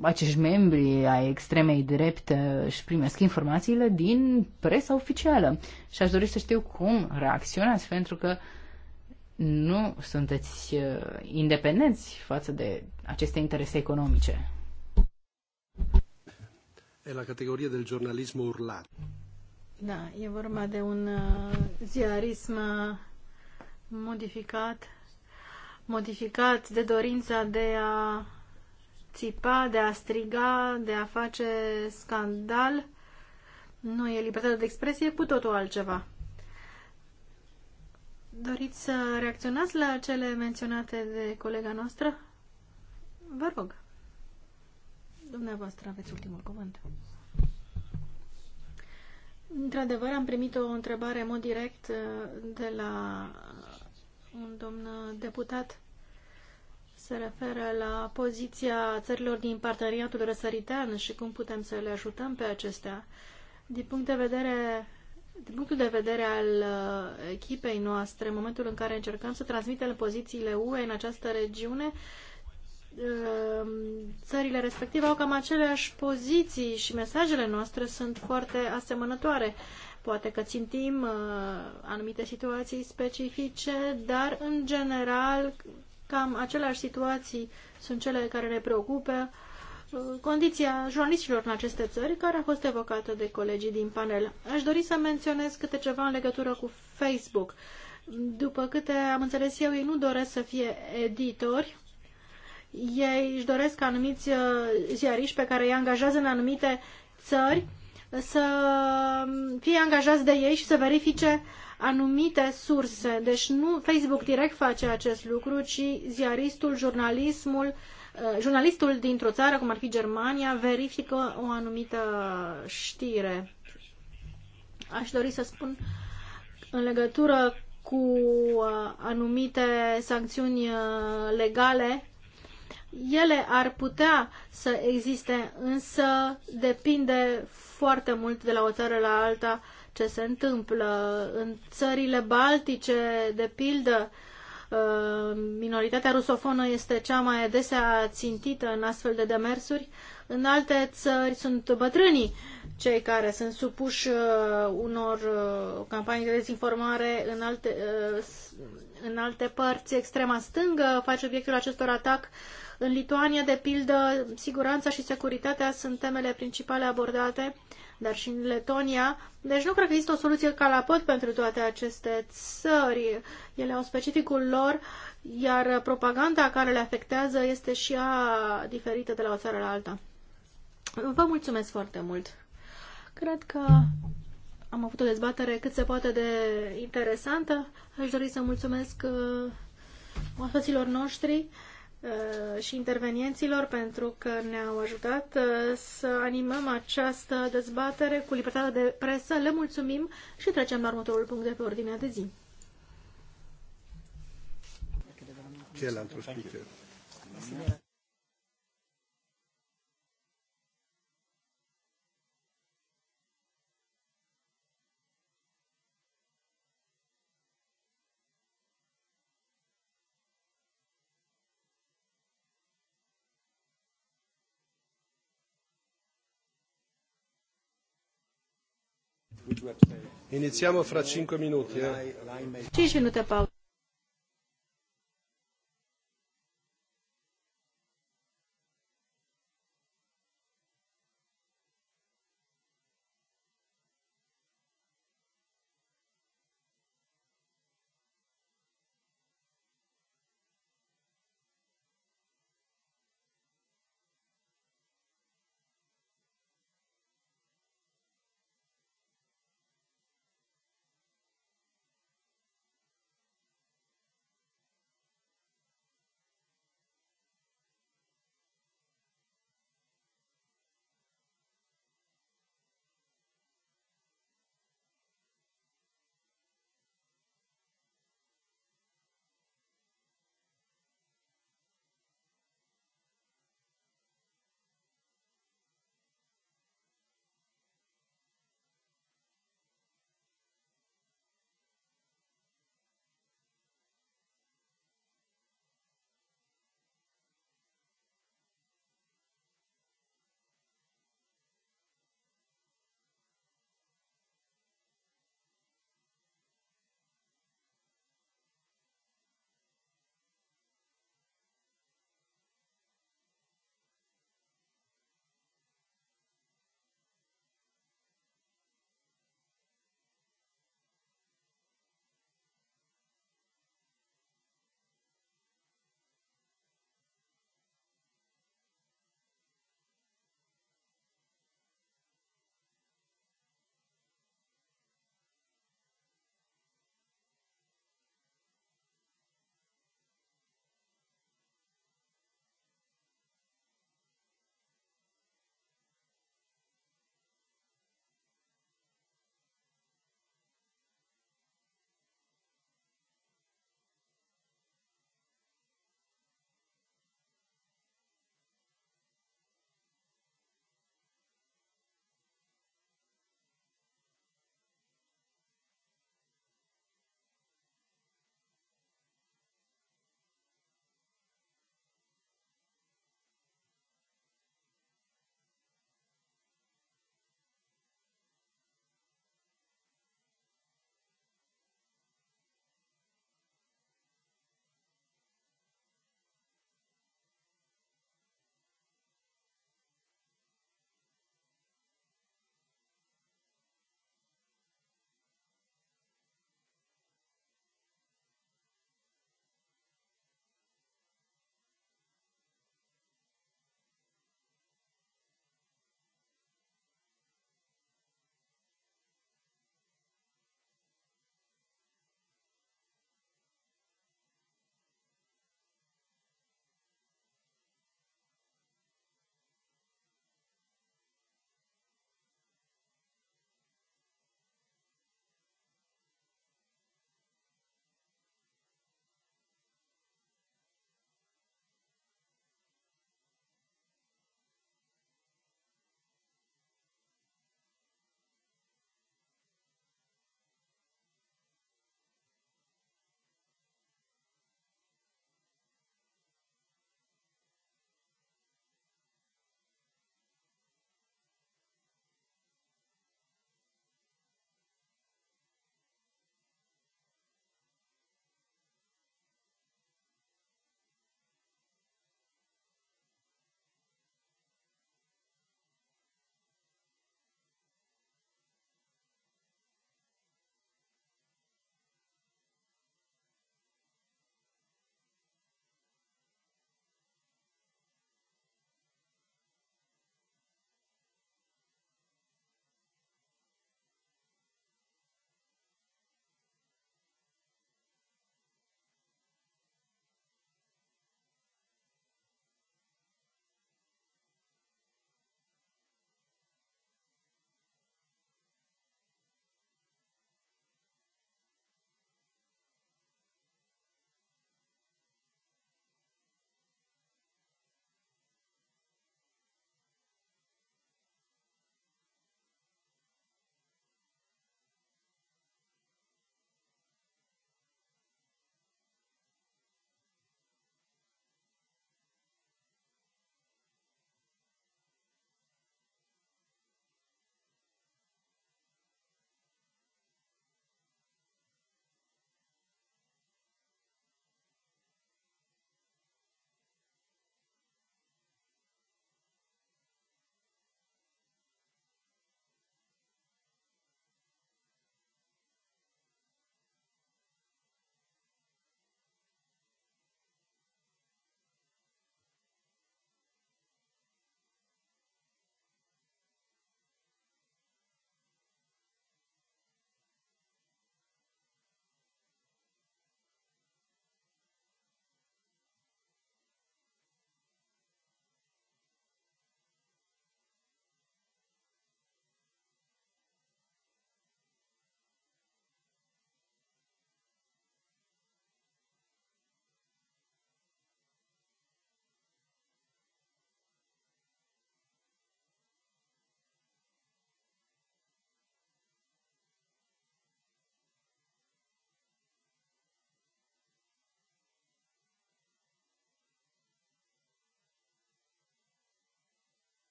acești membri ai extremei drepte își primesc informațiile din presa oficială. Și aș dori să știu cum reacționați, pentru că nu sunteți uh, independenți față de aceste interese economice. E la categorie del jurnalism urlat. Da, e vorba de un uh, ziarism uh, modificat, modificat de dorința de a țipa, de a striga, de a face scandal. Nu e libertatea de expresie, cu totul altceva. Doriți să reacționați la cele menționate de colega noastră? Vă rog. Dumneavoastră aveți ultimul cuvânt. Într-adevăr, am primit o întrebare în mod direct uh, de la un domn uh, deputat se referă la poziția țărilor din parteneriatul răsăritean și cum putem să le ajutăm pe acestea. Din, punct de vedere, din punctul de vedere al uh, echipei noastre, în momentul în care încercăm să transmitem pozițiile UE în această regiune, uh, țările respective au cam aceleași poziții și mesajele noastre sunt foarte asemănătoare. Poate că țintim uh, anumite situații specifice, dar în general Cam aceleași situații sunt cele care ne preocupă condiția jurnaliștilor în aceste țări, care a fost evocată de colegii din panel. Aș dori să menționez câte ceva în legătură cu Facebook. După câte am înțeles eu, ei nu doresc să fie editori, ei își doresc anumiți uh, ziariști pe care îi angajează în anumite țări să fie angajați de ei și să verifice uh, anumite surse. Deci nu Facebook direct face acest lucru, ci ziaristul, jurnalismul, uh, jurnalistul dintr-o țară, cum ar fi Germania, verifică o anumită știre. Aș dori să spun în legătură cu uh, anumite sancțiuni uh, legale ele ar putea să existe, însă depinde foarte mult de la o țară la alta ce se întâmplă. În țările baltice, de pildă, uh, minoritatea rusofonă este cea mai adesea țintită în astfel de demersuri. În alte țări sunt bătrânii cei care sunt supuși uh, unor uh, campanii de dezinformare în alte, în alte părți. Extrema stângă face obiectul acestor atac. În Lituania, de pildă, siguranța și securitatea sunt temele principale abordate. Uh, dar și în Letonia. Deci nu cred că există o soluție ca la pot pentru toate aceste țări. Ele au specificul lor, iar propaganda care le afectează este și ea diferită de la o țară la alta. Vă mulțumesc foarte mult! Cred că am avut o dezbatere cât se poate de interesantă. Aș dori să mulțumesc uh, oaspeților noștri. Uh, și intervenienților pentru că ne-au ajutat uh, să animăm această dezbatere cu libertatea de presă. Le mulțumim și trecem la următorul punct de pe ordinea de zi. Celălalt speaker. Iniziamo fra 5 minuti. Eh.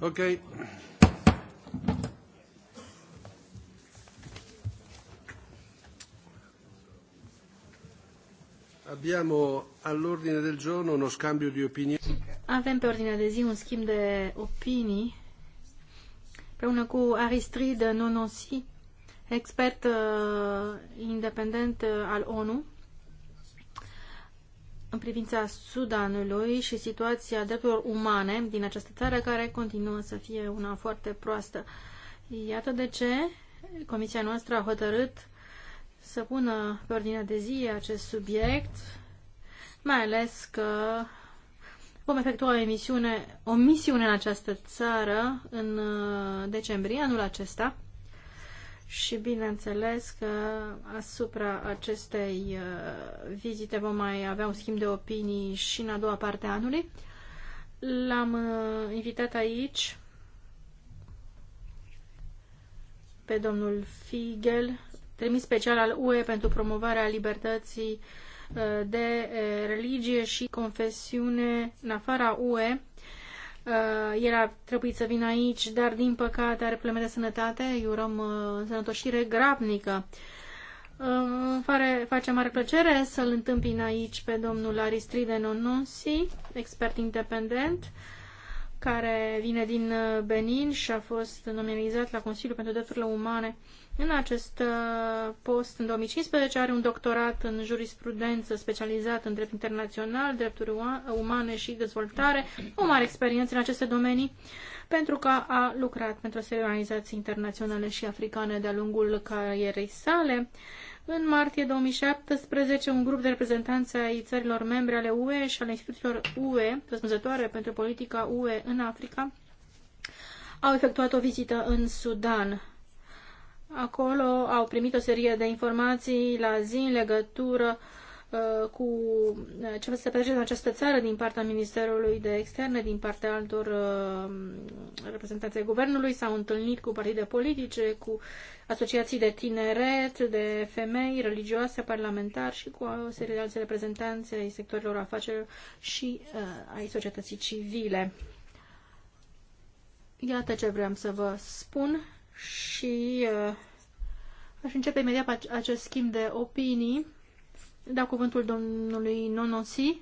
Ok. Abbiamo all'ordine del giorno uno scambio di opinioni. Avem pe ordinea de zi un schimb de opinii împreună cu Aristide Nonosi, expert uh, independent uh, al ONU în privința Sudanului și situația drepturilor umane din această țară care continuă să fie una foarte proastă. Iată de ce Comisia noastră a hotărât să pună pe ordinea de zi acest subiect, mai ales că vom efectua o, emisiune, o misiune în această țară în uh, decembrie anul acesta și bineînțeles că asupra acestei uh, vizite vom mai avea un schimb de opinii și în a doua parte a anului. L-am uh, invitat aici pe domnul Figel, trimis special al UE pentru promovarea libertății uh, de religie și confesiune în afara UE Uh, el ar trebui să vină aici, dar din păcate are probleme de sănătate, îi urăm uh, sănătoșire grabnică. Uh, fare, face mare plăcere să-l întâmpin aici pe domnul Aristride Nonosi, expert independent, care vine din uh, Benin și a fost nominalizat la Consiliul pentru Drepturile Umane uh, în acest uh, post, în 2015, are un doctorat în jurisprudență specializat în drept internațional, drepturi umane și dezvoltare, o mare experiență în aceste domenii, pentru că a lucrat pentru serii organizații internaționale și africane de-a lungul carierei sale. În martie 2017, un grup de reprezentanți ai țărilor membre ale UE și ale instituțiilor UE, răspunzătoare pentru politica UE în Africa, au efectuat o vizită în Sudan. Acolo au primit o serie de informații la zi în legătură uh, cu uh, ce se petrece în această țară din partea Ministerului de Externe, din partea altor uh, reprezentanțe guvernului. S-au întâlnit cu partide politice, cu asociații de tineret, de femei religioase, parlamentari și cu o serie de alte reprezentanțe ai sectorilor afacerilor și uh, ai societății civile. Iată ce vreau să vă spun și uh, Aș începe imediat acest schimb de opinii. Da cuvântul domnului Nonosi.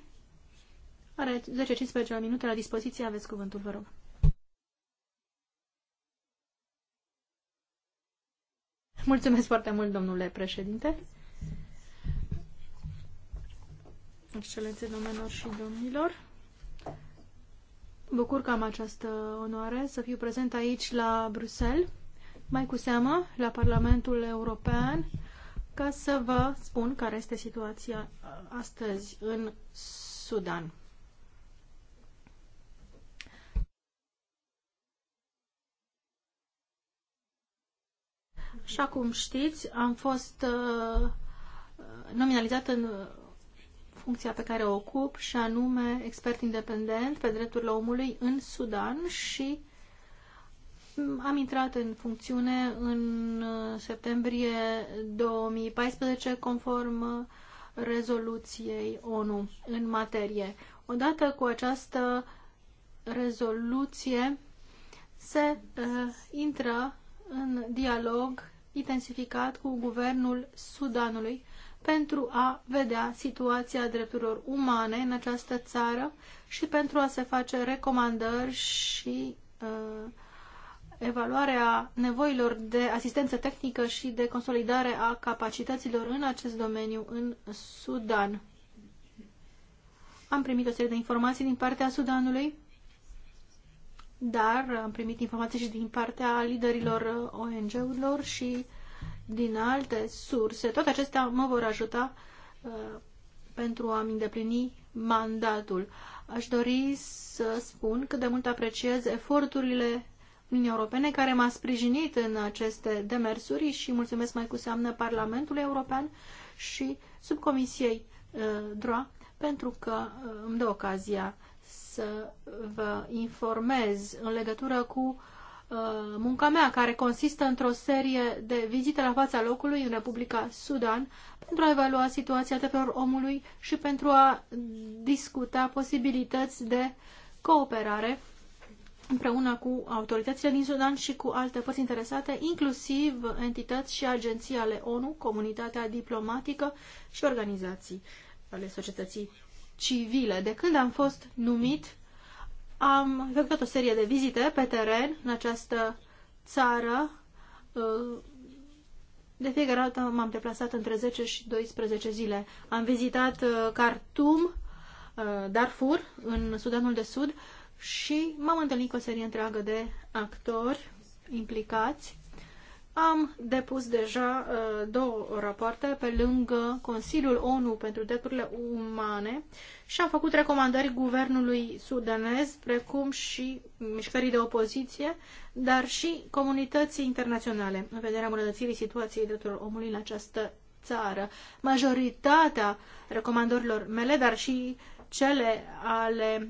Are 10-15 minute la dispoziție. Aveți cuvântul, vă rog. Mulțumesc foarte mult, domnule președinte. Excelențe, domnilor și domnilor. Bucur că am această onoare să fiu prezent aici la Bruxelles mai cu seamă la Parlamentul European ca să vă spun care este situația uh, astăzi în Sudan. Așa cum știți, am fost uh, nominalizat în funcția pe care o ocup și anume expert independent pe drepturile omului în Sudan și am intrat în funcțiune în uh, septembrie 2014 conform uh, rezoluției ONU în materie. Odată cu această rezoluție se uh, intră în dialog intensificat cu guvernul Sudanului pentru a vedea situația drepturilor umane în această țară și pentru a se face recomandări și uh, evaluarea nevoilor de asistență tehnică și de consolidare a capacităților în acest domeniu în Sudan. Am primit o serie de informații din partea Sudanului, dar am primit informații și din partea liderilor ONG-urilor și din alte surse. Toate acestea mă vor ajuta uh, pentru a-mi îndeplini mandatul. Aș dori să spun cât de mult apreciez eforturile Uniunii Europene care m-a sprijinit în aceste demersuri și mulțumesc mai cu seamnă Parlamentului European și subcomisiei uh, DROA pentru că uh, îmi dă ocazia să vă informez în legătură cu uh, munca mea, care consistă într-o serie de vizite la fața locului în Republica Sudan pentru a evalua situația drepturilor omului și pentru a discuta posibilități de cooperare împreună cu autoritățile din Sudan și cu alte părți interesate, inclusiv entități și agenții ale ONU, comunitatea diplomatică și organizații ale societății civile. De când am fost numit, am făcut o serie de vizite pe teren în această țară. Uh, de fiecare dată m-am deplasat între 10 și 12 zile. Am vizitat uh, Khartoum, uh, Darfur, în Sudanul de Sud, și m-am întâlnit cu o serie întreagă de actori implicați. Am depus deja uh, două rapoarte pe lângă Consiliul ONU pentru drepturile umane și am făcut recomandări guvernului sudanez, precum și mișcării de opoziție, dar și comunității internaționale în vederea îmbunătățirii situației drepturilor omului în această țară. Majoritatea recomandărilor mele, dar și cele ale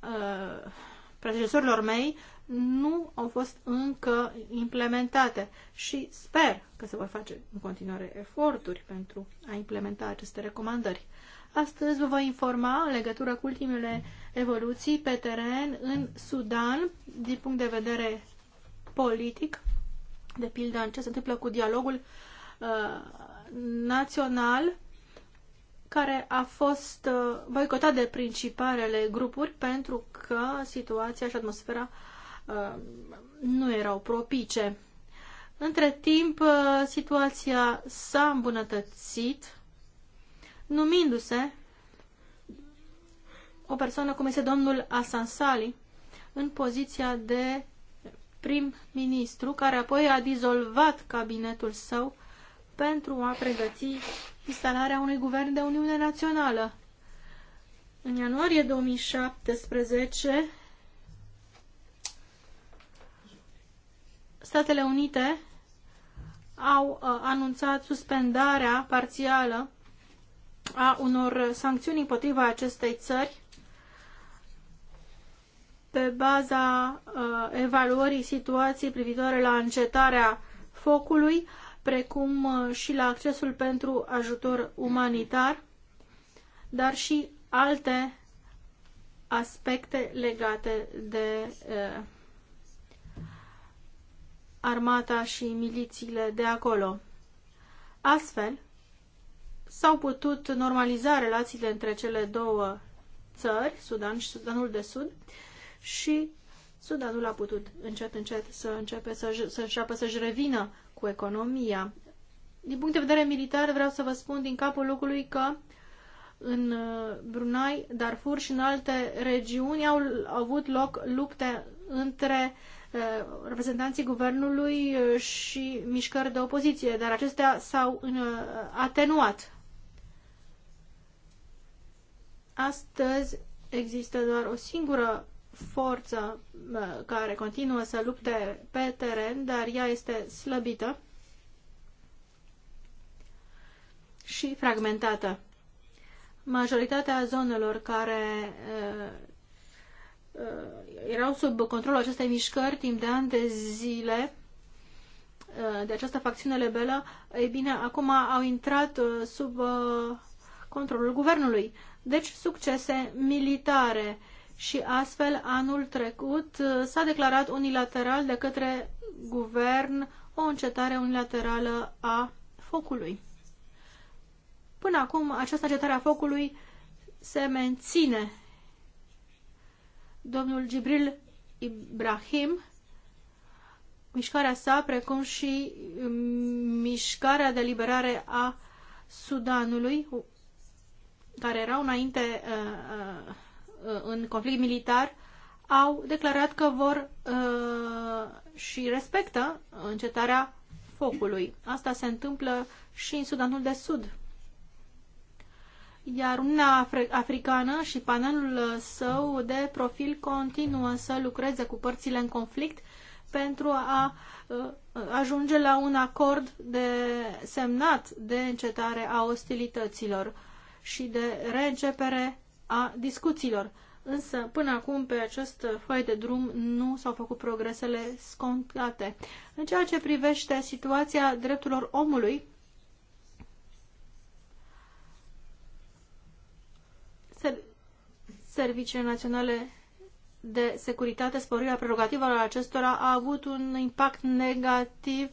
Uh, predecesorilor mei nu au fost încă implementate și sper că se vor face în continuare eforturi pentru a implementa aceste recomandări. Astăzi vă voi informa în legătură cu ultimele evoluții pe teren în Sudan din punct de vedere politic, de pildă în ce se întâmplă cu dialogul uh, național care a fost uh, boicotat de principalele grupuri pentru că situația și atmosfera uh, nu erau propice. Între timp, uh, situația s-a îmbunătățit, numindu-se o persoană cum este domnul Asansali în poziția de prim-ministru, care apoi a dizolvat cabinetul său pentru a pregăti instalarea unui guvern de Uniune Națională. În ianuarie 2017, Statele Unite au uh, anunțat suspendarea parțială a unor sancțiuni împotriva acestei țări pe baza uh, evaluării situației privitoare la încetarea focului precum uh, și la accesul pentru ajutor umanitar, dar și alte aspecte legate de uh, armata și milițiile de acolo. Astfel, s-au putut normaliza relațiile între cele două țări, Sudan și Sudanul de Sud, și Sudanul a putut încet, încet să, începe să, să înceapă să-și revină cu economia. Din punct de vedere militar, vreau să vă spun din capul locului că în uh, Brunei, Darfur și în alte regiuni au, au avut loc lupte între uh, reprezentanții guvernului uh, și mișcări de opoziție, dar acestea s-au atenuat. Astăzi există doar o singură forță care continuă să lupte pe teren, dar ea este slăbită și fragmentată. Majoritatea zonelor care uh, uh, erau sub controlul acestei mișcări timp de ani de zile uh, de această facțiune lebelă, ei bine, acum au intrat sub controlul guvernului. Deci, succese militare și astfel anul trecut uh, s-a declarat unilateral de către guvern o încetare unilaterală a focului. Până acum, această încetare a focului se menține. Domnul Gibril Ibrahim, mișcarea sa, precum și um, mișcarea de liberare a Sudanului, care erau înainte uh, uh, Uh, în conflict militar au declarat că vor uh, și respectă încetarea focului. Asta se întâmplă și în Sudanul de Sud. Iar Uniunea Africană și panelul uh, său de profil continuă să lucreze cu părțile în conflict pentru a ajunge la un acord de semnat de încetare a ostilităților și de reîncepere a discuțiilor. Însă, până acum, pe acest foi de drum nu s-au făcut progresele scontate. În ceea ce privește situația drepturilor omului, Serviciile Naționale de Securitate, sporirea prerogativelor acestora a avut un impact negativ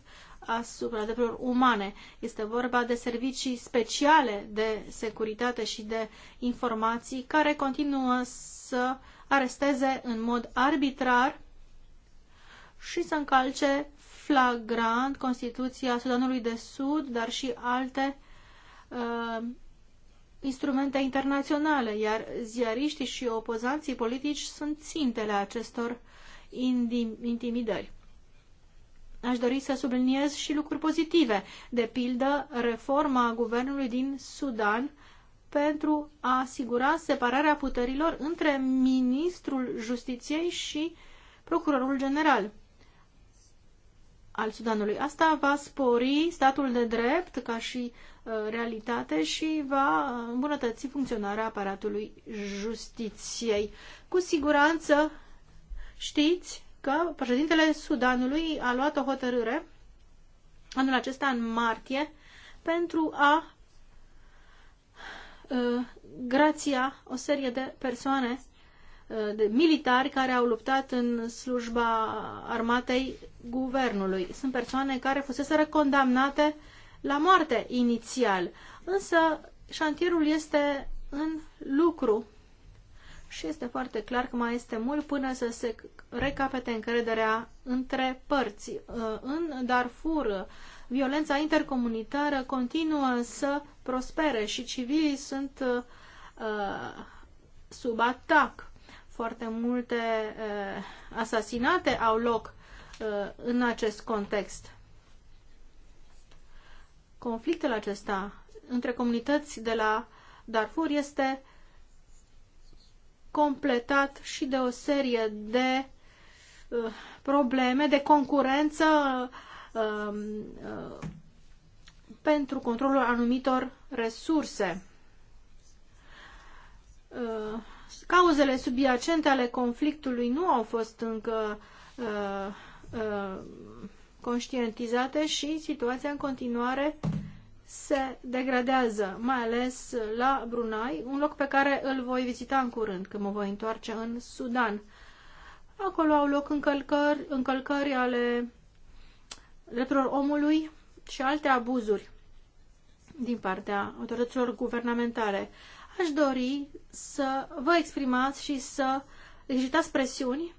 asupra drepturilor umane. Este vorba de servicii speciale de securitate și de informații care continuă să aresteze în mod arbitrar și să încalce flagrant Constituția Sudanului de Sud, dar și alte uh, instrumente internaționale, iar ziariștii și opozanții politici sunt țintele acestor intimidări aș dori să subliniez și lucruri pozitive, de pildă reforma guvernului din Sudan pentru a asigura separarea puterilor între ministrul justiției și procurorul general al Sudanului. Asta va spori statul de drept ca și uh, realitate și va uh, îmbunătăți funcționarea aparatului justiției. Cu siguranță știți că președintele Sudanului a luat o hotărâre anul acesta în martie pentru a uh, grația o serie de persoane uh, de militari care au luptat în slujba armatei guvernului. Sunt persoane care fuseseră condamnate la moarte inițial, însă șantierul este în lucru și este foarte clar că mai este mult până să se recapete încrederea între părți. Uh, în Darfur, violența intercomunitară continuă să prospere și civilii sunt uh, uh, sub atac. Foarte multe asasinate au loc în acest context. Conflictul acesta între comunități de la Darfur este completat și de o serie de uh, probleme de concurență uh, um, uh, pentru controlul anumitor resurse. Cauzele subiacente ale conflictului nu au fost încă conștientizate și situația în continuare se degradează, mai ales la Brunei, un loc pe care îl voi vizita în curând, când mă voi întoarce în Sudan. Acolo au loc încălcări, încălcări ale drepturilor omului și alte abuzuri din partea autorităților guvernamentale. Aș dori să vă exprimați și să exercitați presiuni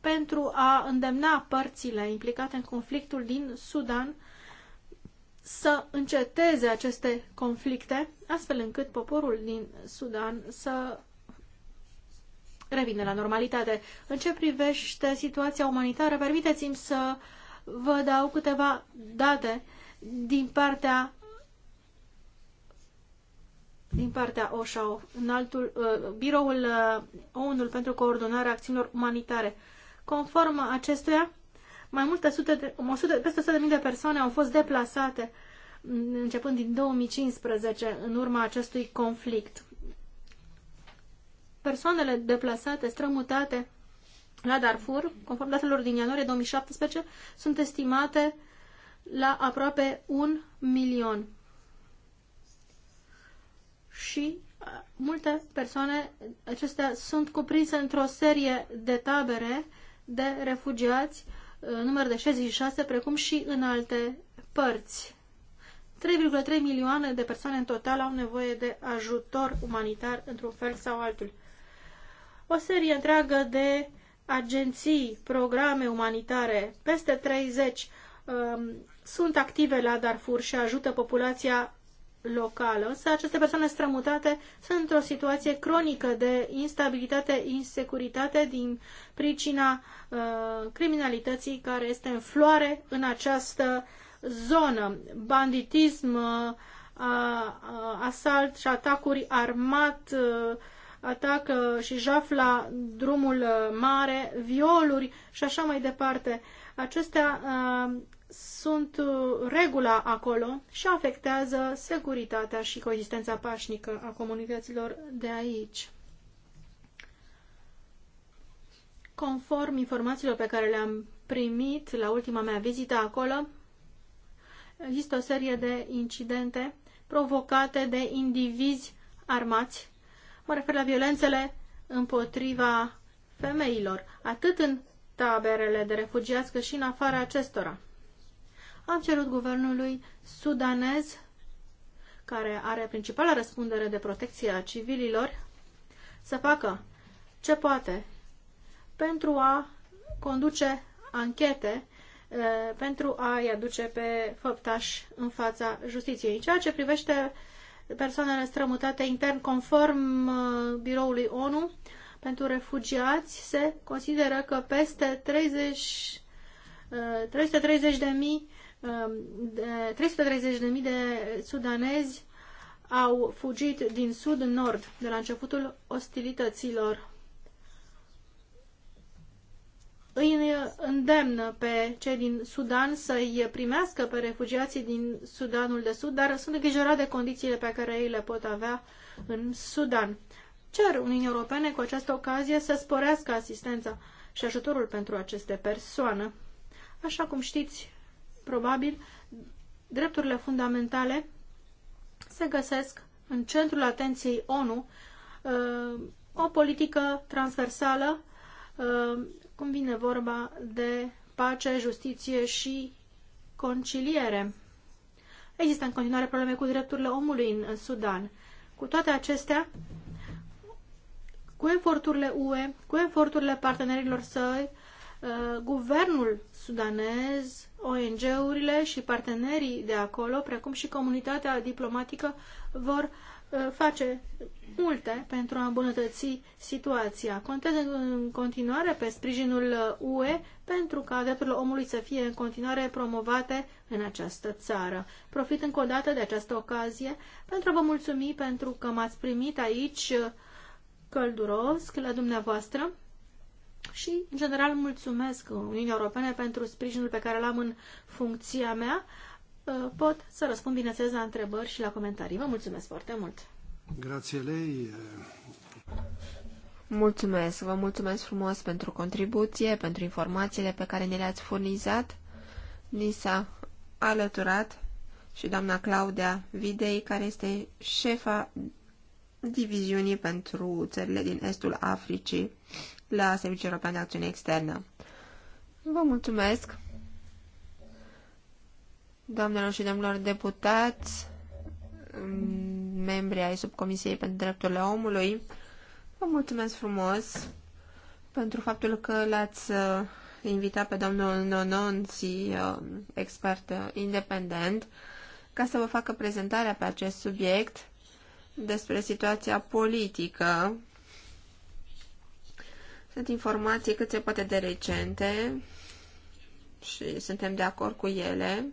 pentru a îndemna părțile implicate în conflictul din Sudan să înceteze aceste conflicte, astfel încât poporul din Sudan să revină la normalitate. În ce privește situația umanitară, permiteți-mi să vă dau câteva date din partea din partea OSHA, înaltul, uh, biroul uh, ONU pentru coordonarea acțiunilor umanitare. Conform acestuia, mai multe sute de, 100, peste 100.000 de persoane au fost deplasate mm, începând din 2015 în urma acestui conflict. Persoanele deplasate, strămutate la Darfur, conform datelor din ianuarie 2017, sunt estimate la aproape un milion. Și multe persoane acestea sunt cuprinse într-o serie de tabere de refugiați uh, Uh, număr de 66, precum și în alte părți. 3,3 milioane de persoane în total au nevoie de ajutor umanitar într-un fel sau altul. O serie întreagă de agenții, programe umanitare, peste 30, um, sunt active la Darfur și ajută populația locală, însă aceste persoane strămutate sunt într-o situație cronică de instabilitate, insecuritate din pricina uh, criminalității care este în floare în această zonă. Banditism, uh, asalt și atacuri armat, uh, atac și jaf la drumul uh, mare, violuri și așa mai departe. Acestea uh, sunt uh, regula acolo și afectează securitatea și coexistența pașnică a comunităților de aici. Conform informațiilor pe care le-am primit la ultima mea vizită acolo, există o serie de incidente provocate de indivizi armați. Mă refer la violențele împotriva femeilor, atât în taberele de refugiați cât și în afara acestora am cerut guvernului sudanez, care are principala răspundere de protecție a civililor, să facă ce poate pentru a conduce anchete pentru a-i aduce pe făptași în fața justiției. Ceea ce privește persoanele strămutate intern conform biroului ONU pentru refugiați, se consideră că peste 30, 330 de mii 330.000 um, de sudanezi au fugit din sud în nord de la începutul ostilităților. Îi îndemnă pe cei din Sudan să-i primească pe refugiații din Sudanul de Sud, dar sunt îngrijorat de condițiile pe care ei le pot avea în Sudan. Cer Uniunii Europene cu această ocazie să sporească asistența și ajutorul pentru aceste persoane. Așa cum știți, probabil, drepturile fundamentale se găsesc în centrul atenției ONU, uh, o politică transversală uh, cum vine vorba de pace, justiție și conciliere. Există în continuare probleme cu drepturile omului în, în Sudan. Cu toate acestea, cu eforturile UE, cu eforturile partenerilor săi, uh, guvernul sudanez ONG-urile și partenerii de acolo, precum și comunitatea diplomatică, vor uh, face multe pentru a îmbunătăți situația. Contează în continuare pe sprijinul UE pentru ca drepturile omului să fie în continuare promovate în această țară. Profit încă o dată de această ocazie pentru a vă mulțumi pentru că m-ați primit aici uh, călduros la dumneavoastră și, în general, mulțumesc Uniunii Europene pentru sprijinul pe care l-am în funcția mea. Uh, pot să răspund, bineînțeles, la întrebări și la comentarii. Vă mulțumesc foarte mult! Grație lei! Mulțumesc! Vă mulțumesc frumos pentru contribuție, pentru informațiile pe care ne le-ați furnizat. Ni s-a alăturat și doamna Claudia Videi, care este șefa diviziunii pentru țările din estul Africii la Serviciul European de Acțiune Externă. Vă mulțumesc, doamnelor și domnilor deputați, membri ai Subcomisiei pentru Drepturile Omului. Vă mulțumesc frumos pentru faptul că l-ați uh, invitat pe domnul Nononzi, um, expert uh, independent, ca să vă facă prezentarea pe acest subiect despre situația politică sunt informații cât se poate de recente și suntem de acord cu ele.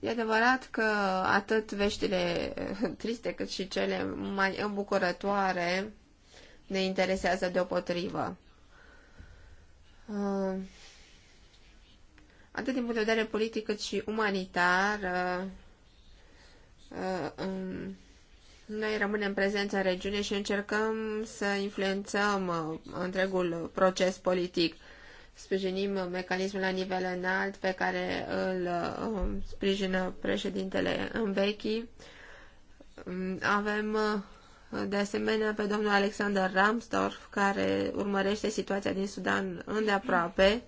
E adevărat că atât veștile triste cât și cele mai îmbucurătoare ne interesează deopotrivă. Uh, atât din punct de vedere politic cât și umanitar, uh, uh, noi rămânem prezenți în regiune și încercăm să influențăm uh, întregul proces politic. Sprijinim uh, mecanismul la nivel înalt pe care îl uh, um, sprijină președintele în vechi. Mm, avem de asemenea pe domnul Alexander Ramsdorf, care urmărește situația din Sudan îndeaproape,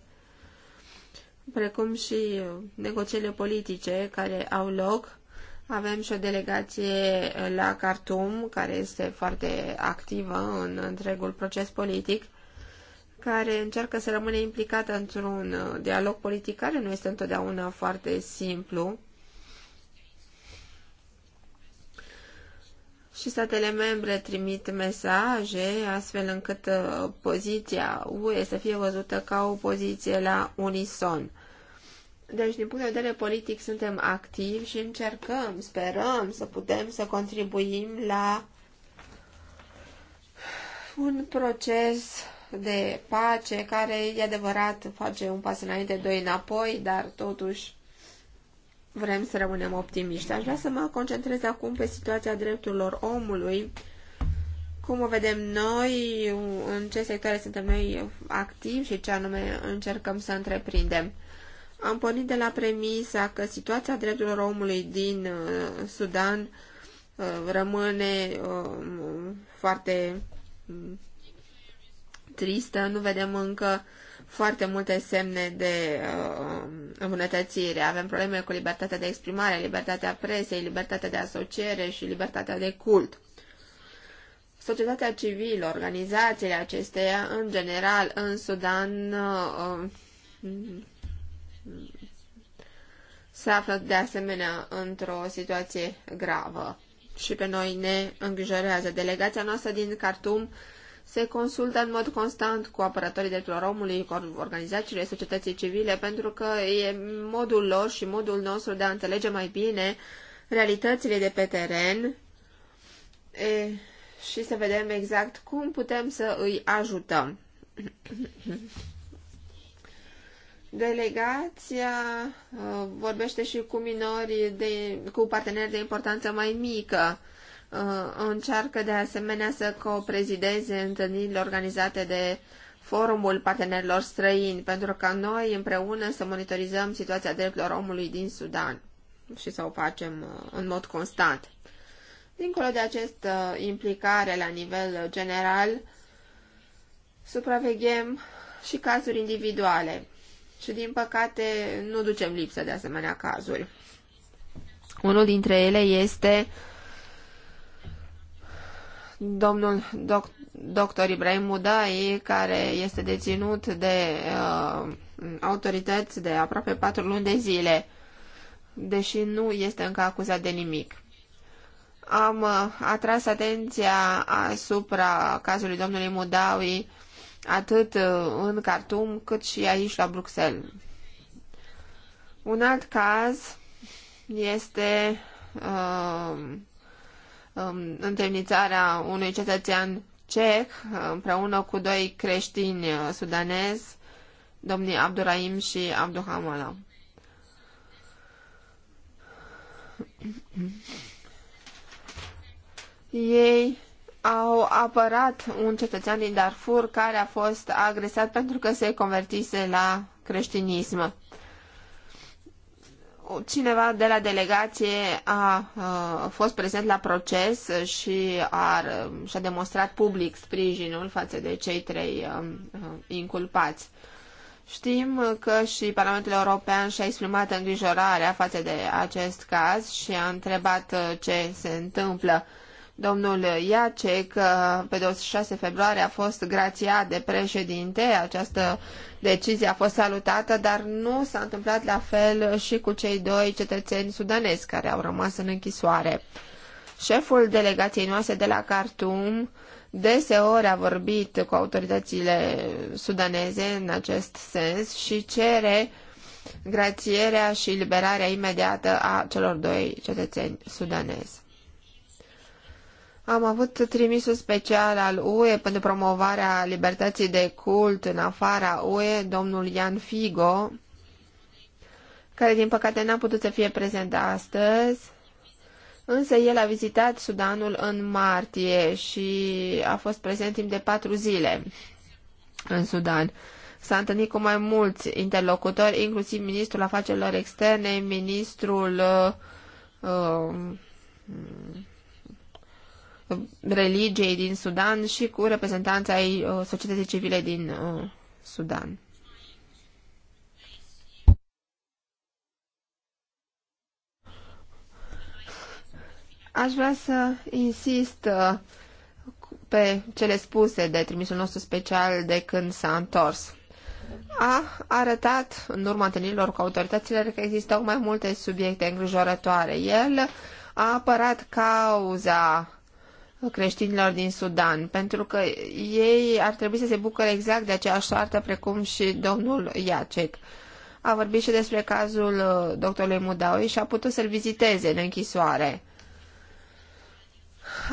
precum și negocierile politice care au loc avem și o delegație la Khartoum, care este foarte activă în întregul proces politic, care încearcă să rămâne implicată într-un uh, dialog politic care nu este întotdeauna foarte simplu. și statele membre trimit mesaje astfel încât uh, poziția UE să fie văzută ca o poziție la unison. Deci, din punct de vedere politic, suntem activi și încercăm, sperăm să putem să contribuim la un proces de pace care, e adevărat, face un pas înainte, doi înapoi, dar totuși vrem să rămânem optimiști. Aș vrea să mă concentrez acum pe situația drepturilor omului, cum o vedem noi, în ce sectoare suntem noi activi și ce anume încercăm să întreprindem. Am pornit de la premisa că situația drepturilor omului din uh, Sudan uh, rămâne uh, foarte mm, tristă, nu vedem încă foarte multe semne de uh, îmbunătățire. Avem probleme cu libertatea de exprimare, libertatea presei, libertatea de asociere și libertatea de cult. Societatea civilă, organizațiile acesteia, în general, în Sudan, uh, uh se află de asemenea într-o situație gravă și pe noi ne îngrijorează. Delegația noastră din Khartoum se consultă în mod constant cu apărătorii drepturilor omului, cu organizațiile societății civile, pentru că e modul lor și modul nostru de a înțelege mai bine realitățile de pe teren e, și să vedem exact cum putem să îi ajutăm. Delegația uh, vorbește și cu minori, de, cu parteneri de importanță mai mică. Uh, încearcă de asemenea să coprezideze întâlnirile organizate de Forumul Partenerilor Străini, pentru ca noi împreună să monitorizăm situația drepturilor omului din Sudan și să o facem uh, în mod constant. Dincolo de această implicare la nivel general, supraveghem și cazuri individuale. Și din păcate nu ducem lipsă de asemenea cazuri. Unul dintre ele este domnul doc, doctor Ibrahim Mudai, care este deținut de uh, autorități de aproape patru luni de zile, deși nu este încă acuzat de nimic. Am uh, atras atenția asupra cazului domnului Mudawi atât uh, în Cartum cât și aici la Bruxelles. Un alt caz este uh, um, întemnițarea unui cetățean cec uh, împreună cu doi creștini uh, sudanezi, domnii Abdurahim și Abduhamala. Ei au apărat un cetățean din Darfur care a fost agresat pentru că se convertise la creștinism. Cineva de la delegație a, a fost prezent la proces și a, și-a demonstrat public sprijinul față de cei trei a, um, um, inculpați. Știm că și Parlamentul European și-a exprimat îngrijorarea față de acest caz și a întrebat uh, ce se întâmplă Domnul Iacek, pe 26 februarie, a fost grațiat de președinte. Această decizie a fost salutată, dar nu s-a întâmplat la fel și cu cei doi cetățeni sudanezi care au rămas în închisoare. Șeful delegației noastre de la Khartoum deseori a vorbit cu autoritățile sudaneze în acest sens și cere grațierea și liberarea imediată a celor doi cetățeni sudanezi. Am avut trimisul special al UE pentru promovarea libertății de cult în afara UE, domnul Ian Figo, care din păcate n-a putut să fie prezent astăzi, însă el a vizitat Sudanul în martie și a fost prezent timp de patru zile în Sudan. S-a întâlnit cu mai mulți interlocutori, inclusiv ministrul afacerilor externe, ministrul uh, uh, religiei din Sudan și cu reprezentanța ai uh, societății civile din uh, Sudan. Aș vrea să insist uh, pe cele spuse de trimisul nostru special de când s-a întors. A arătat în urma întâlnirilor cu autoritățile că existau mai multe subiecte îngrijorătoare. El a apărat cauza creștinilor din Sudan, pentru că ei ar trebui să se bucure exact de aceeași soartă precum și domnul Iacek. A vorbit și despre cazul uh, doctorului Mudaui și a putut să-l viziteze în închisoare.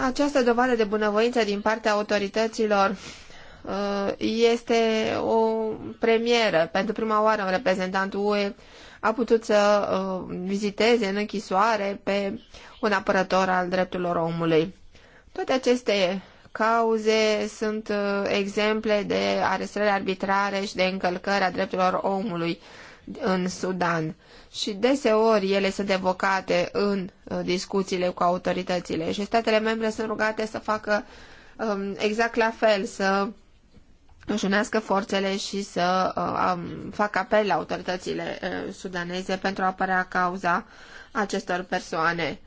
Această dovadă de bunăvoință din partea autorităților uh, este o premieră. Pentru prima oară un reprezentant UE a putut să uh, viziteze în închisoare pe un apărător al drepturilor omului. Toate aceste cauze sunt uh, exemple de arestări arbitrare și de încălcări a drepturilor omului în Sudan și deseori ele sunt evocate în uh, discuțiile cu autoritățile și statele membre sunt rugate să facă um, exact la fel, să își unească forțele și să um, facă apel la autoritățile uh, sudaneze pentru a apărea cauza acestor persoane.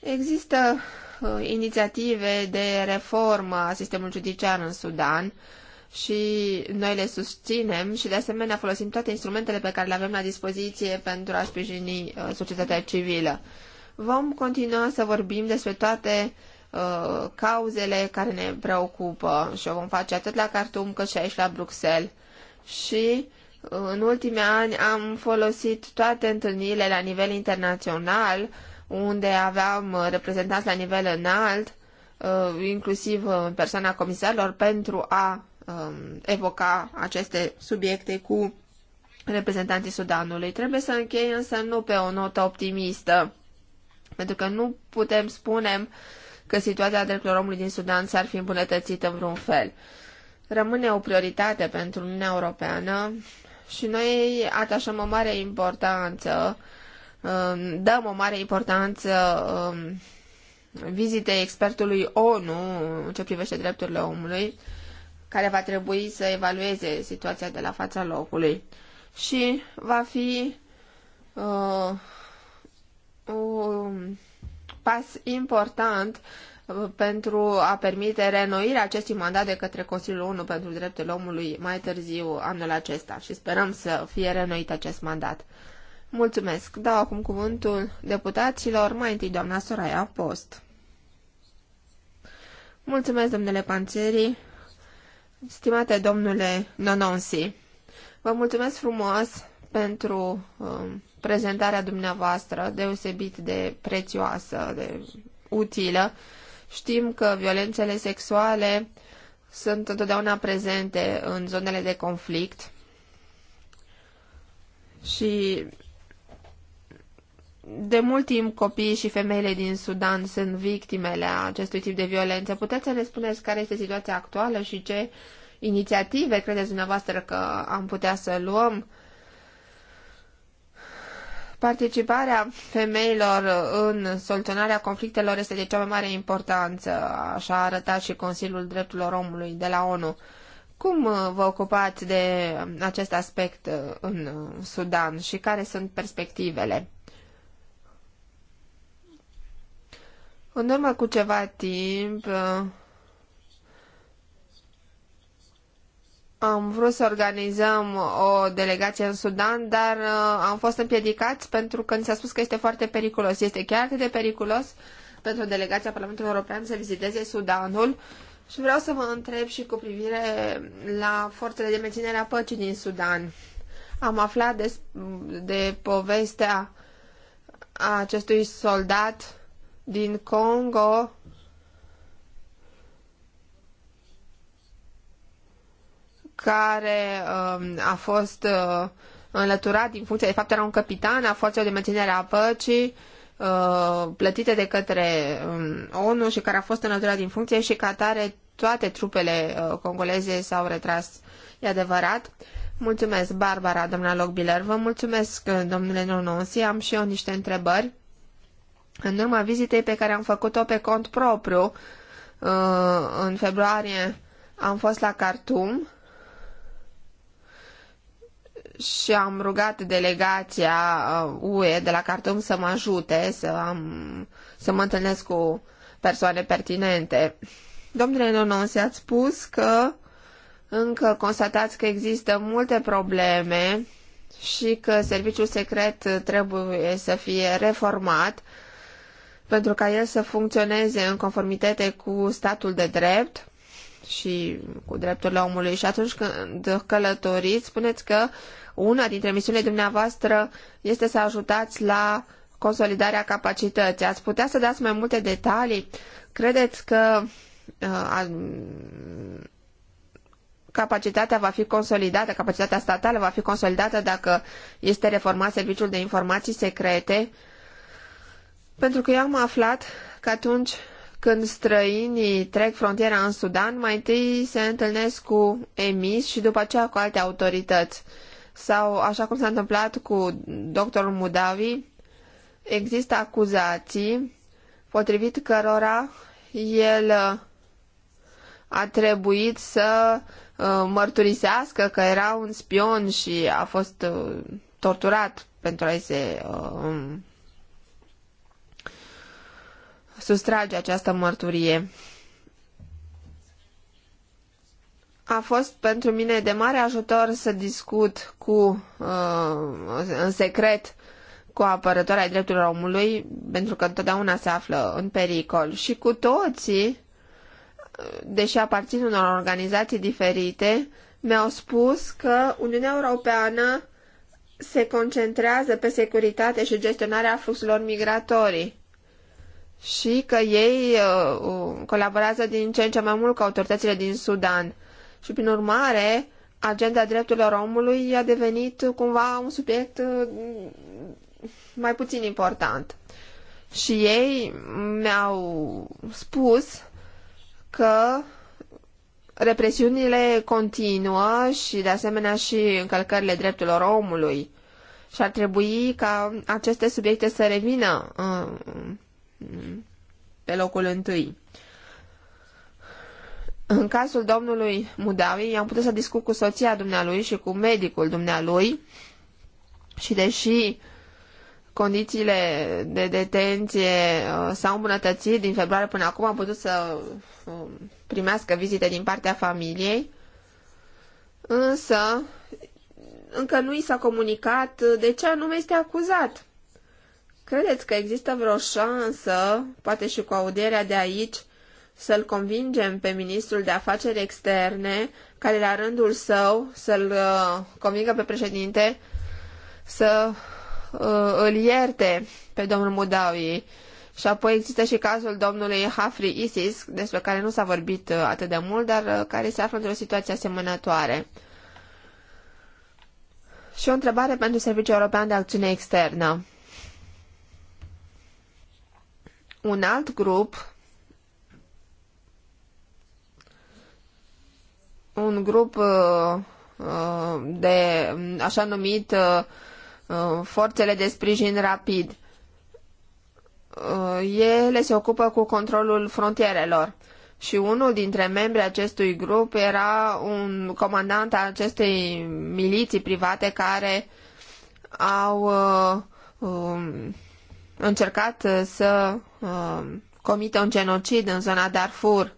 Există Uh, inițiative de reformă a sistemului judiciar în Sudan și noi le susținem și de asemenea folosim toate instrumentele pe care le avem la dispoziție pentru a sprijini uh, societatea civilă. Vom continua să vorbim despre toate uh, cauzele care ne preocupă și o vom face atât la Cartum, cât și aici la Bruxelles. Și în ultimii ani am folosit toate întâlnirile la nivel internațional uh, unde aveam uh, reprezentanți la nivel înalt, uh, inclusiv uh, persoana comisarilor, pentru a um, evoca aceste subiecte cu reprezentanții Sudanului. Trebuie să închei însă nu pe o notă optimistă, pentru că nu putem spune că situația drepturilor omului din Sudan s-ar fi îmbunătățită în vreun fel. Rămâne o prioritate pentru Uniunea Europeană și noi atașăm o mare importanță Um, dăm o mare importanță um, vizitei expertului ONU în ce privește drepturile omului, care va trebui să evalueze situația de la fața locului. Și va fi uh, un pas important uh, pentru a permite reînnoirea acestui mandat de către Consiliul 1 pentru drepturile omului mai târziu anul acesta și sperăm să fie reînnoit acest mandat. Mulțumesc. Dau acum cuvântul deputaților, mai întâi doamna Soraya Post. Mulțumesc, domnule Panțeri, stimate domnule Nononsi. Vă mulțumesc frumos pentru um, prezentarea dumneavoastră deosebit de prețioasă, de utilă. Știm că violențele sexuale sunt întotdeauna prezente în zonele de conflict și de mult timp copiii și femeile din Sudan sunt victimele acestui tip de violență. Puteți să ne spuneți care este situația actuală și ce inițiative credeți dumneavoastră că am putea să luăm? Participarea femeilor în soluționarea conflictelor este de cea mai mare importanță, așa a arătat și Consiliul Drepturilor Omului de la ONU. Cum uh, vă ocupați de acest aspect uh, în Sudan și care sunt perspectivele? În urmă cu ceva timp uh, am vrut să organizăm o delegație în Sudan, dar uh, am fost împiedicați pentru că ni s-a spus că este foarte periculos. Este chiar atât de periculos pentru delegația Parlamentului European să viziteze Sudanul și vreau să vă întreb și cu privire la forțele de menținere a păcii din Sudan. Am aflat de, de povestea acestui soldat din Congo care uh, a fost uh, înlăturat din funcție, de fapt era un capitan a forțelor de menținere a păcii uh, plătite de către um, ONU și care a fost înlăturat din funcție și ca tare toate trupele uh, congoleze s-au retras. E adevărat. Mulțumesc, Barbara, domnul Logbiler. Vă mulțumesc, domnule Nonosi. Am și eu niște întrebări. În urma vizitei pe care am făcut-o pe cont propriu, uh, în februarie am fost la Cartum și am rugat delegația UE uh, de la Cartum să mă ajute, să, am, să mă întâlnesc cu persoane pertinente. Domnule Nononse, ați spus că încă constatați că există multe probleme și că serviciul secret trebuie să fie reformat pentru ca el să funcționeze în conformitate cu statul de drept și cu drepturile omului. Și atunci când călătoriți, spuneți că una dintre misiunile dumneavoastră este să ajutați la consolidarea capacității. Ați putea să dați mai multe detalii? Credeți că uh, capacitatea va fi consolidată, capacitatea statală va fi consolidată dacă este reformat serviciul de informații secrete? Uh, pentru că eu am aflat că atunci când străinii trec frontiera în Sudan, mai întâi se întâlnesc cu emis și după aceea cu alte autorități. Sau, așa cum s-a întâmplat cu doctorul Mudavi, există acuzații potrivit cărora el a trebuit să uh, mărturisească că era un spion și a fost uh, torturat pentru a-i se uh, sustrage această mărturie. A fost pentru mine de mare ajutor să discut cu, uh, în secret cu apărătoarea drepturilor omului, pentru că întotdeauna se află în pericol. Și cu toții, deși aparțin unor organizații diferite, mi-au spus că Uniunea Europeană se concentrează pe securitate și gestionarea fluxurilor migratorii și că ei uh, uh, colaborează din ce în ce mai mult cu autoritățile din Sudan. Și prin urmare, agenda drepturilor omului a devenit cumva un subiect uh, mai puțin important. Și ei mi-au spus că represiunile continuă și de asemenea și încălcările drepturilor omului. Și ar trebui ca aceste subiecte să revină pe locul întâi. În cazul domnului Mudawi, am putut să discut cu soția dumnealui și cu medicul dumnealui și deși condițiile de detenție uh, s-au îmbunătățit din februarie până acum, am putut să um, primească vizite din partea familiei, însă încă nu i s-a comunicat de ce anume este acuzat. Credeți că există vreo șansă, poate și cu audierea de aici, să-l convingem pe ministrul de afaceri externe, care la rândul său să-l uh, convingă pe președinte să uh, îl ierte pe domnul Mudawi. Și apoi există și cazul domnului Hafri Isis, despre care nu s-a vorbit uh, atât de mult, dar uh, care se află într-o situație asemănătoare. Și o întrebare pentru Serviciul European de Acțiune Externă. Un alt grup, un grup uh, uh, de așa numit uh, forțele de sprijin rapid. Ele se ocupă cu controlul frontierelor și unul dintre membrii acestui grup era un comandant al acestei miliții private care au uh, uh, încercat să Uh, comite un genocid în zona Darfur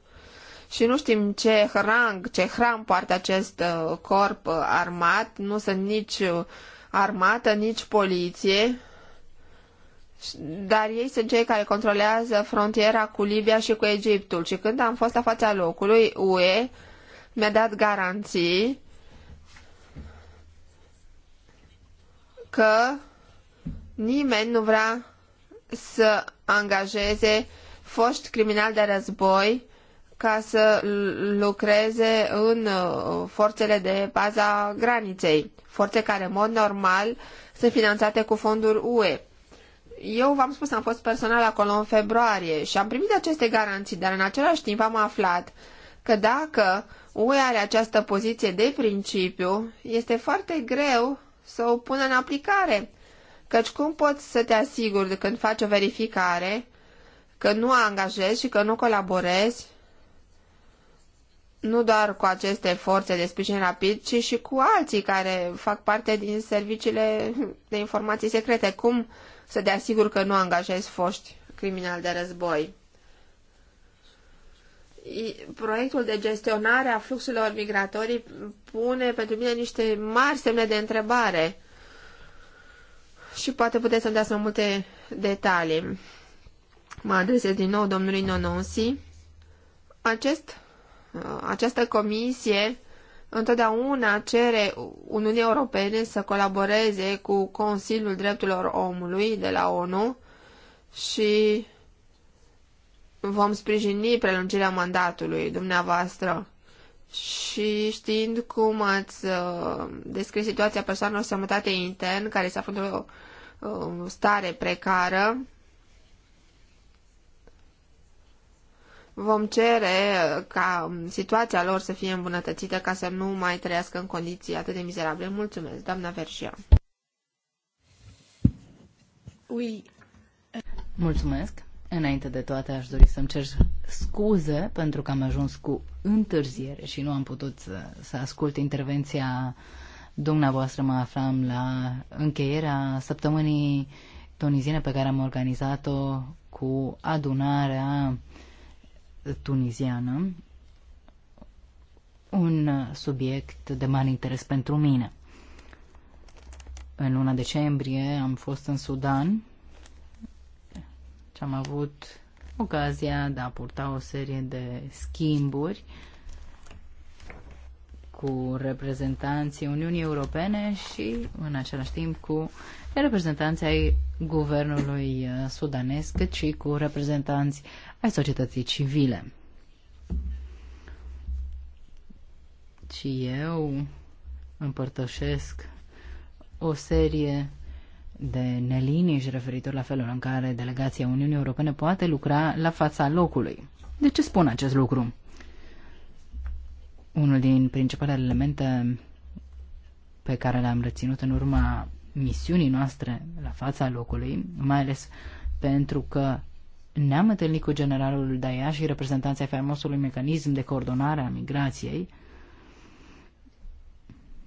și nu știm ce hrang, ce hram poartă acest uh, corp uh, armat, nu sunt nici uh, armată, nici poliție, dar ei sunt cei care controlează frontiera cu Libia și cu Egiptul. Și când am fost la fața locului, UE mi-a dat garanții că nimeni nu vrea să angajeze foști criminali de război ca să lucreze în uh, forțele de baza graniței, forțe care, în mod normal, sunt finanțate cu fonduri UE. Eu v-am spus, am fost personal acolo în februarie și am primit aceste garanții, dar în același timp am aflat că dacă UE are această poziție de principiu, este foarte greu să o pună în aplicare Căci cum poți să te asiguri când faci o verificare că nu angajezi și că nu colaborezi nu doar cu aceste forțe de sprijin rapid, ci și cu alții care fac parte din serviciile de informații secrete. Cum să te asiguri că nu angajezi foști criminali de război? Proiectul de gestionare a fluxurilor migratorii pune pentru mine niște mari semne de întrebare și poate puteți să-mi dați mai multe detalii. Mă adresez din nou domnului Nonosi. Acest, uh, această comisie întotdeauna cere Uniunii Europene să colaboreze cu Consiliul Drepturilor Omului de la ONU și vom sprijini prelungirea mandatului dumneavoastră. Și știind cum ați uh, descris situația persoanelor sănătate intern care se află într-o Uh, stare precară, vom cere ca situația lor să fie îmbunătățită ca să nu mai trăiască în condiții atât de mizerabile. Mulțumesc, doamna Vergia. Ui. Mulțumesc. Înainte de toate aș dori să-mi cer scuze pentru că am ajuns cu întârziere și nu am putut să, să ascult intervenția uh, dumneavoastră mă aflam la încheierea săptămânii tuniziene pe care am organizat-o cu adunarea tuniziană, un subiect de mare interes pentru mine. În luna decembrie am fost în Sudan și am avut ocazia de a purta o serie de schimburi uh, cu reprezentanții Uniunii Europene și, în același timp, cu reprezentanții ai guvernului uh, sudanez, cât și cu reprezentanți ai societății civile. Și eu împărtășesc o serie de neliniști referitor la felul în care delegația Uniunii Europene poate lucra la fața locului. De ce spun acest lucru? Unul din principalele elemente pe care le-am reținut în urma misiunii noastre la fața locului, mai ales pentru că ne-am întâlnit cu generalul Daia și reprezentanții faimosului mecanism de coordonare a migrației.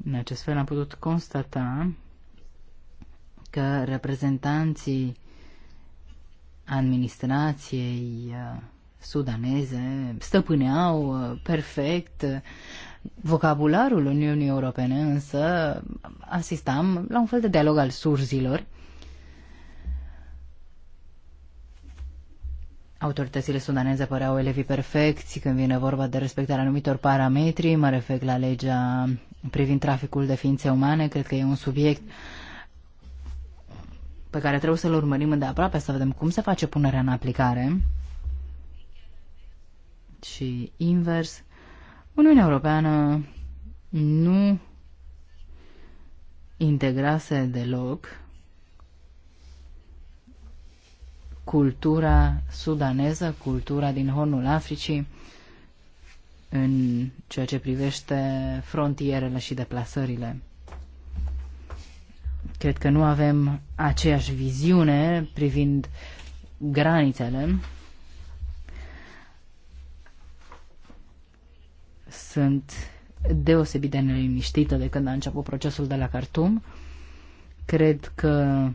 În acest fel am putut constata că reprezentanții administrației sudaneze stăpâneau uh, perfect uh, vocabularul Uniunii Europene, însă asistam la un fel de dialog al surzilor. Autoritățile sudaneze păreau elevii perfecți când vine vorba de respectarea anumitor parametri, mă refer la legea privind traficul de ființe umane, cred că e un subiect pe care trebuie să-l urmărim îndeaproape, să vedem cum se face punerea în aplicare și invers, Uniunea Europeană nu integrase deloc cultura sudaneză, cultura din Hornul Africii, în ceea ce privește frontierele și deplasările. Cred că nu avem aceeași viziune privind granițele Sunt deosebit de neliniștită de când a început procesul de la Cartum. Cred că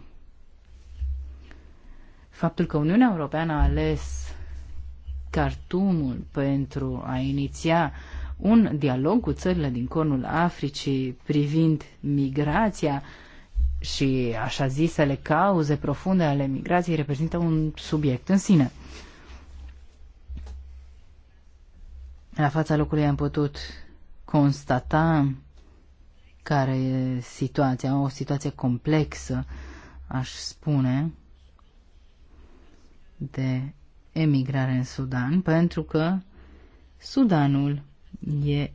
faptul că Uniunea Europeană a ales Cartumul pentru a iniția un dialog cu țările din cornul Africii privind migrația și așa zisele cauze profunde ale migrației reprezintă un subiect în sine. La fața locului am putut constata care e situația, o situație complexă, aș spune, de emigrare în Sudan, pentru că Sudanul e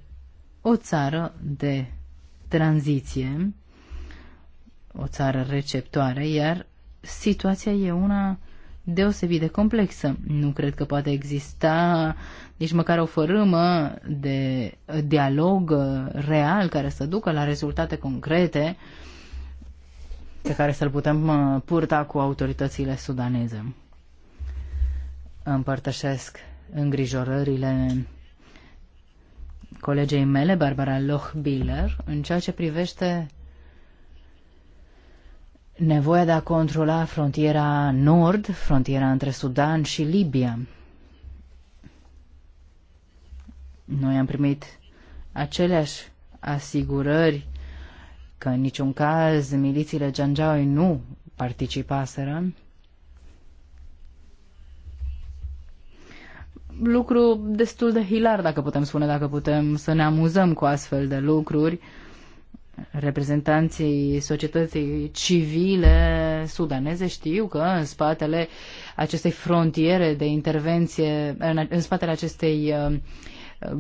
o țară de tranziție, o țară receptoare, iar situația e una deosebit de complexă. Nu cred că poate exista nici măcar o fărâmă de dialog uh, real care să ducă la rezultate concrete pe care să-l putem uh, purta cu autoritățile sudaneze. Împărtășesc îngrijorările colegei mele, Barbara Lochbiller, în ceea ce privește nevoia de a controla frontiera nord, frontiera între Sudan și Libia. Noi am primit aceleași asigurări că în niciun caz milițiile Janjaui nu participaseră. Lucru destul de hilar, dacă putem spune, dacă putem să ne amuzăm cu astfel de lucruri. Uh, reprezentanții societății civile sudaneze știu că în spatele acestei frontiere de intervenție, în spatele acestei uh,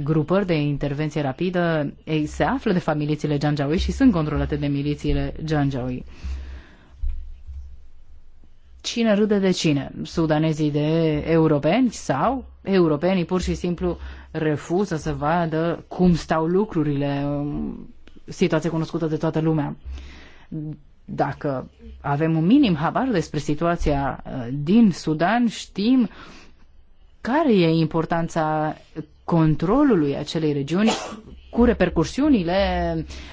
grupări de intervenție rapidă, ei se află de familiile Janjawi și sunt controlate de milițiile Janjawi. Cine râde de cine? Sudanezii de europeni sau europenii pur și simplu refuză să vadă cum stau lucrurile situație cunoscută de toată lumea. Dacă avem un minim habar despre situația uh, din Sudan, știm care e importanța controlului acelei regiuni cu repercursiunile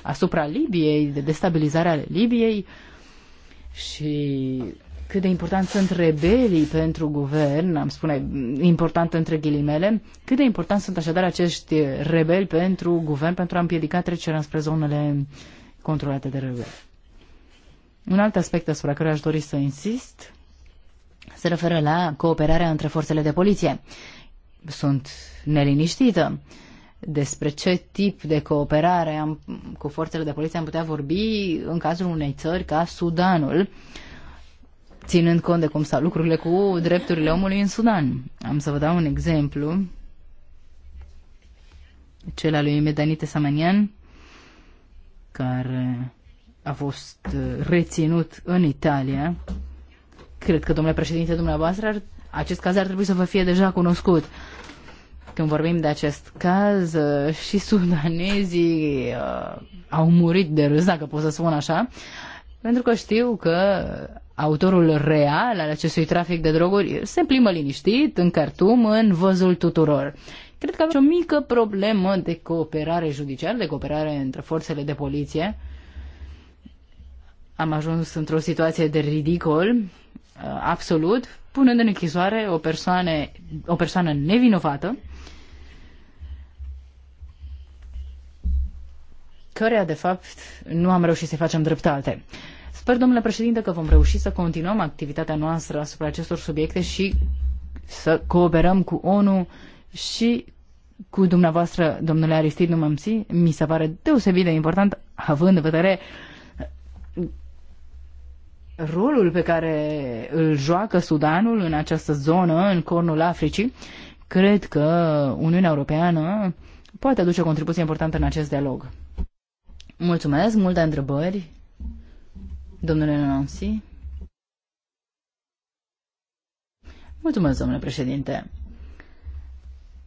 asupra Libiei, de destabilizarea Libiei și cât de important sunt rebelii pentru guvern, am spune important între ghilimele, cât de important sunt așadar acești rebeli pentru guvern pentru a împiedica trecerea spre zonele controlate de rebeli. Un alt aspect asupra care aș dori să insist se referă la cooperarea între forțele de poliție. Sunt neliniștită despre ce tip de cooperare am, cu forțele de poliție am putea vorbi în cazul unei țări ca Sudanul, ținând cont de cum stau lucrurile cu drepturile omului în Sudan. Am să vă dau un exemplu, cel al lui Medanite Samanian, care a fost uh, reținut în Italia. Cred că, domnule președinte, dumneavoastră, acest caz ar trebui să vă fie deja cunoscut. Când vorbim de acest caz, uh, și sudanezii uh, au murit de râs, dacă pot să spun așa, pentru că știu că autorul real al acestui trafic de droguri se plimbă liniștit în cartum, în văzul tuturor. Cred că avem o mică problemă de cooperare judiciară, de cooperare între forțele de poliție. Am ajuns într-o situație de ridicol, uh, absolut, punând în închisoare o persoană, o persoană nevinovată, căreia, de fapt, nu am reușit să facem dreptate. Sper, domnule președinte, că vom reuși să continuăm activitatea noastră asupra acestor subiecte și să cooperăm cu ONU și cu dumneavoastră, domnule Aristid Numămsi, mi se pare deosebit de important, având în vedere rolul pe care îl joacă Sudanul în această zonă, în cornul Africii, cred că Uniunea Europeană poate aduce o contribuție importantă în acest dialog. Mulțumesc, multe întrebări Domnule Nonsi. Mulțumesc, domnule președinte.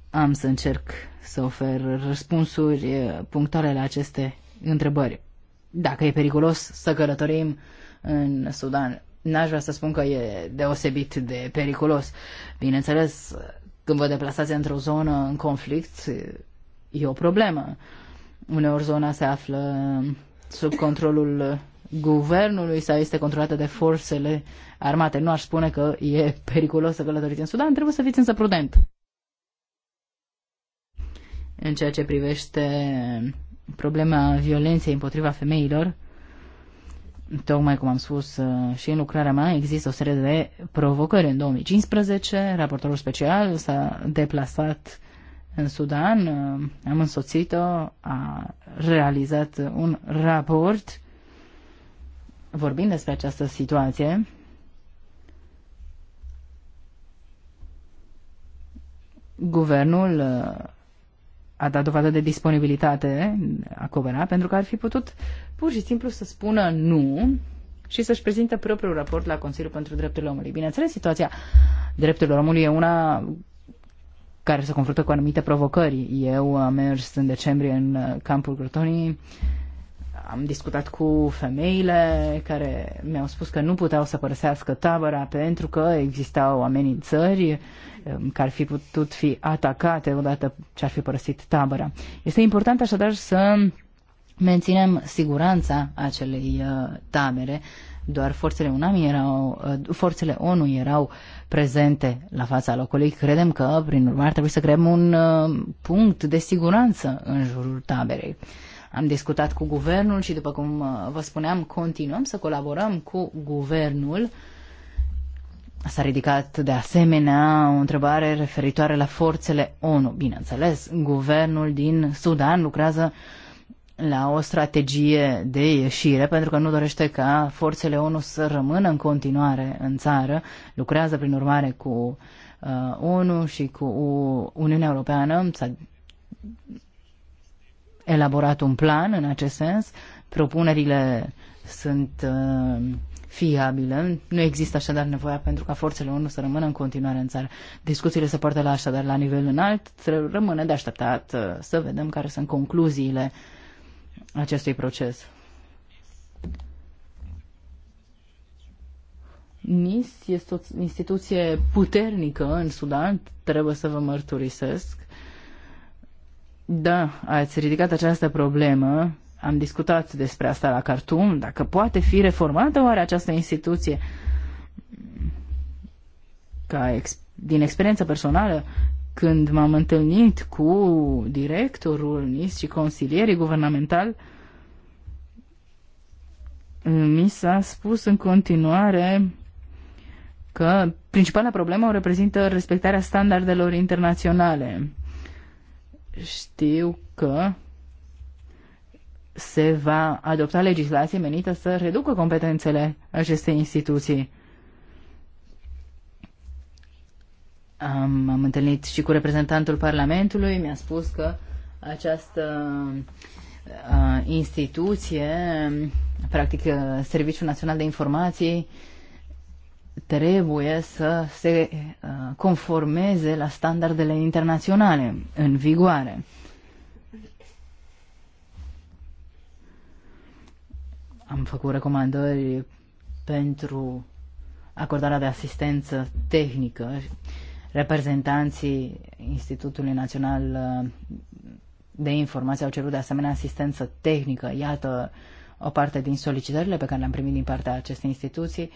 Am să încerc să ofer răspunsuri eh, punctuale la aceste întrebări. Dacă e periculos să călătorim în Sudan, n-aș vrea să spun că e deosebit de periculos. Bineînțeles, când vă deplasați într-o zonă în conflict, e o problemă. Uneori zona se află sub controlul guvernului sau este controlată de forțele armate. Nu aș spune că e periculos să călătoriți în Sudan, trebuie să fiți însă prudent. În ceea ce privește problema violenței împotriva femeilor, tocmai cum am spus uh, și în lucrarea mea, există o serie de provocări. În 2015, raportorul special s-a deplasat în Sudan, uh, am însoțit-o, a realizat un raport Vorbind despre această situație, guvernul uh, a dat dovadă de disponibilitate a Covena pentru că ar fi putut pur și simplu să spună nu și să-și prezinte propriul raport la Consiliul pentru Drepturile Omului. Bineînțeles, situația drepturilor omului e una care se confruntă cu anumite provocări. Eu am mers în decembrie în uh, campul Grotonii am discutat cu femeile care mi-au spus că nu puteau să părăsească tabăra pentru că existau amenințări eh, care ar fi putut fi atacate odată ce ar fi părăsit tabăra. Este important așadar să menținem siguranța acelei eh, tabere. Doar forțele, UNAMI erau, eh, forțele ONU erau prezente la fața locului. Credem că, prin urmare, trebuie să creăm un punct de siguranță în jurul taberei. Am discutat cu guvernul și, după cum uh, vă spuneam, continuăm să colaborăm cu guvernul. S-a ridicat de asemenea o întrebare referitoare la forțele ONU. Bineînțeles, guvernul din Sudan lucrează la o strategie de ieșire, pentru că nu dorește ca forțele ONU să rămână în continuare în țară, lucrează prin urmare cu uh, ONU și cu Uniunea Europeană, s-a elaborat un plan în acest sens. Propunerile sunt uh, fiabile. Nu există așadar nevoia pentru ca forțele ONU să rămână în continuare în țară. Discuțiile se poartă la așadar la nivel înalt. Rămâne de așteptat uh, să vedem care sunt concluziile acestui proces. NIS este o instituție puternică în Sudan, trebuie să vă mărturisesc. Da, ați ridicat această problemă. Am discutat despre asta la Cartum. Dacă poate fi reformată oare această instituție? Ca ex- din experiență personală, când m-am întâlnit cu directorul NIS și consilierii guvernamentali, mi s-a spus în continuare că principala problemă o reprezintă respectarea standardelor internaționale. Știu că se va adopta legislație menită să reducă competențele acestei instituții. Am, am întâlnit și cu reprezentantul Parlamentului, mi-a spus că această uh, instituție, practic uh, Serviciul Național de Informații, uh, trebuie să se uh, conformeze la standardele internaționale în vigoare. Am făcut recomandări pentru acordarea de asistență tehnică. Reprezentanții Institutului Național uh, de Informații au cerut de asemenea asistență tehnică. Iată o parte din solicitările pe care le-am primit din partea acestei instituții. Uh,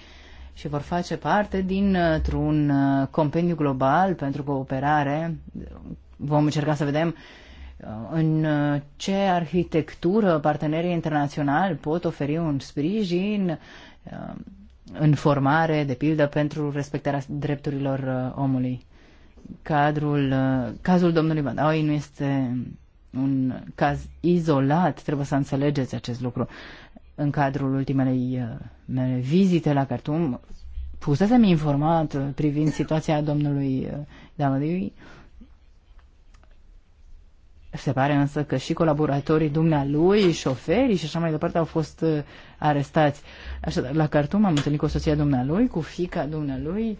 și vor face parte dintr-un uh, compendiu global pentru cooperare. Vom încerca să vedem uh, în uh, ce arhitectură partenerii internaționali pot oferi un sprijin în formare, de pildă, pentru respectarea drepturilor omului. Cadrul, cazul domnului Badaoi nu este un caz izolat, trebuie să înțelegeți acest lucru. În cadrul ultimelei uh, mele vizite la Cartum, pusesem informat uh, privind situația domnului uh, Damadiui. Se pare însă că și colaboratorii dumnealui, șoferii și așa mai departe au fost arestați. Așadar, la Cartum. am întâlnit cu soția dumnealui, cu fica dumnealui.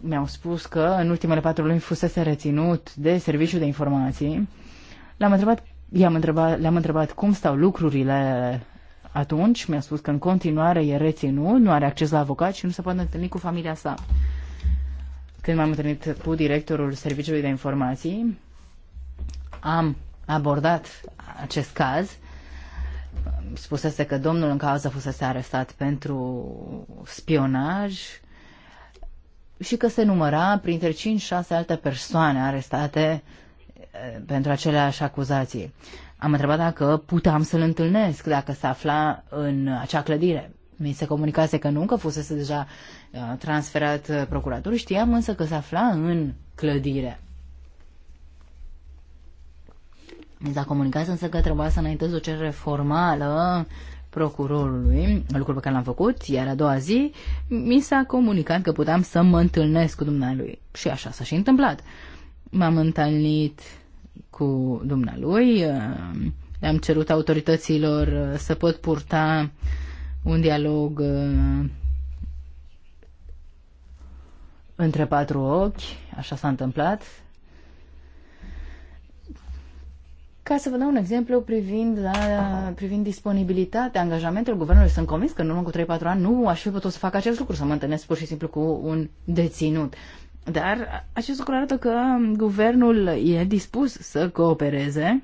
Mi-au spus că în ultimele patru luni fusese reținut de serviciul de informații. L-am întrebat, am întrebat, le-am întrebat cum stau lucrurile atunci mi-a spus că în continuare e reținut, nu are acces la avocat și nu se poate întâlni cu familia sa. Când m-am întâlnit cu directorul Serviciului de Informații, am abordat acest caz. Spusese că domnul în cauză fusese arestat pentru spionaj și că se număra printre 5-6 alte persoane arestate eh, pentru aceleași acuzații. Am întrebat dacă puteam să-l întâlnesc, dacă se afla în acea clădire. Mi se comunicase că nu, că fusese deja uh, transferat uh, procuratorul, știam însă că se afla în clădire. Mi s-a comunicat însă că trebuia să înaintez o cerere formală procurorului, lucru pe care l-am făcut, iar a doua zi mi s-a comunicat că puteam să mă întâlnesc cu dumnealui. Și așa s-a și întâmplat. M-am întâlnit cu dumnealui. Uh, le-am cerut autorităților uh, să pot purta un dialog uh, între patru ochi, așa s-a întâmplat. Ca să vă dau un exemplu privind, la, da, privind disponibilitatea, angajamentul guvernului, sunt convins că în urmă cu 3-4 ani nu aș fi putut să fac acest lucru, să mă întâlnesc pur și simplu cu un deținut. Dar acest lucru arată că guvernul e dispus să coopereze.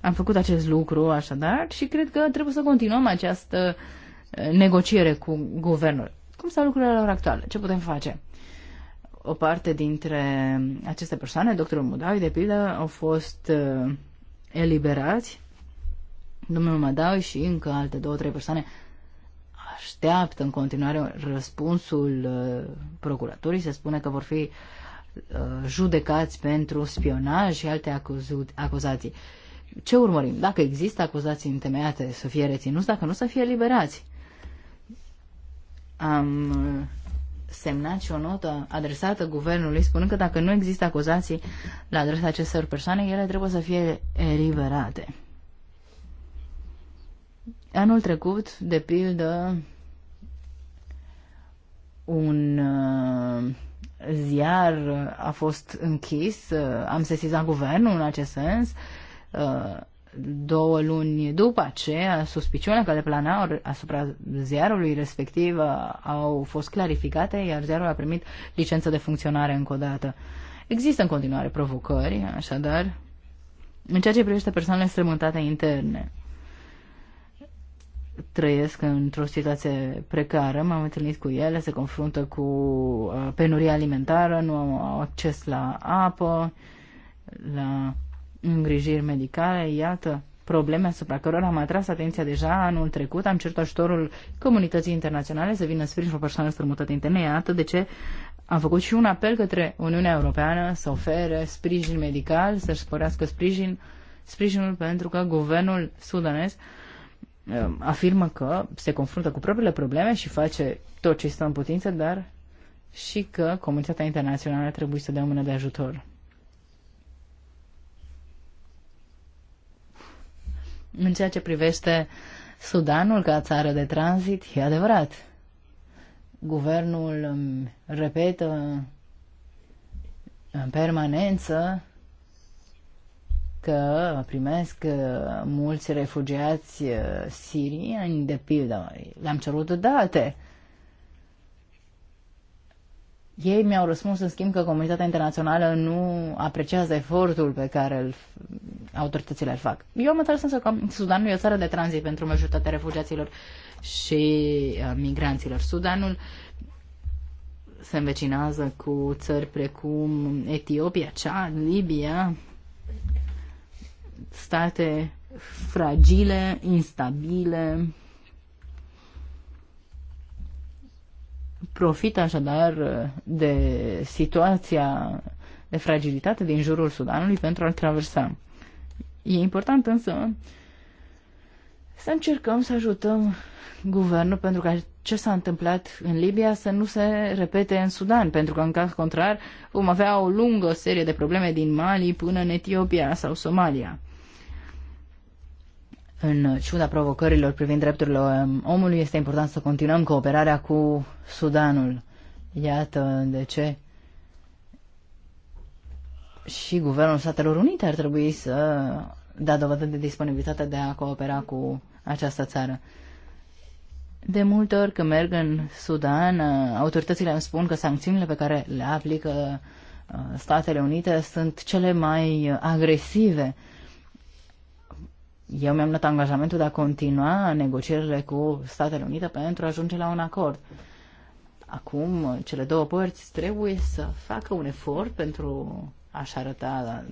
Am făcut acest lucru așadar și cred că trebuie să continuăm această eh, negociere cu guvernul. Cum stau lucrurile la ora actuală? Ce putem face? O parte dintre aceste persoane, doctorul Mudaui, de pildă, au fost eh, eliberați. Domnul Mudaui și încă alte două, trei persoane așteaptă în continuare răspunsul uh, procuratorii. Se spune că vor fi uh, judecați pentru spionaj și alte acuzații. Ce urmărim? Dacă există acuzații întemeiate să fie reținuți, dacă nu să fie liberați. Am uh, semnat și o notă adresată guvernului spunând că dacă nu există acuzații la adresa acestor persoane, ele trebuie să fie eliberate. Anul trecut, de pildă, un uh, ziar a fost închis, uh, am sesizat guvernul în acest sens, uh, două luni după aceea, suspiciunile care planau asupra ziarului respectiv au fost clarificate, iar ziarul a primit licență de funcționare încă o dată. Există în continuare provocări, așadar, în ceea ce privește persoanele strământate interne trăiesc într-o situație precară, m-am întâlnit cu ele, se confruntă cu uh, penuria alimentară, nu au acces la apă, la îngrijiri medicale, iată probleme asupra cărora am atras atenția deja anul trecut, am cerut ajutorul comunității internaționale să vină în o persoană strămutate în temeie, iată de ce am făcut și un apel către Uniunea Europeană să ofere sprijin medical, să-și sporească sprijin, sprijinul pentru că guvernul sudanez uh, Ehm, afirmă că se confruntă cu propriile probleme și face tot ce stă în putință, dar și că comunitatea internațională trebuie să dea o mână de ajutor. În ceea ce privește Sudanul ca țară de tranzit, e adevărat. Guvernul repetă în permanență că primesc uh, mulți refugiați uh, sirieni, de pildă. Le-am cerut date. Ei mi-au răspuns, în schimb, că comunitatea internațională nu apreciază efortul pe care îl, autoritățile îl fac. Eu am înțeles însă că Sudanul e o țară de tranzit pentru majoritatea refugiaților și uh, migranților. Sudanul se învecinează cu țări precum Etiopia, Chad, Libia, state fragile, instabile. Profită așadar de situația de fragilitate din jurul Sudanului pentru a-l traversa. E important însă să încercăm să ajutăm guvernul pentru că ce s-a întâmplat în Libia să nu se repete în Sudan, pentru că în caz contrar vom avea o lungă serie de probleme din Mali până în Etiopia sau Somalia. În ciuda provocărilor privind drepturile omului, este important să continuăm cooperarea cu Sudanul. Iată de ce și Guvernul Statelor Unite ar trebui să dea dovadă de disponibilitate de a coopera cu această țară. De multe ori când merg în Sudan, autoritățile îmi spun că sancțiunile pe care le aplică uh, Statele Unite sunt cele mai uh, agresive eu mi-am luat angajamentul de a continua negocierile cu Statele Unite pentru a ajunge la un acord. Acum, cele două părți trebuie să facă un efort pentru a-și arăta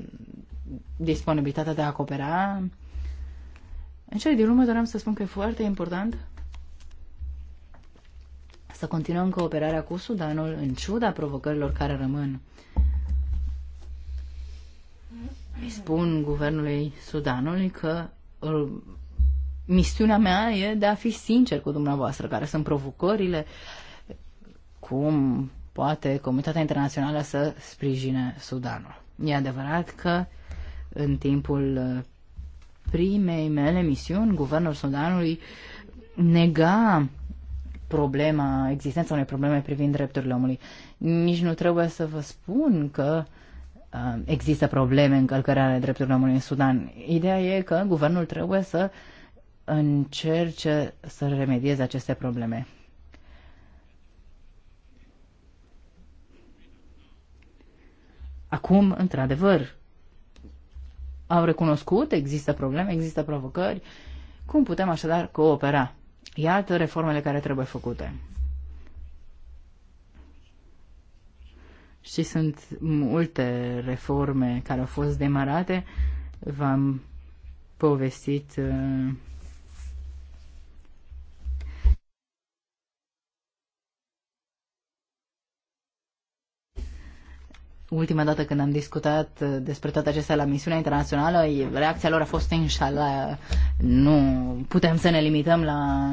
disponibilitatea de a coopera. În cele din urmă doream să spun că e foarte important să continuăm cooperarea cu Sudanul în ciuda provocărilor care rămân. Îi spun guvernului Sudanului că misiunea mea e de a fi sincer cu dumneavoastră, care sunt provocările, cum poate comunitatea internațională să sprijine Sudanul. E adevărat că în timpul uh, primei mele misiuni, guvernul Sudanului nega problema, existența unei probleme privind drepturile omului. Nici nu trebuie să vă spun că uh, Uh, există probleme în călcarea drepturilor omului în Sudan. Ideea e că guvernul trebuie să încerce să remedieze aceste probleme. Acum, într-adevăr, au recunoscut, există probleme, există provocări. Cum putem așadar coopera? Iată reformele care trebuie făcute. și sunt multe reforme care au fost demarate. V-am povestit uh, ultima dată când am discutat uh, despre toate acestea la misiunea internațională, reacția lor a fost, inșallah, nu putem să ne limităm la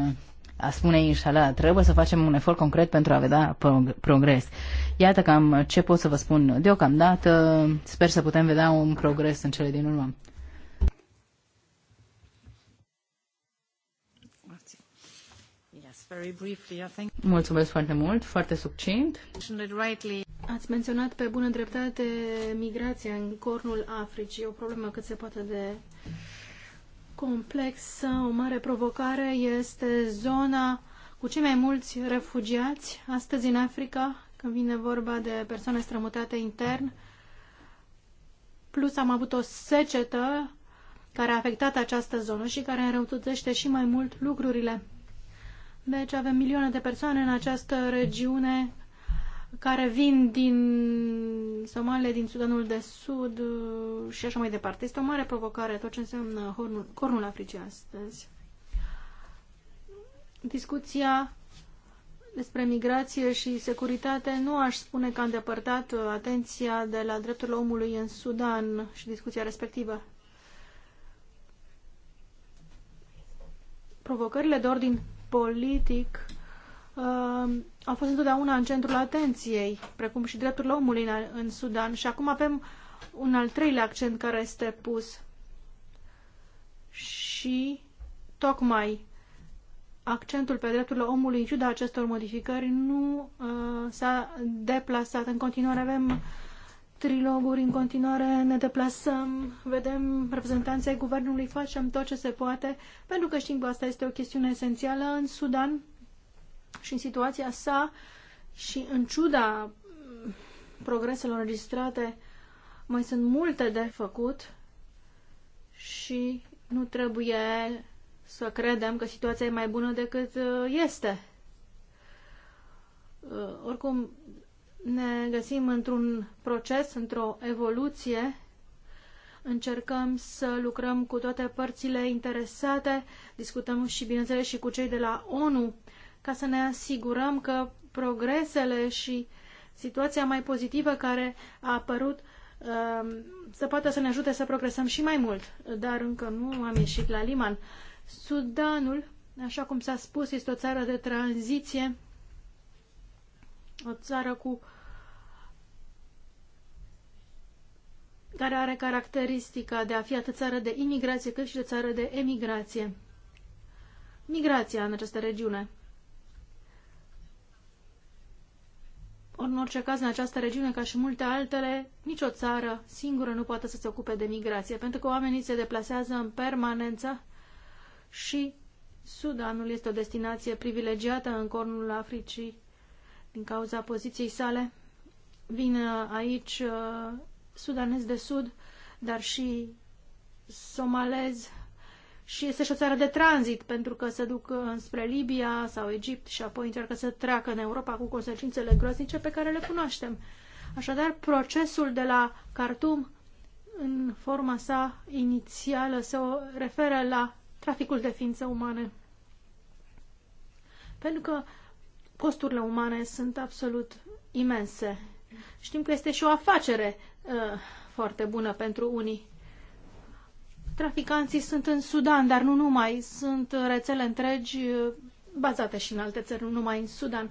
a spune inșala, trebuie să facem un efort concret pentru a vedea progres. Iată cam ce pot să vă spun deocamdată. Sper să putem vedea un progres în cele din urmă. Mulțumesc foarte mult, foarte succint. Ați menționat pe bună dreptate migrația în cornul Africii, o problemă cât se poate de complexă, o mare provocare este zona cu cei mai mulți refugiați astăzi în Africa, când vine vorba de persoane strămutate intern. Plus am avut o secetă care a afectat această zonă și care înrăutățește și mai mult lucrurile. Deci avem milioane de persoane în această regiune care vin din Somalia, din Sudanul de Sud uh, și așa mai departe. Este o mare provocare tot ce înseamnă hornul, cornul Africii astăzi. Discuția despre migrație și securitate nu aș spune că a îndepărtat uh, atenția de la drepturile omului în Sudan și discuția respectivă. Provocările de ordin politic uh, au fost întotdeauna în centrul atenției, precum și drepturile omului în, în Sudan. Și acum avem un al treilea accent care este pus. Și tocmai accentul pe drepturile omului, în ciuda acestor modificări, nu uh, s-a deplasat. În continuare avem triloguri, în continuare ne deplasăm, vedem reprezentanții guvernului, facem tot ce se poate, pentru că știm că asta este o chestiune esențială în Sudan și în situația sa și în ciuda mm, progreselor înregistrate mai sunt multe de făcut și nu trebuie să credem că situația e mai bună decât uh, este. Uh, oricum, ne găsim într-un proces, într-o evoluție. Încercăm să lucrăm cu toate părțile interesate, discutăm și, bineînțeles, și cu cei de la ONU ca să ne asigurăm că progresele și situația mai pozitivă care a apărut um, să poată să ne ajute să progresăm și mai mult, dar încă nu am ieșit la liman. Sudanul, așa cum s-a spus, este o țară de tranziție, o țară cu care are caracteristica de a fi atât țară de imigrație cât și de țară de emigrație. Migrația în această regiune Ori, în orice caz, în această regiune, ca și multe altele, nicio țară singură nu poate să se ocupe de migrație, pentru că oamenii se deplasează în permanență și Sudanul este o destinație privilegiată în cornul Africii din cauza poziției sale. Vin uh, aici uh, sudanezi de sud, dar și somalezi și este și o țară de tranzit, pentru că se duc uh, spre Libia sau Egipt și apoi încearcă să treacă în Europa cu consecințele groaznice pe care le cunoaștem. Așadar, procesul de la Khartoum, în forma sa inițială, se referă la traficul de ființe umane. Pentru că costurile umane sunt absolut imense. Știm că este și o afacere uh, foarte bună pentru unii Traficanții sunt în Sudan, dar nu numai. Sunt rețele întregi uh, bazate și în alte țări, nu numai în Sudan.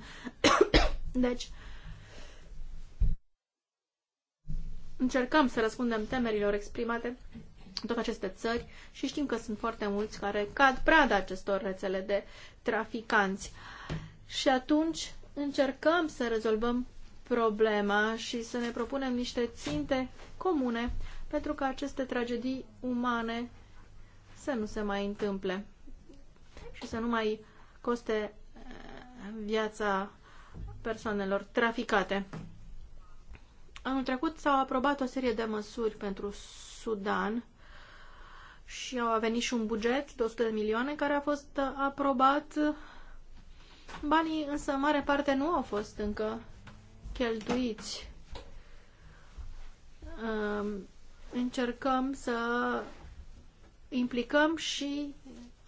deci, încercăm să răspundem temerilor exprimate în toate aceste țări și știm că sunt foarte mulți care cad prada acestor rețele de traficanți. Și atunci încercăm să rezolvăm problema și să ne propunem niște ținte comune pentru că aceste tragedii umane să nu se mai întâmple și să nu mai coste eh, viața persoanelor traficate. Anul trecut s-au aprobat o serie de măsuri pentru Sudan și au venit și un buget de 100 de milioane care a fost eh, aprobat. Banii însă în mare parte nu au fost încă cheltuiți. Um, încercăm să implicăm și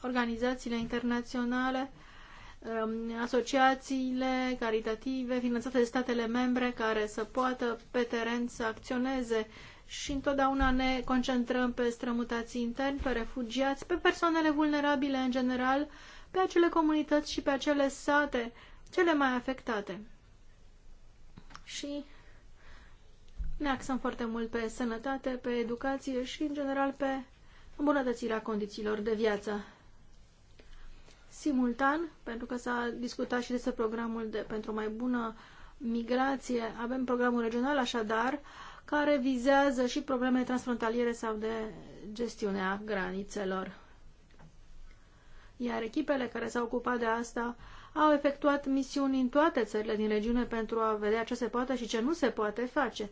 organizațiile internaționale, um, asociațiile caritative finanțate de statele membre care să poată pe teren să acționeze și întotdeauna ne concentrăm pe strămutații interni, pe refugiați, pe persoanele vulnerabile în general, pe acele comunități și pe acele sate cele mai afectate. Și ne axăm foarte mult pe sănătate, pe educație și, în general, pe îmbunătățirea condițiilor de viață. Simultan, pentru că s-a discutat și despre programul de, pentru mai bună migrație, avem programul regional, așadar, care vizează și probleme transfrontaliere sau de gestiunea granițelor. Iar echipele care s-au ocupat de asta au efectuat misiuni în toate țările din regiune pentru a vedea ce se poate și ce nu se poate face.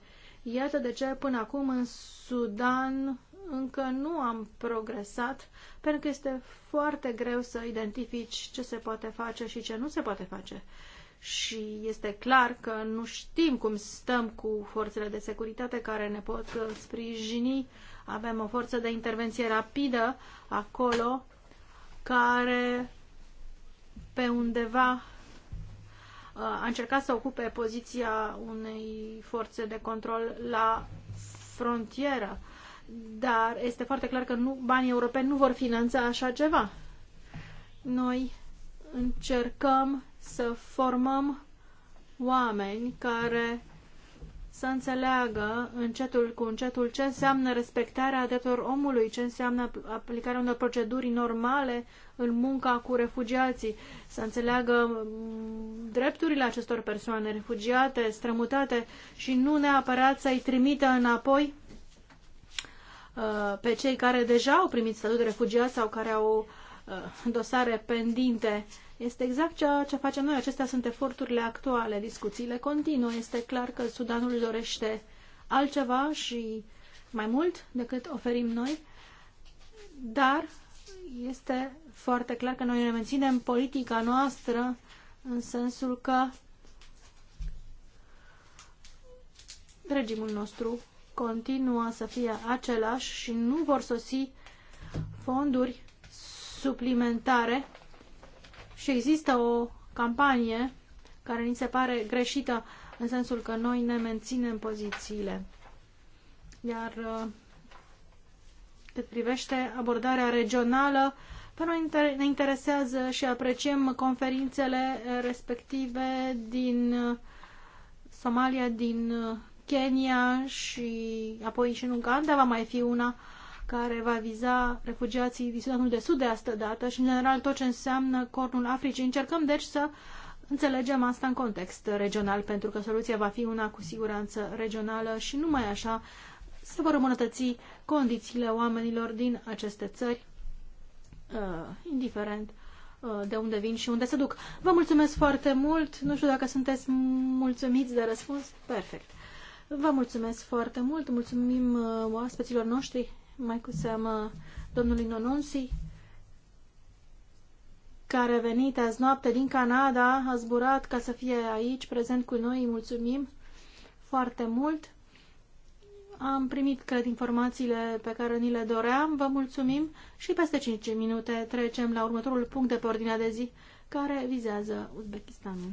Iată de ce până acum în Sudan încă nu am progresat, pentru că este foarte greu să identifici ce se poate face și ce nu se poate face. Și este clar că nu știm cum stăm cu forțele de securitate care ne pot sprijini. Avem o forță de intervenție rapidă acolo care pe undeva a încercat să ocupe poziția unei forțe de control la frontieră. Dar este foarte clar că nu, banii europeni nu vor finanța așa ceva. Noi încercăm să formăm oameni care să înțeleagă încetul cu încetul ce înseamnă respectarea drepturilor omului, ce înseamnă aplicarea unor proceduri normale în munca cu refugiații, să înțeleagă mm, drepturile acestor persoane refugiate, strămutate și nu neapărat să-i trimită înapoi uh, pe cei care deja au primit statut de refugiat sau care au uh, dosare pendinte uh, este exact ceea ce facem noi. Acestea sunt eforturile actuale, discuțiile continuă. Este clar că Sudanul dorește altceva și mai mult decât oferim noi, dar este foarte clar că noi ne menținem politica noastră în sensul că regimul nostru continuă să fie același și nu vor sosi fonduri suplimentare și există o campanie care ni se pare greșită în sensul că noi ne menținem pozițiile. Iar uh, cât privește abordarea regională, pe noi ne interesează și apreciem conferințele uh, respective din uh, Somalia, din Kenya și apoi și în Uganda va mai fi una care va viza refugiații din Sudanul de Sud de asta dată și, în general, tot ce înseamnă Cornul Africii. Încercăm, deci, să înțelegem asta în context regional, pentru că soluția va fi una cu siguranță regională și numai așa se vor îmbunătăți condițiile oamenilor din aceste țări, uh, indiferent uh, de unde vin și unde se duc. Vă mulțumesc foarte mult. Nu știu dacă sunteți mulțumiți de răspuns. Perfect. Vă mulțumesc foarte mult. Mulțumim uh, oaspeților noștri mai cu seamă domnului Nonunsi, care a venit azi noapte din Canada, a zburat ca să fie aici, prezent cu noi, îi mulțumim foarte mult. Am primit, cred, informațiile pe care ni le doream, vă mulțumim și peste 5 minute trecem la următorul punct de pe ordinea de zi, care vizează Uzbekistanul.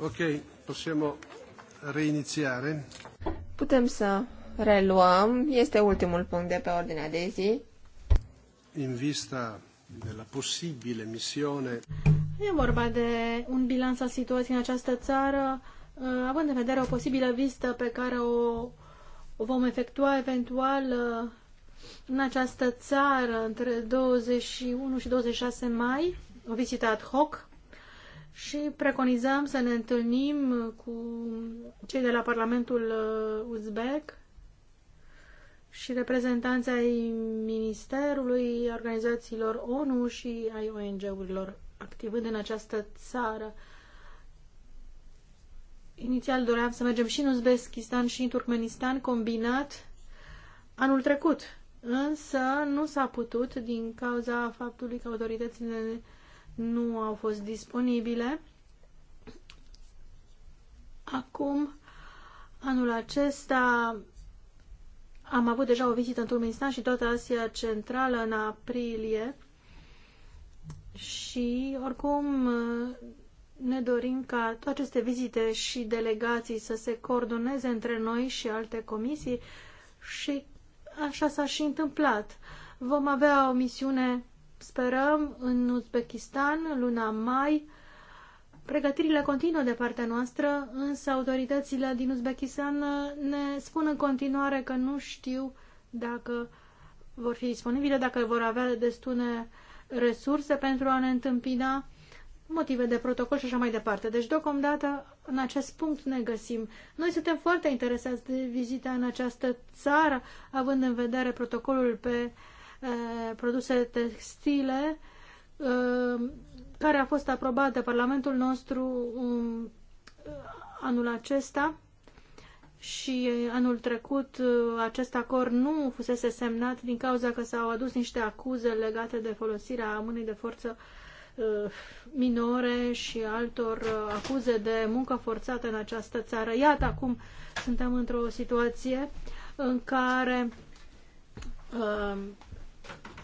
Ok, possiamo reiniziare. Putem să reluăm. Este ultimul punct de pe ordinea de zi. In vista della possibile missione. E vorba de un bilanț al situației în această țară, uh, având în vedere o posibilă vizită pe care o, o vom efectua eventual uh, în această țară între 21 și 26 mai, o vizită ad hoc și preconizăm să ne întâlnim cu cei de la Parlamentul uh, Uzbek și reprezentanții ai Ministerului, organizațiilor ONU și ai ONG-urilor activând în această țară. Inițial doream să mergem și în Uzbekistan și în Turkmenistan combinat anul trecut, însă nu s-a putut din cauza faptului că autoritățile nu au fost disponibile. Acum, anul acesta, am avut deja o vizită în Turkmenistan și toată Asia Centrală în aprilie și oricum ne dorim ca toate aceste vizite și delegații să se coordoneze între noi și alte comisii și așa s-a și întâmplat. Vom avea o misiune Sperăm în Uzbekistan, luna mai. Pregătirile continuă de partea noastră, însă autoritățile din Uzbekistan ne spun în continuare că nu știu dacă vor fi disponibile, dacă vor avea destune resurse pentru a ne întâmpina motive de protocol și așa mai departe. Deci, deocamdată, în acest punct ne găsim. Noi suntem foarte interesați de vizita în această țară, având în vedere protocolul pe uh, Eh, produse textile, eh, care a fost aprobat de Parlamentul nostru um, anul acesta și anul trecut eh, acest acord nu fusese semnat din cauza că s-au adus niște acuze legate de folosirea mânii de forță minore și altor acuze de muncă forțată în această țară. Iată acum suntem într-o situație în care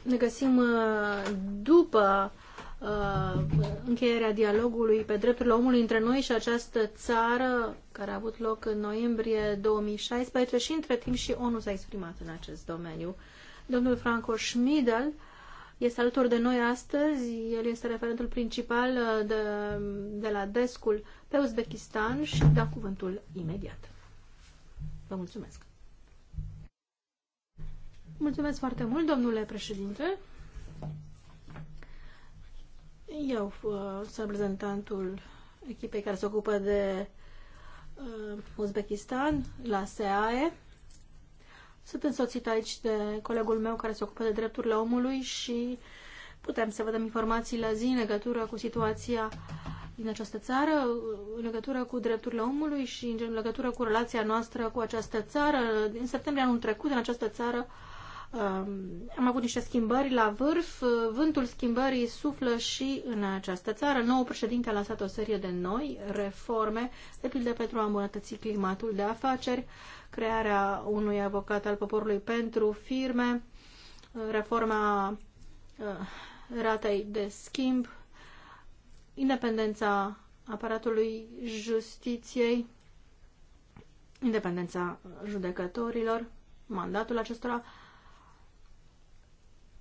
ne găsim uh, după uh, încheierea dialogului pe drepturile omului între noi și această țară care a avut loc în noiembrie 2016 și între timp și ONU s-a exprimat în acest domeniu. Domnul Franco Schmidl este alături de noi astăzi. El este referentul principal uh, de, de la DESCul pe Uzbekistan și da cuvântul imediat. Vă mulțumesc! Mulțumesc foarte mult, domnule președinte. Eu sunt uh, reprezentantul echipei care se ocupă de uh, Uzbekistan la SEAE. Sunt însoțit aici de colegul meu care se ocupă de drepturile omului și putem să vedem informații la zi în legătură cu situația din această țară, în legătură cu drepturile omului și în legătură cu relația noastră cu această țară. În septembrie anul trecut, în această țară, am avut niște schimbări la vârf, vântul schimbării suflă și în această țară. Noul președinte a lansat o serie de noi reforme, de pildă pentru a îmbunătăți climatul de afaceri, crearea unui avocat al poporului pentru firme, reforma uh, ratei de schimb, independența aparatului justiției, independența judecătorilor, mandatul acestora,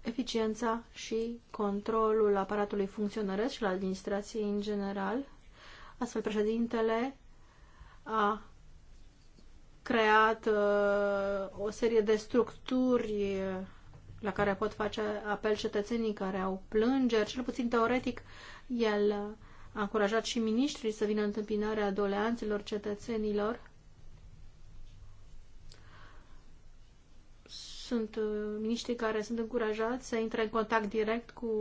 eficiența și controlul aparatului funcționăresc și al administrației în general. Astfel, președintele a creat uh, o serie de structuri la care pot face apel cetățenii care au plângeri, cel puțin teoretic, el a încurajat și miniștrii să vină întâmpinarea doleanțelor cetățenilor Sunt uh, miniștri care sunt încurajați să intre în contact direct cu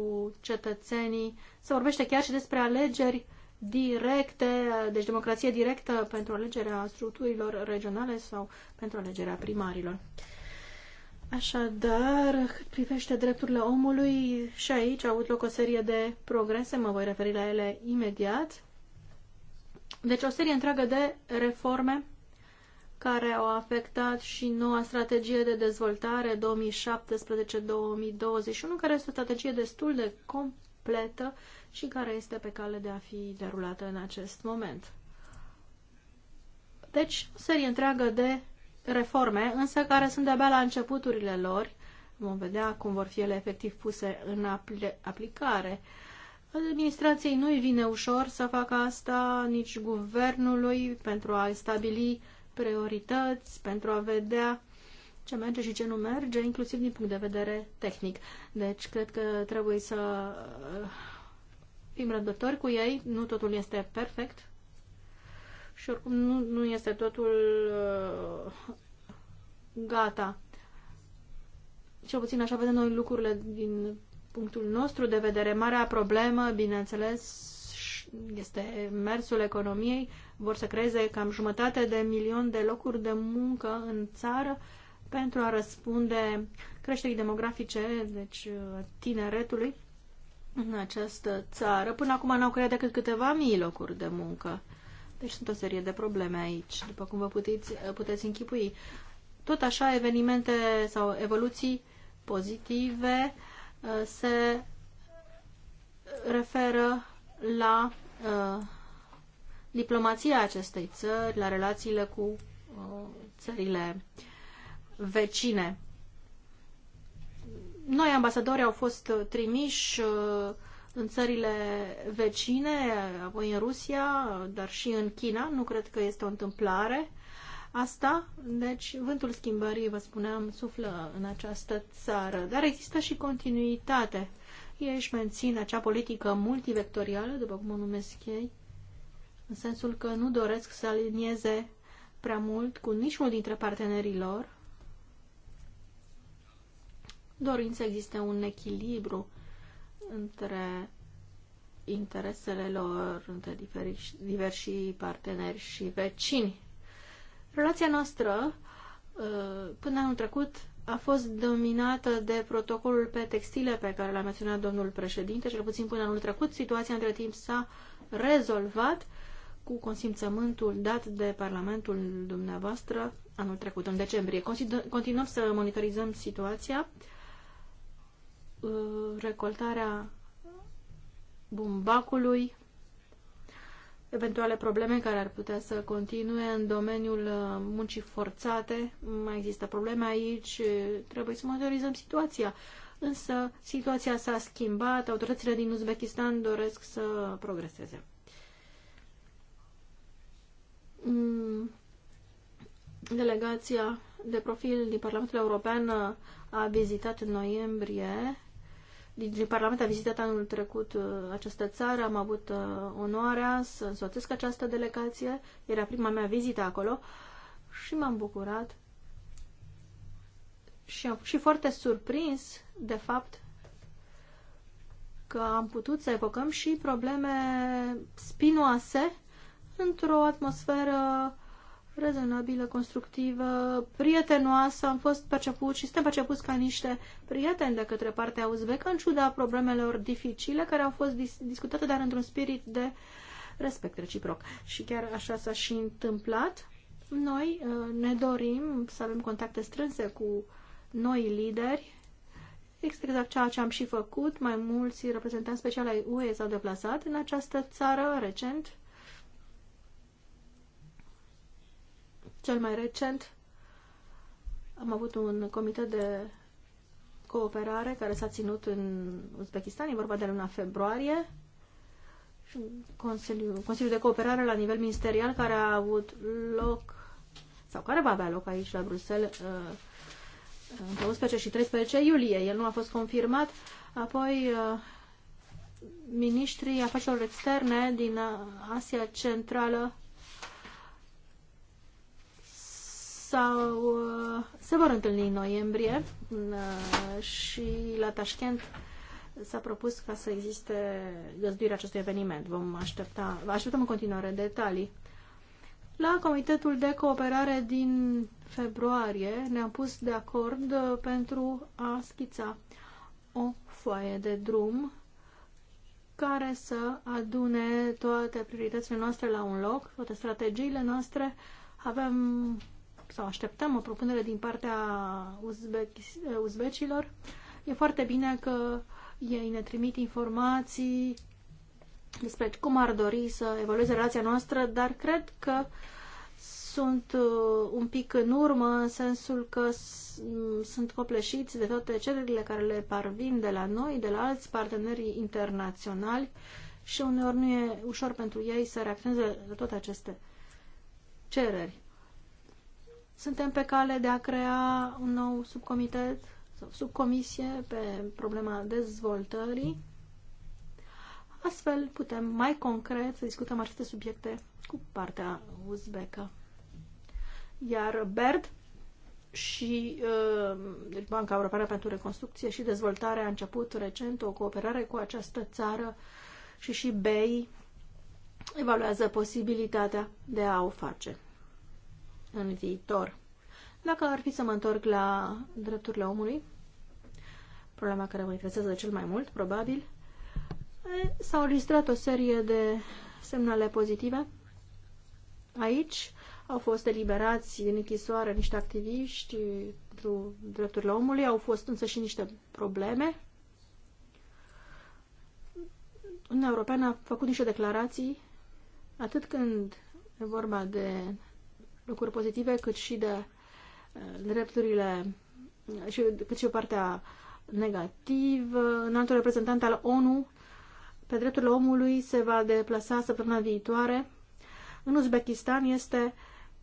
cetățenii. Se vorbește chiar și despre alegeri directe, deci democrație directă pentru alegerea structurilor regionale sau pentru alegerea primarilor. Așadar, cât privește drepturile omului, și aici au avut loc o serie de progrese, mă voi referi la ele imediat. Deci o serie întreagă de reforme care au afectat și noua strategie de dezvoltare 2017-2021, care este o strategie destul de completă și care este pe cale de a fi derulată în acest moment. Deci, o serie întreagă de reforme, însă care sunt de-abia la începuturile lor. Vom vedea cum vor fi ele efectiv puse în apl- aplicare. Administrației nu-i vine ușor să facă asta, nici guvernului, pentru a stabili priorități pentru a vedea ce merge și ce nu merge, inclusiv din punct de vedere tehnic. Deci, cred că trebuie să uh, fim răbdători cu ei. Nu totul este perfect și oricum nu, nu este totul uh, gata. Cel puțin așa vedem noi lucrurile din punctul nostru de vedere. Marea problemă, bineînțeles, este mersul economiei, vor să creeze cam jumătate de milion de locuri de muncă în țară pentru a răspunde creșterii demografice, deci tineretului în această țară. Până acum n-au creat decât câteva mii locuri de muncă. Deci sunt o serie de probleme aici, după cum vă puteți, puteți închipui. Tot așa, evenimente sau evoluții pozitive uh, se referă la Uh, diplomația acestei țări, la relațiile cu uh, țările vecine. Noi, ambasadori, au fost uh, trimiși în țările vecine, apoi în Rusia, dar și în China. Nu cred că este o întâmplare asta. Deci, vântul schimbării, vă spuneam, suflă în această țară. Dar există și continuitate Turciei își mențin acea politică multivectorială, după cum o numesc ei, în sensul că nu doresc să alinieze prea mult cu niciunul dintre partenerii lor, dorind să existe un echilibru între interesele lor, între diversi parteneri și vecini. Relația noastră uh, până anul trecut a fost dominată de protocolul pe textile pe care l-a menționat domnul președinte, cel puțin până anul trecut. Situația între timp s-a rezolvat cu consimțământul dat de Parlamentul dumneavoastră anul trecut, în decembrie. Continuăm să monitorizăm situația, uh, recoltarea bumbacului eventuale probleme care ar putea să continue în domeniul uh, muncii forțate. Mai există probleme aici, uh, trebuie să monitorizăm situația. Însă situația s-a schimbat, autoritățile din Uzbekistan doresc să progreseze. Mm. Delegația de profil din Parlamentul European uh, a vizitat în noiembrie din Parlament a vizitat anul trecut uh, această țară, am avut uh, onoarea să însoțesc această delegație, era prima mea vizită acolo și m-am bucurat și am și foarte surprins de fapt că am putut să evocăm și probleme spinoase într-o atmosferă rezonabilă, constructivă, prietenoasă. Am fost perceput și suntem percepuți ca niște prieteni de către partea uzbecă, în ciuda problemelor dificile care au fost dis- discutate, dar într-un spirit de respect reciproc. Și chiar așa s-a și întâmplat. Noi uh, ne dorim să avem contacte strânse cu noi lideri. Este exact ceea ce am și făcut. Mai mulți reprezentanți speciali ai UE s-au deplasat în această țară recent Cel mai recent am avut un comitet de cooperare care s-a ținut în Uzbekistan, e vorba de luna februarie, consiliu, consiliu de Cooperare la nivel ministerial care a avut loc sau care va avea loc aici la Bruxelles uh, între 11 și 13 iulie. El nu a fost confirmat. Apoi uh, ministrii afacerilor externe din Asia Centrală sau uh, se vor întâlni în noiembrie uh, și la Tashkent s-a propus ca să existe găzduirea acestui eveniment. Vom aștepta, așteptăm în continuare detalii. La Comitetul de Cooperare din februarie ne-am pus de acord uh, pentru a schița o foaie de drum care să adune toate prioritățile noastre la un loc, toate strategiile noastre. Avem sau așteptăm o propunere din partea uzbecilor. E foarte bine că ei ne trimit informații despre cum ar dori să evolueze relația noastră, dar cred că sunt uh, un pic în urmă în sensul că mm, sunt copleșiți de toate cererile care le parvin de la noi, de la alți parteneri internaționali și uneori nu e ușor pentru ei să reacționeze la toate aceste cereri. Suntem pe cale de a crea un nou subcomitet sau subcomisie pe problema dezvoltării. Astfel putem mai concret să discutăm aceste subiecte cu partea uzbecă. Iar BERD și uh, deci Banca Europeană pentru Reconstrucție și Dezvoltare a început recent o cooperare cu această țară și și BEI evaluează posibilitatea de a o face în viitor. Dacă ar fi să mă întorc la drepturile omului, problema care mă interesează cel mai mult, probabil, s-au registrat o serie de semnale pozitive. Aici au fost eliberați din închisoare niște activiști pentru drepturile omului, au fost însă și niște probleme. Uniunea Europeană a făcut niște declarații atât când e vorba de lucruri pozitive, cât și de uh, drepturile, uh, cât și partea negativă. altul reprezentant al ONU pe drepturile omului se va deplasa săptămâna viitoare. În Uzbekistan este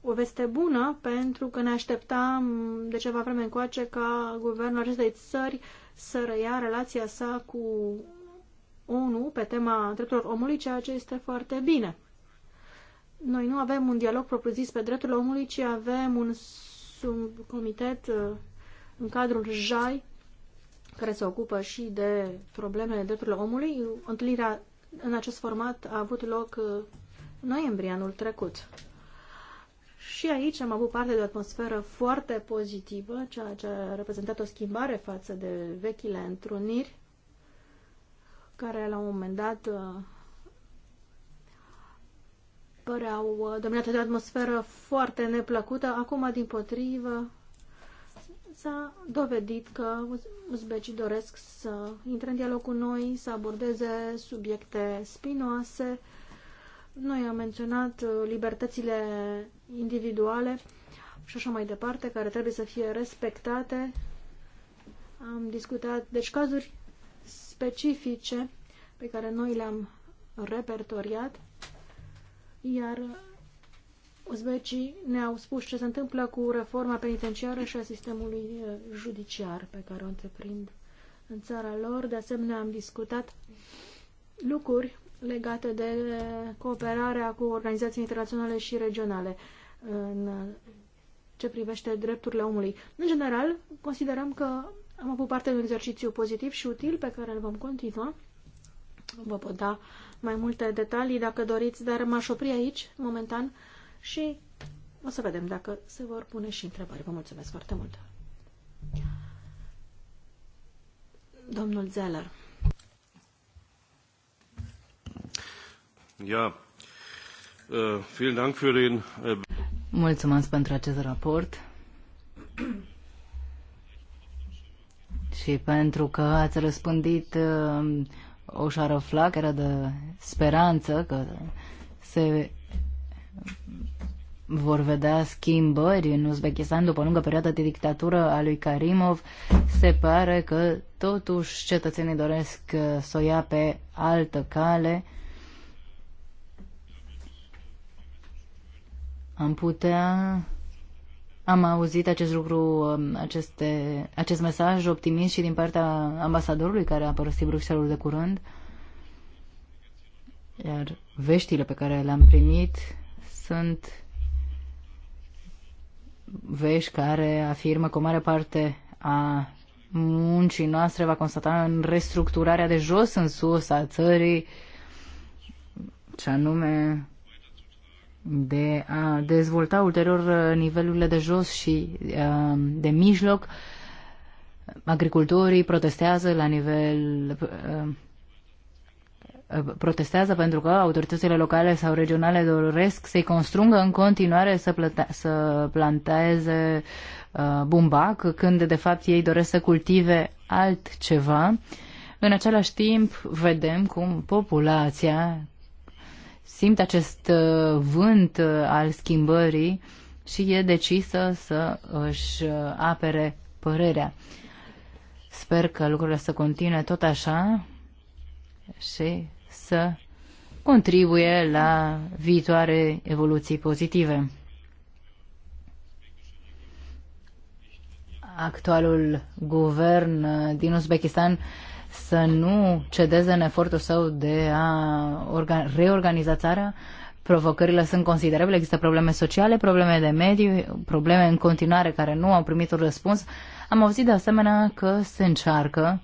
o veste bună pentru că ne așteptam de ceva vreme încoace ca guvernul acestei țări să răia relația sa cu ONU pe tema drepturilor omului, ceea ce este foarte bine. Noi nu avem un dialog propriu-zis pe dreptul omului, ci avem un comitet uh, în cadrul JAI care se ocupă și de problemele drepturilor omului. Întâlnirea în acest format a avut loc uh, noiembrie anul trecut. Și aici am avut parte de o atmosferă foarte pozitivă, ceea ce a reprezentat o schimbare față de vechile întruniri, care la un moment dat uh, păr au uh, dominat o atmosferă foarte neplăcută. Acum, din potrivă, s-a dovedit că uzbecii doresc să intre în dialog cu noi, să abordeze subiecte spinoase. Noi am menționat uh, libertățile individuale și așa mai departe, care trebuie să fie respectate. Am discutat, deci, cazuri specifice pe care noi le-am repertoriat iar uzbecii ne-au spus ce se întâmplă cu reforma penitenciară și a sistemului uh, judiciar pe care o întreprind în țara lor. De asemenea, am discutat lucruri legate de cooperarea cu organizații internaționale și regionale în ce privește drepturile omului. În general, considerăm că am avut parte de un exercițiu pozitiv și util pe care îl vom continua. Vă pot da uh, mai multe detalii dacă doriți, dar m-aș opri aici momentan și o să vedem dacă se vor pune și întrebări. Vă mulțumesc foarte mult! Domnul Zeller. Ja, uh, vielen Dank für den... Uh... Mulțumesc pentru acest raport și pentru că ați răspândit o șoară flacără de speranță că se vor vedea schimbări în Uzbekistan după lungă perioadă de dictatură a lui Karimov, se pare că totuși cetățenii doresc uh, să o ia pe altă cale. Am putea am auzit acest lucru, um, aceste, acest mesaj optimist și din partea ambasadorului care a părăsit Bruxelles de curând. Iar veștile pe care le-am primit sunt vești care afirmă că o mare parte a muncii noastre va constata în restructurarea de jos în sus a țării, ce anume de a dezvolta ulterior uh, nivelurile de jos și uh, de mijloc. Agricultorii protestează la nivel uh, protestează pentru că autoritățile locale sau regionale doresc să-i construngă în continuare să, plăta, să planteze uh, bumbac, când de fapt ei doresc să cultive altceva. În același timp, vedem cum populația simte acest uh, vânt uh, al schimbării și e decisă să își uh, apere părerea. Sper că lucrurile să continue tot așa și să contribuie la viitoare evoluții pozitive. Actualul guvern din Uzbekistan să nu cedeze în efortul său de a reorganiza țara. Provocările sunt considerabile, există probleme sociale, probleme de mediu, probleme în continuare care nu au primit un răspuns. Am auzit de asemenea că se încearcă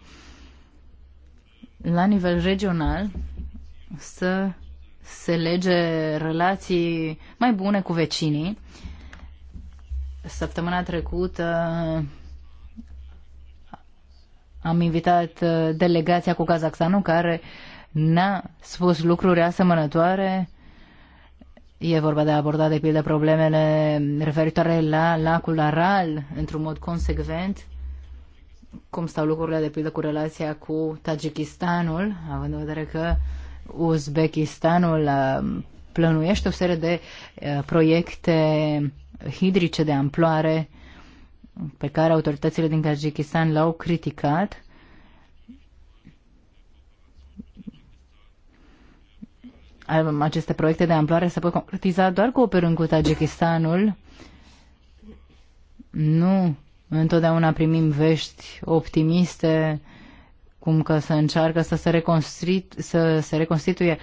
la nivel regional să se lege relații mai bune cu vecinii. Săptămâna trecută am invitat uh, delegația cu Kazakhstanul care n-a spus lucruri asemănătoare. E vorba de a aborda, de pildă, problemele referitoare la lacul Aral într-un mod consecvent. Cum stau lucrurile, de pildă, cu relația cu Tajikistanul, având în vedere că Uzbekistanul uh, plănuiește o serie de uh, proiecte hidrice de amploare uh, pe care autoritățile din Kazakhstan l-au criticat. Aceste proiecte de amploare se pot concretiza doar cooperând cu Tajikistanul. Nu întotdeauna primim vești optimiste cum că se încearcă să se, reconstrui, să se reconstituie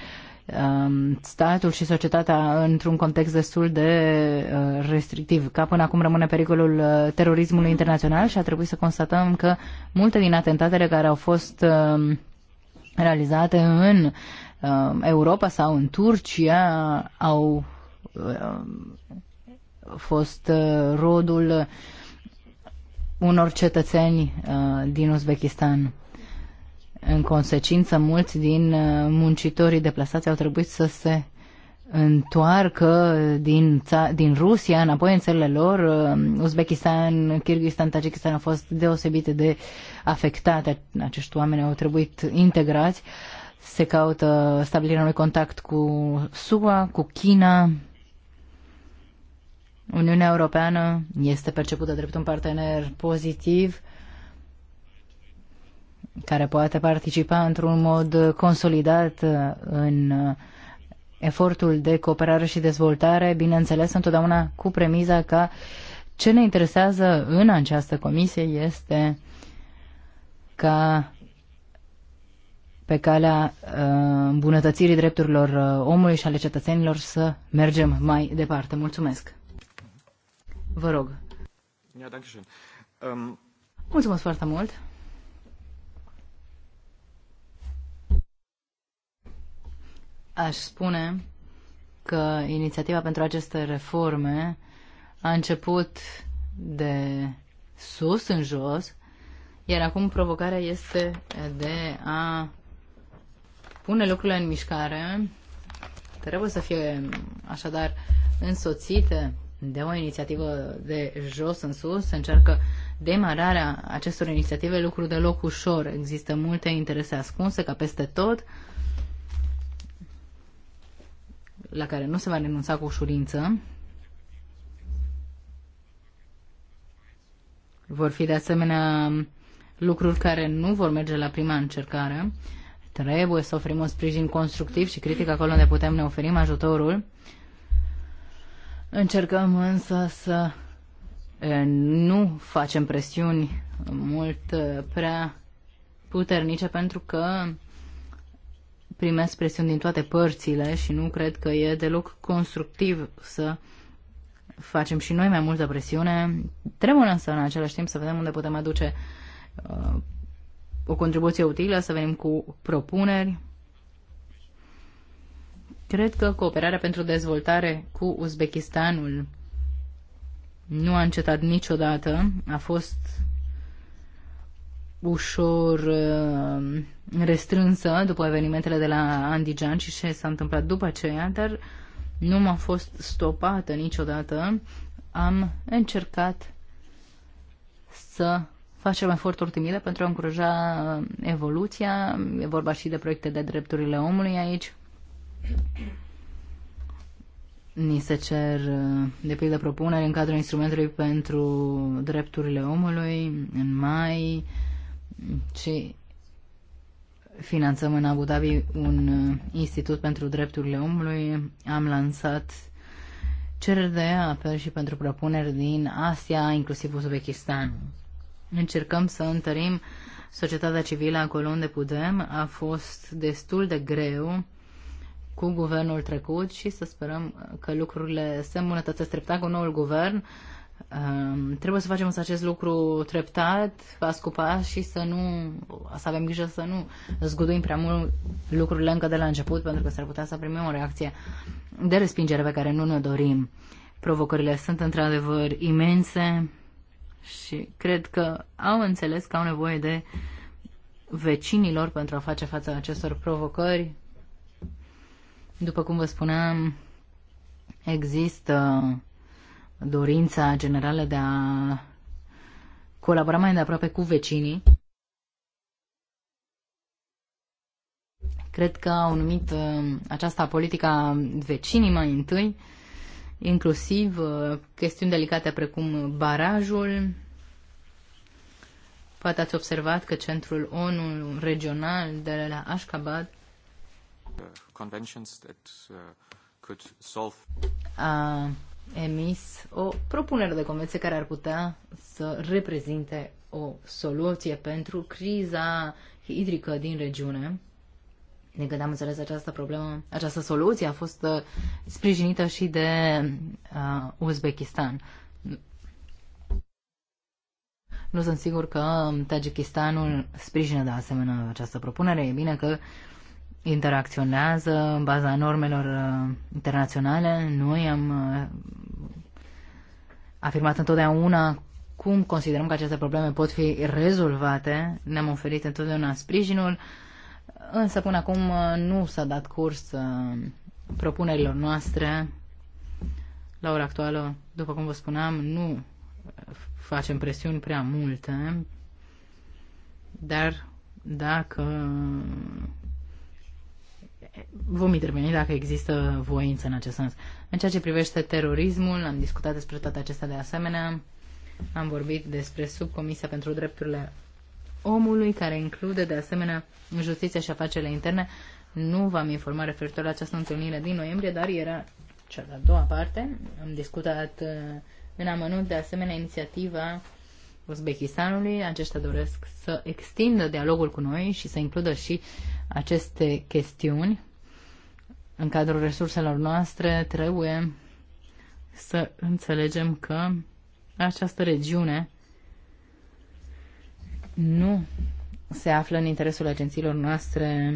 Um, statul și societatea într-un context destul de uh, restrictiv. Ca până acum rămâne pericolul uh, terorismului internațional și a trebuit să constatăm că multe din atentatele care au fost um, realizate în um, Europa sau în Turcia au uh, fost rodul unor cetățeni din Uzbekistan. În consecință, mulți din uh, muncitorii deplasați au trebuit să se întoarcă din, din Rusia înapoi în țările lor. Uh, Uzbekistan, Kirghistan, Tajikistan au fost deosebite de afectate. Acești oameni au trebuit integrați. Se caută stabilirea unui contact cu SUA, cu China. Uniunea Europeană este percepută drept un partener pozitiv care poate participa într-un mod consolidat uh, în uh, efortul de cooperare și dezvoltare, bineînțeles, întotdeauna cu premiza că ce ne interesează în această comisie este ca pe calea uh, îmbunătățirii drepturilor omului și ale cetățenilor să mergem mai departe. Mulțumesc! Vă rog! Um, Mulțumesc foarte mult! Aș spune că inițiativa pentru aceste reforme a început de sus în jos, iar acum provocarea este de a pune lucrurile în mișcare. Trebuie să fie așadar însoțite de o inițiativă de jos în sus. Se încearcă demararea acestor inițiative lucru deloc ușor. Există multe interese ascunse, ca peste tot la care nu se va renunța cu ușurință. Vor fi de asemenea lucruri care nu vor merge la prima încercare. Trebuie să oferim un sprijin constructiv și critic acolo unde putem ne oferim ajutorul. Încercăm însă să nu facem presiuni mult prea puternice pentru că primesc presiuni din toate părțile și nu cred că e deloc constructiv să facem și noi mai multă presiune. Trebuie însă în același timp să vedem unde putem aduce uh, o contribuție utilă, să venim cu propuneri. Cred că cooperarea pentru dezvoltare cu Uzbekistanul nu a încetat niciodată. A fost ușor uh, restrânsă după evenimentele de la Andijan și ce s-a întâmplat după aceea, dar nu m-a fost stopată niciodată. Am încercat să facem eforturi timide pentru a încuraja uh, evoluția. E vorba și de proiecte de drepturile omului aici. Ni se cer, uh, de pildă, propuneri în cadrul instrumentului pentru drepturile omului în mai și finanțăm în Abu Dhabi un uh, institut pentru drepturile omului. Am lansat cereri de apel și pentru propuneri din Asia, inclusiv Uzbekistan. Încercăm să întărim societatea civilă acolo unde putem. A fost destul de greu cu guvernul trecut și să sperăm că lucrurile se îmbunătățesc treptat cu noul guvern. Uh, Um, trebuie să facem însă acest lucru treptat, pas cu pas și să nu, să avem grijă să nu zguduim prea mult lucrurile încă de la început, pentru că s-ar putea să primim o reacție de respingere pe care nu ne dorim. Provocările sunt într-adevăr imense și cred că au înțeles că au nevoie de vecinilor pentru a face față acestor provocări. După cum vă spuneam, există dorința generală de a colabora mai îndeaproape cu vecinii. Cred că au numit uh, aceasta politica vecinii mai întâi, inclusiv uh, chestiuni delicate precum barajul. Poate ați observat că centrul ONU regional de la Ashgabat uh, a emis o propunere de convenție care ar putea să reprezinte o soluție pentru criza hidrică din regiune. De când am înțeles această problemă, această soluție a fost uh, sprijinită și de uh, Uzbekistan. Nu sunt sigur că Tajikistanul sprijină de asemenea această propunere. E bine că uh, interacționează în baza normelor uh, internaționale. Noi am uh, afirmat întotdeauna cum considerăm că aceste probleme pot fi rezolvate. Ne-am oferit întotdeauna sprijinul, însă până acum uh, nu s-a dat curs propunerilor noastre. La ora actuală, după cum vă spuneam, nu facem presiuni prea multe, dar dacă vom interveni dacă există voință în acest sens. În ceea ce privește terorismul, am discutat despre toate acestea de asemenea. Am vorbit despre Subcomisia pentru Drepturile Omului, care include de asemenea justiția și afacerile interne. Nu v-am informat referitor la această întâlnire din noiembrie, dar era cea de-a doua parte. Am discutat uh, în amănunt de asemenea inițiativa Uzbekistanului. Aceștia doresc să extindă dialogul cu noi și să includă și aceste chestiuni în cadrul resurselor noastre, trebuie să înțelegem că această regiune nu se află în interesul agențiilor noastre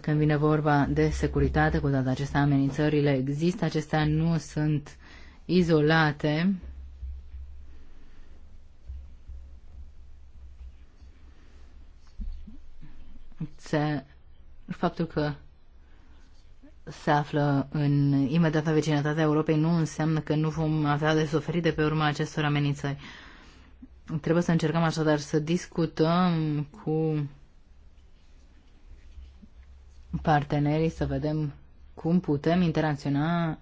când vine vorba de securitate, cu toate acestea amenințările există, acestea nu sunt izolate se, faptul că se află în imediata vecinătatea Europei nu înseamnă că nu vom avea de suferit de pe urma acestor amenințări. Trebuie să încercăm așadar să discutăm cu partenerii, să vedem cum putem interacționa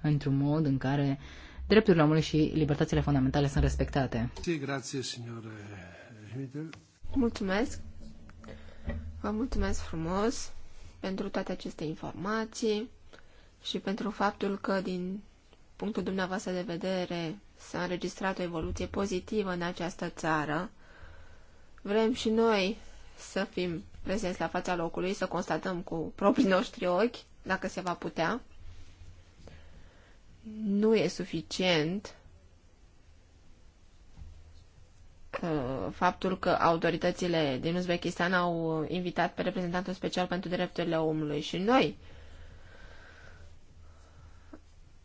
într-un mod în care drepturile omului și libertățile fundamentale sunt respectate. Mulțumesc. Vă mulțumesc frumos pentru toate aceste informații și pentru faptul că din punctul dumneavoastră de vedere s-a înregistrat o evoluție pozitivă în această țară. Vrem și noi să fim prezenți la fața locului, să constatăm cu proprii noștri ochi, dacă se va putea. Nu e suficient faptul că autoritățile din Uzbekistan au invitat pe reprezentantul special pentru drepturile omului și noi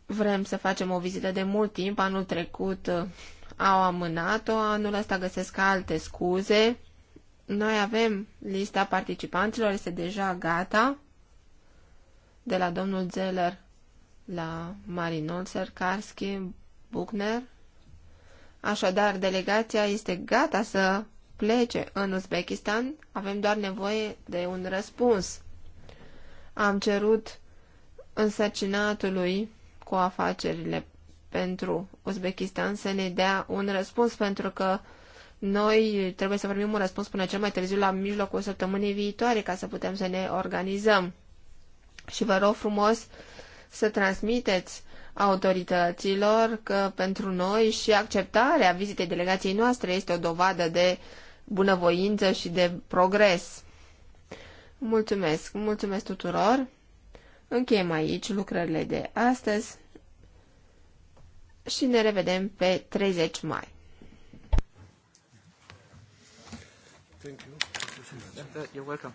vrem să facem o vizită de mult timp. Anul trecut au amânat-o, anul ăsta găsesc alte scuze. Noi avem lista participanților, este deja gata, de la domnul Zeller la Marinol Serkarski, Buchner, Așadar, delegația este gata să plece în Uzbekistan, avem doar nevoie de un răspuns. Am cerut însărcinatului cu afacerile pentru Uzbekistan să ne dea un răspuns, pentru că noi trebuie să primim un răspuns până cel mai târziu la mijlocul săptămânii viitoare ca să putem să ne organizăm. Și vă rog frumos să transmiteți autorităților că pentru noi și acceptarea vizitei delegației noastre este o dovadă de bunăvoință și de progres. Mulțumesc, mulțumesc tuturor. Încheiem aici lucrările de astăzi și ne revedem pe 30 mai. Thank you. You're welcome.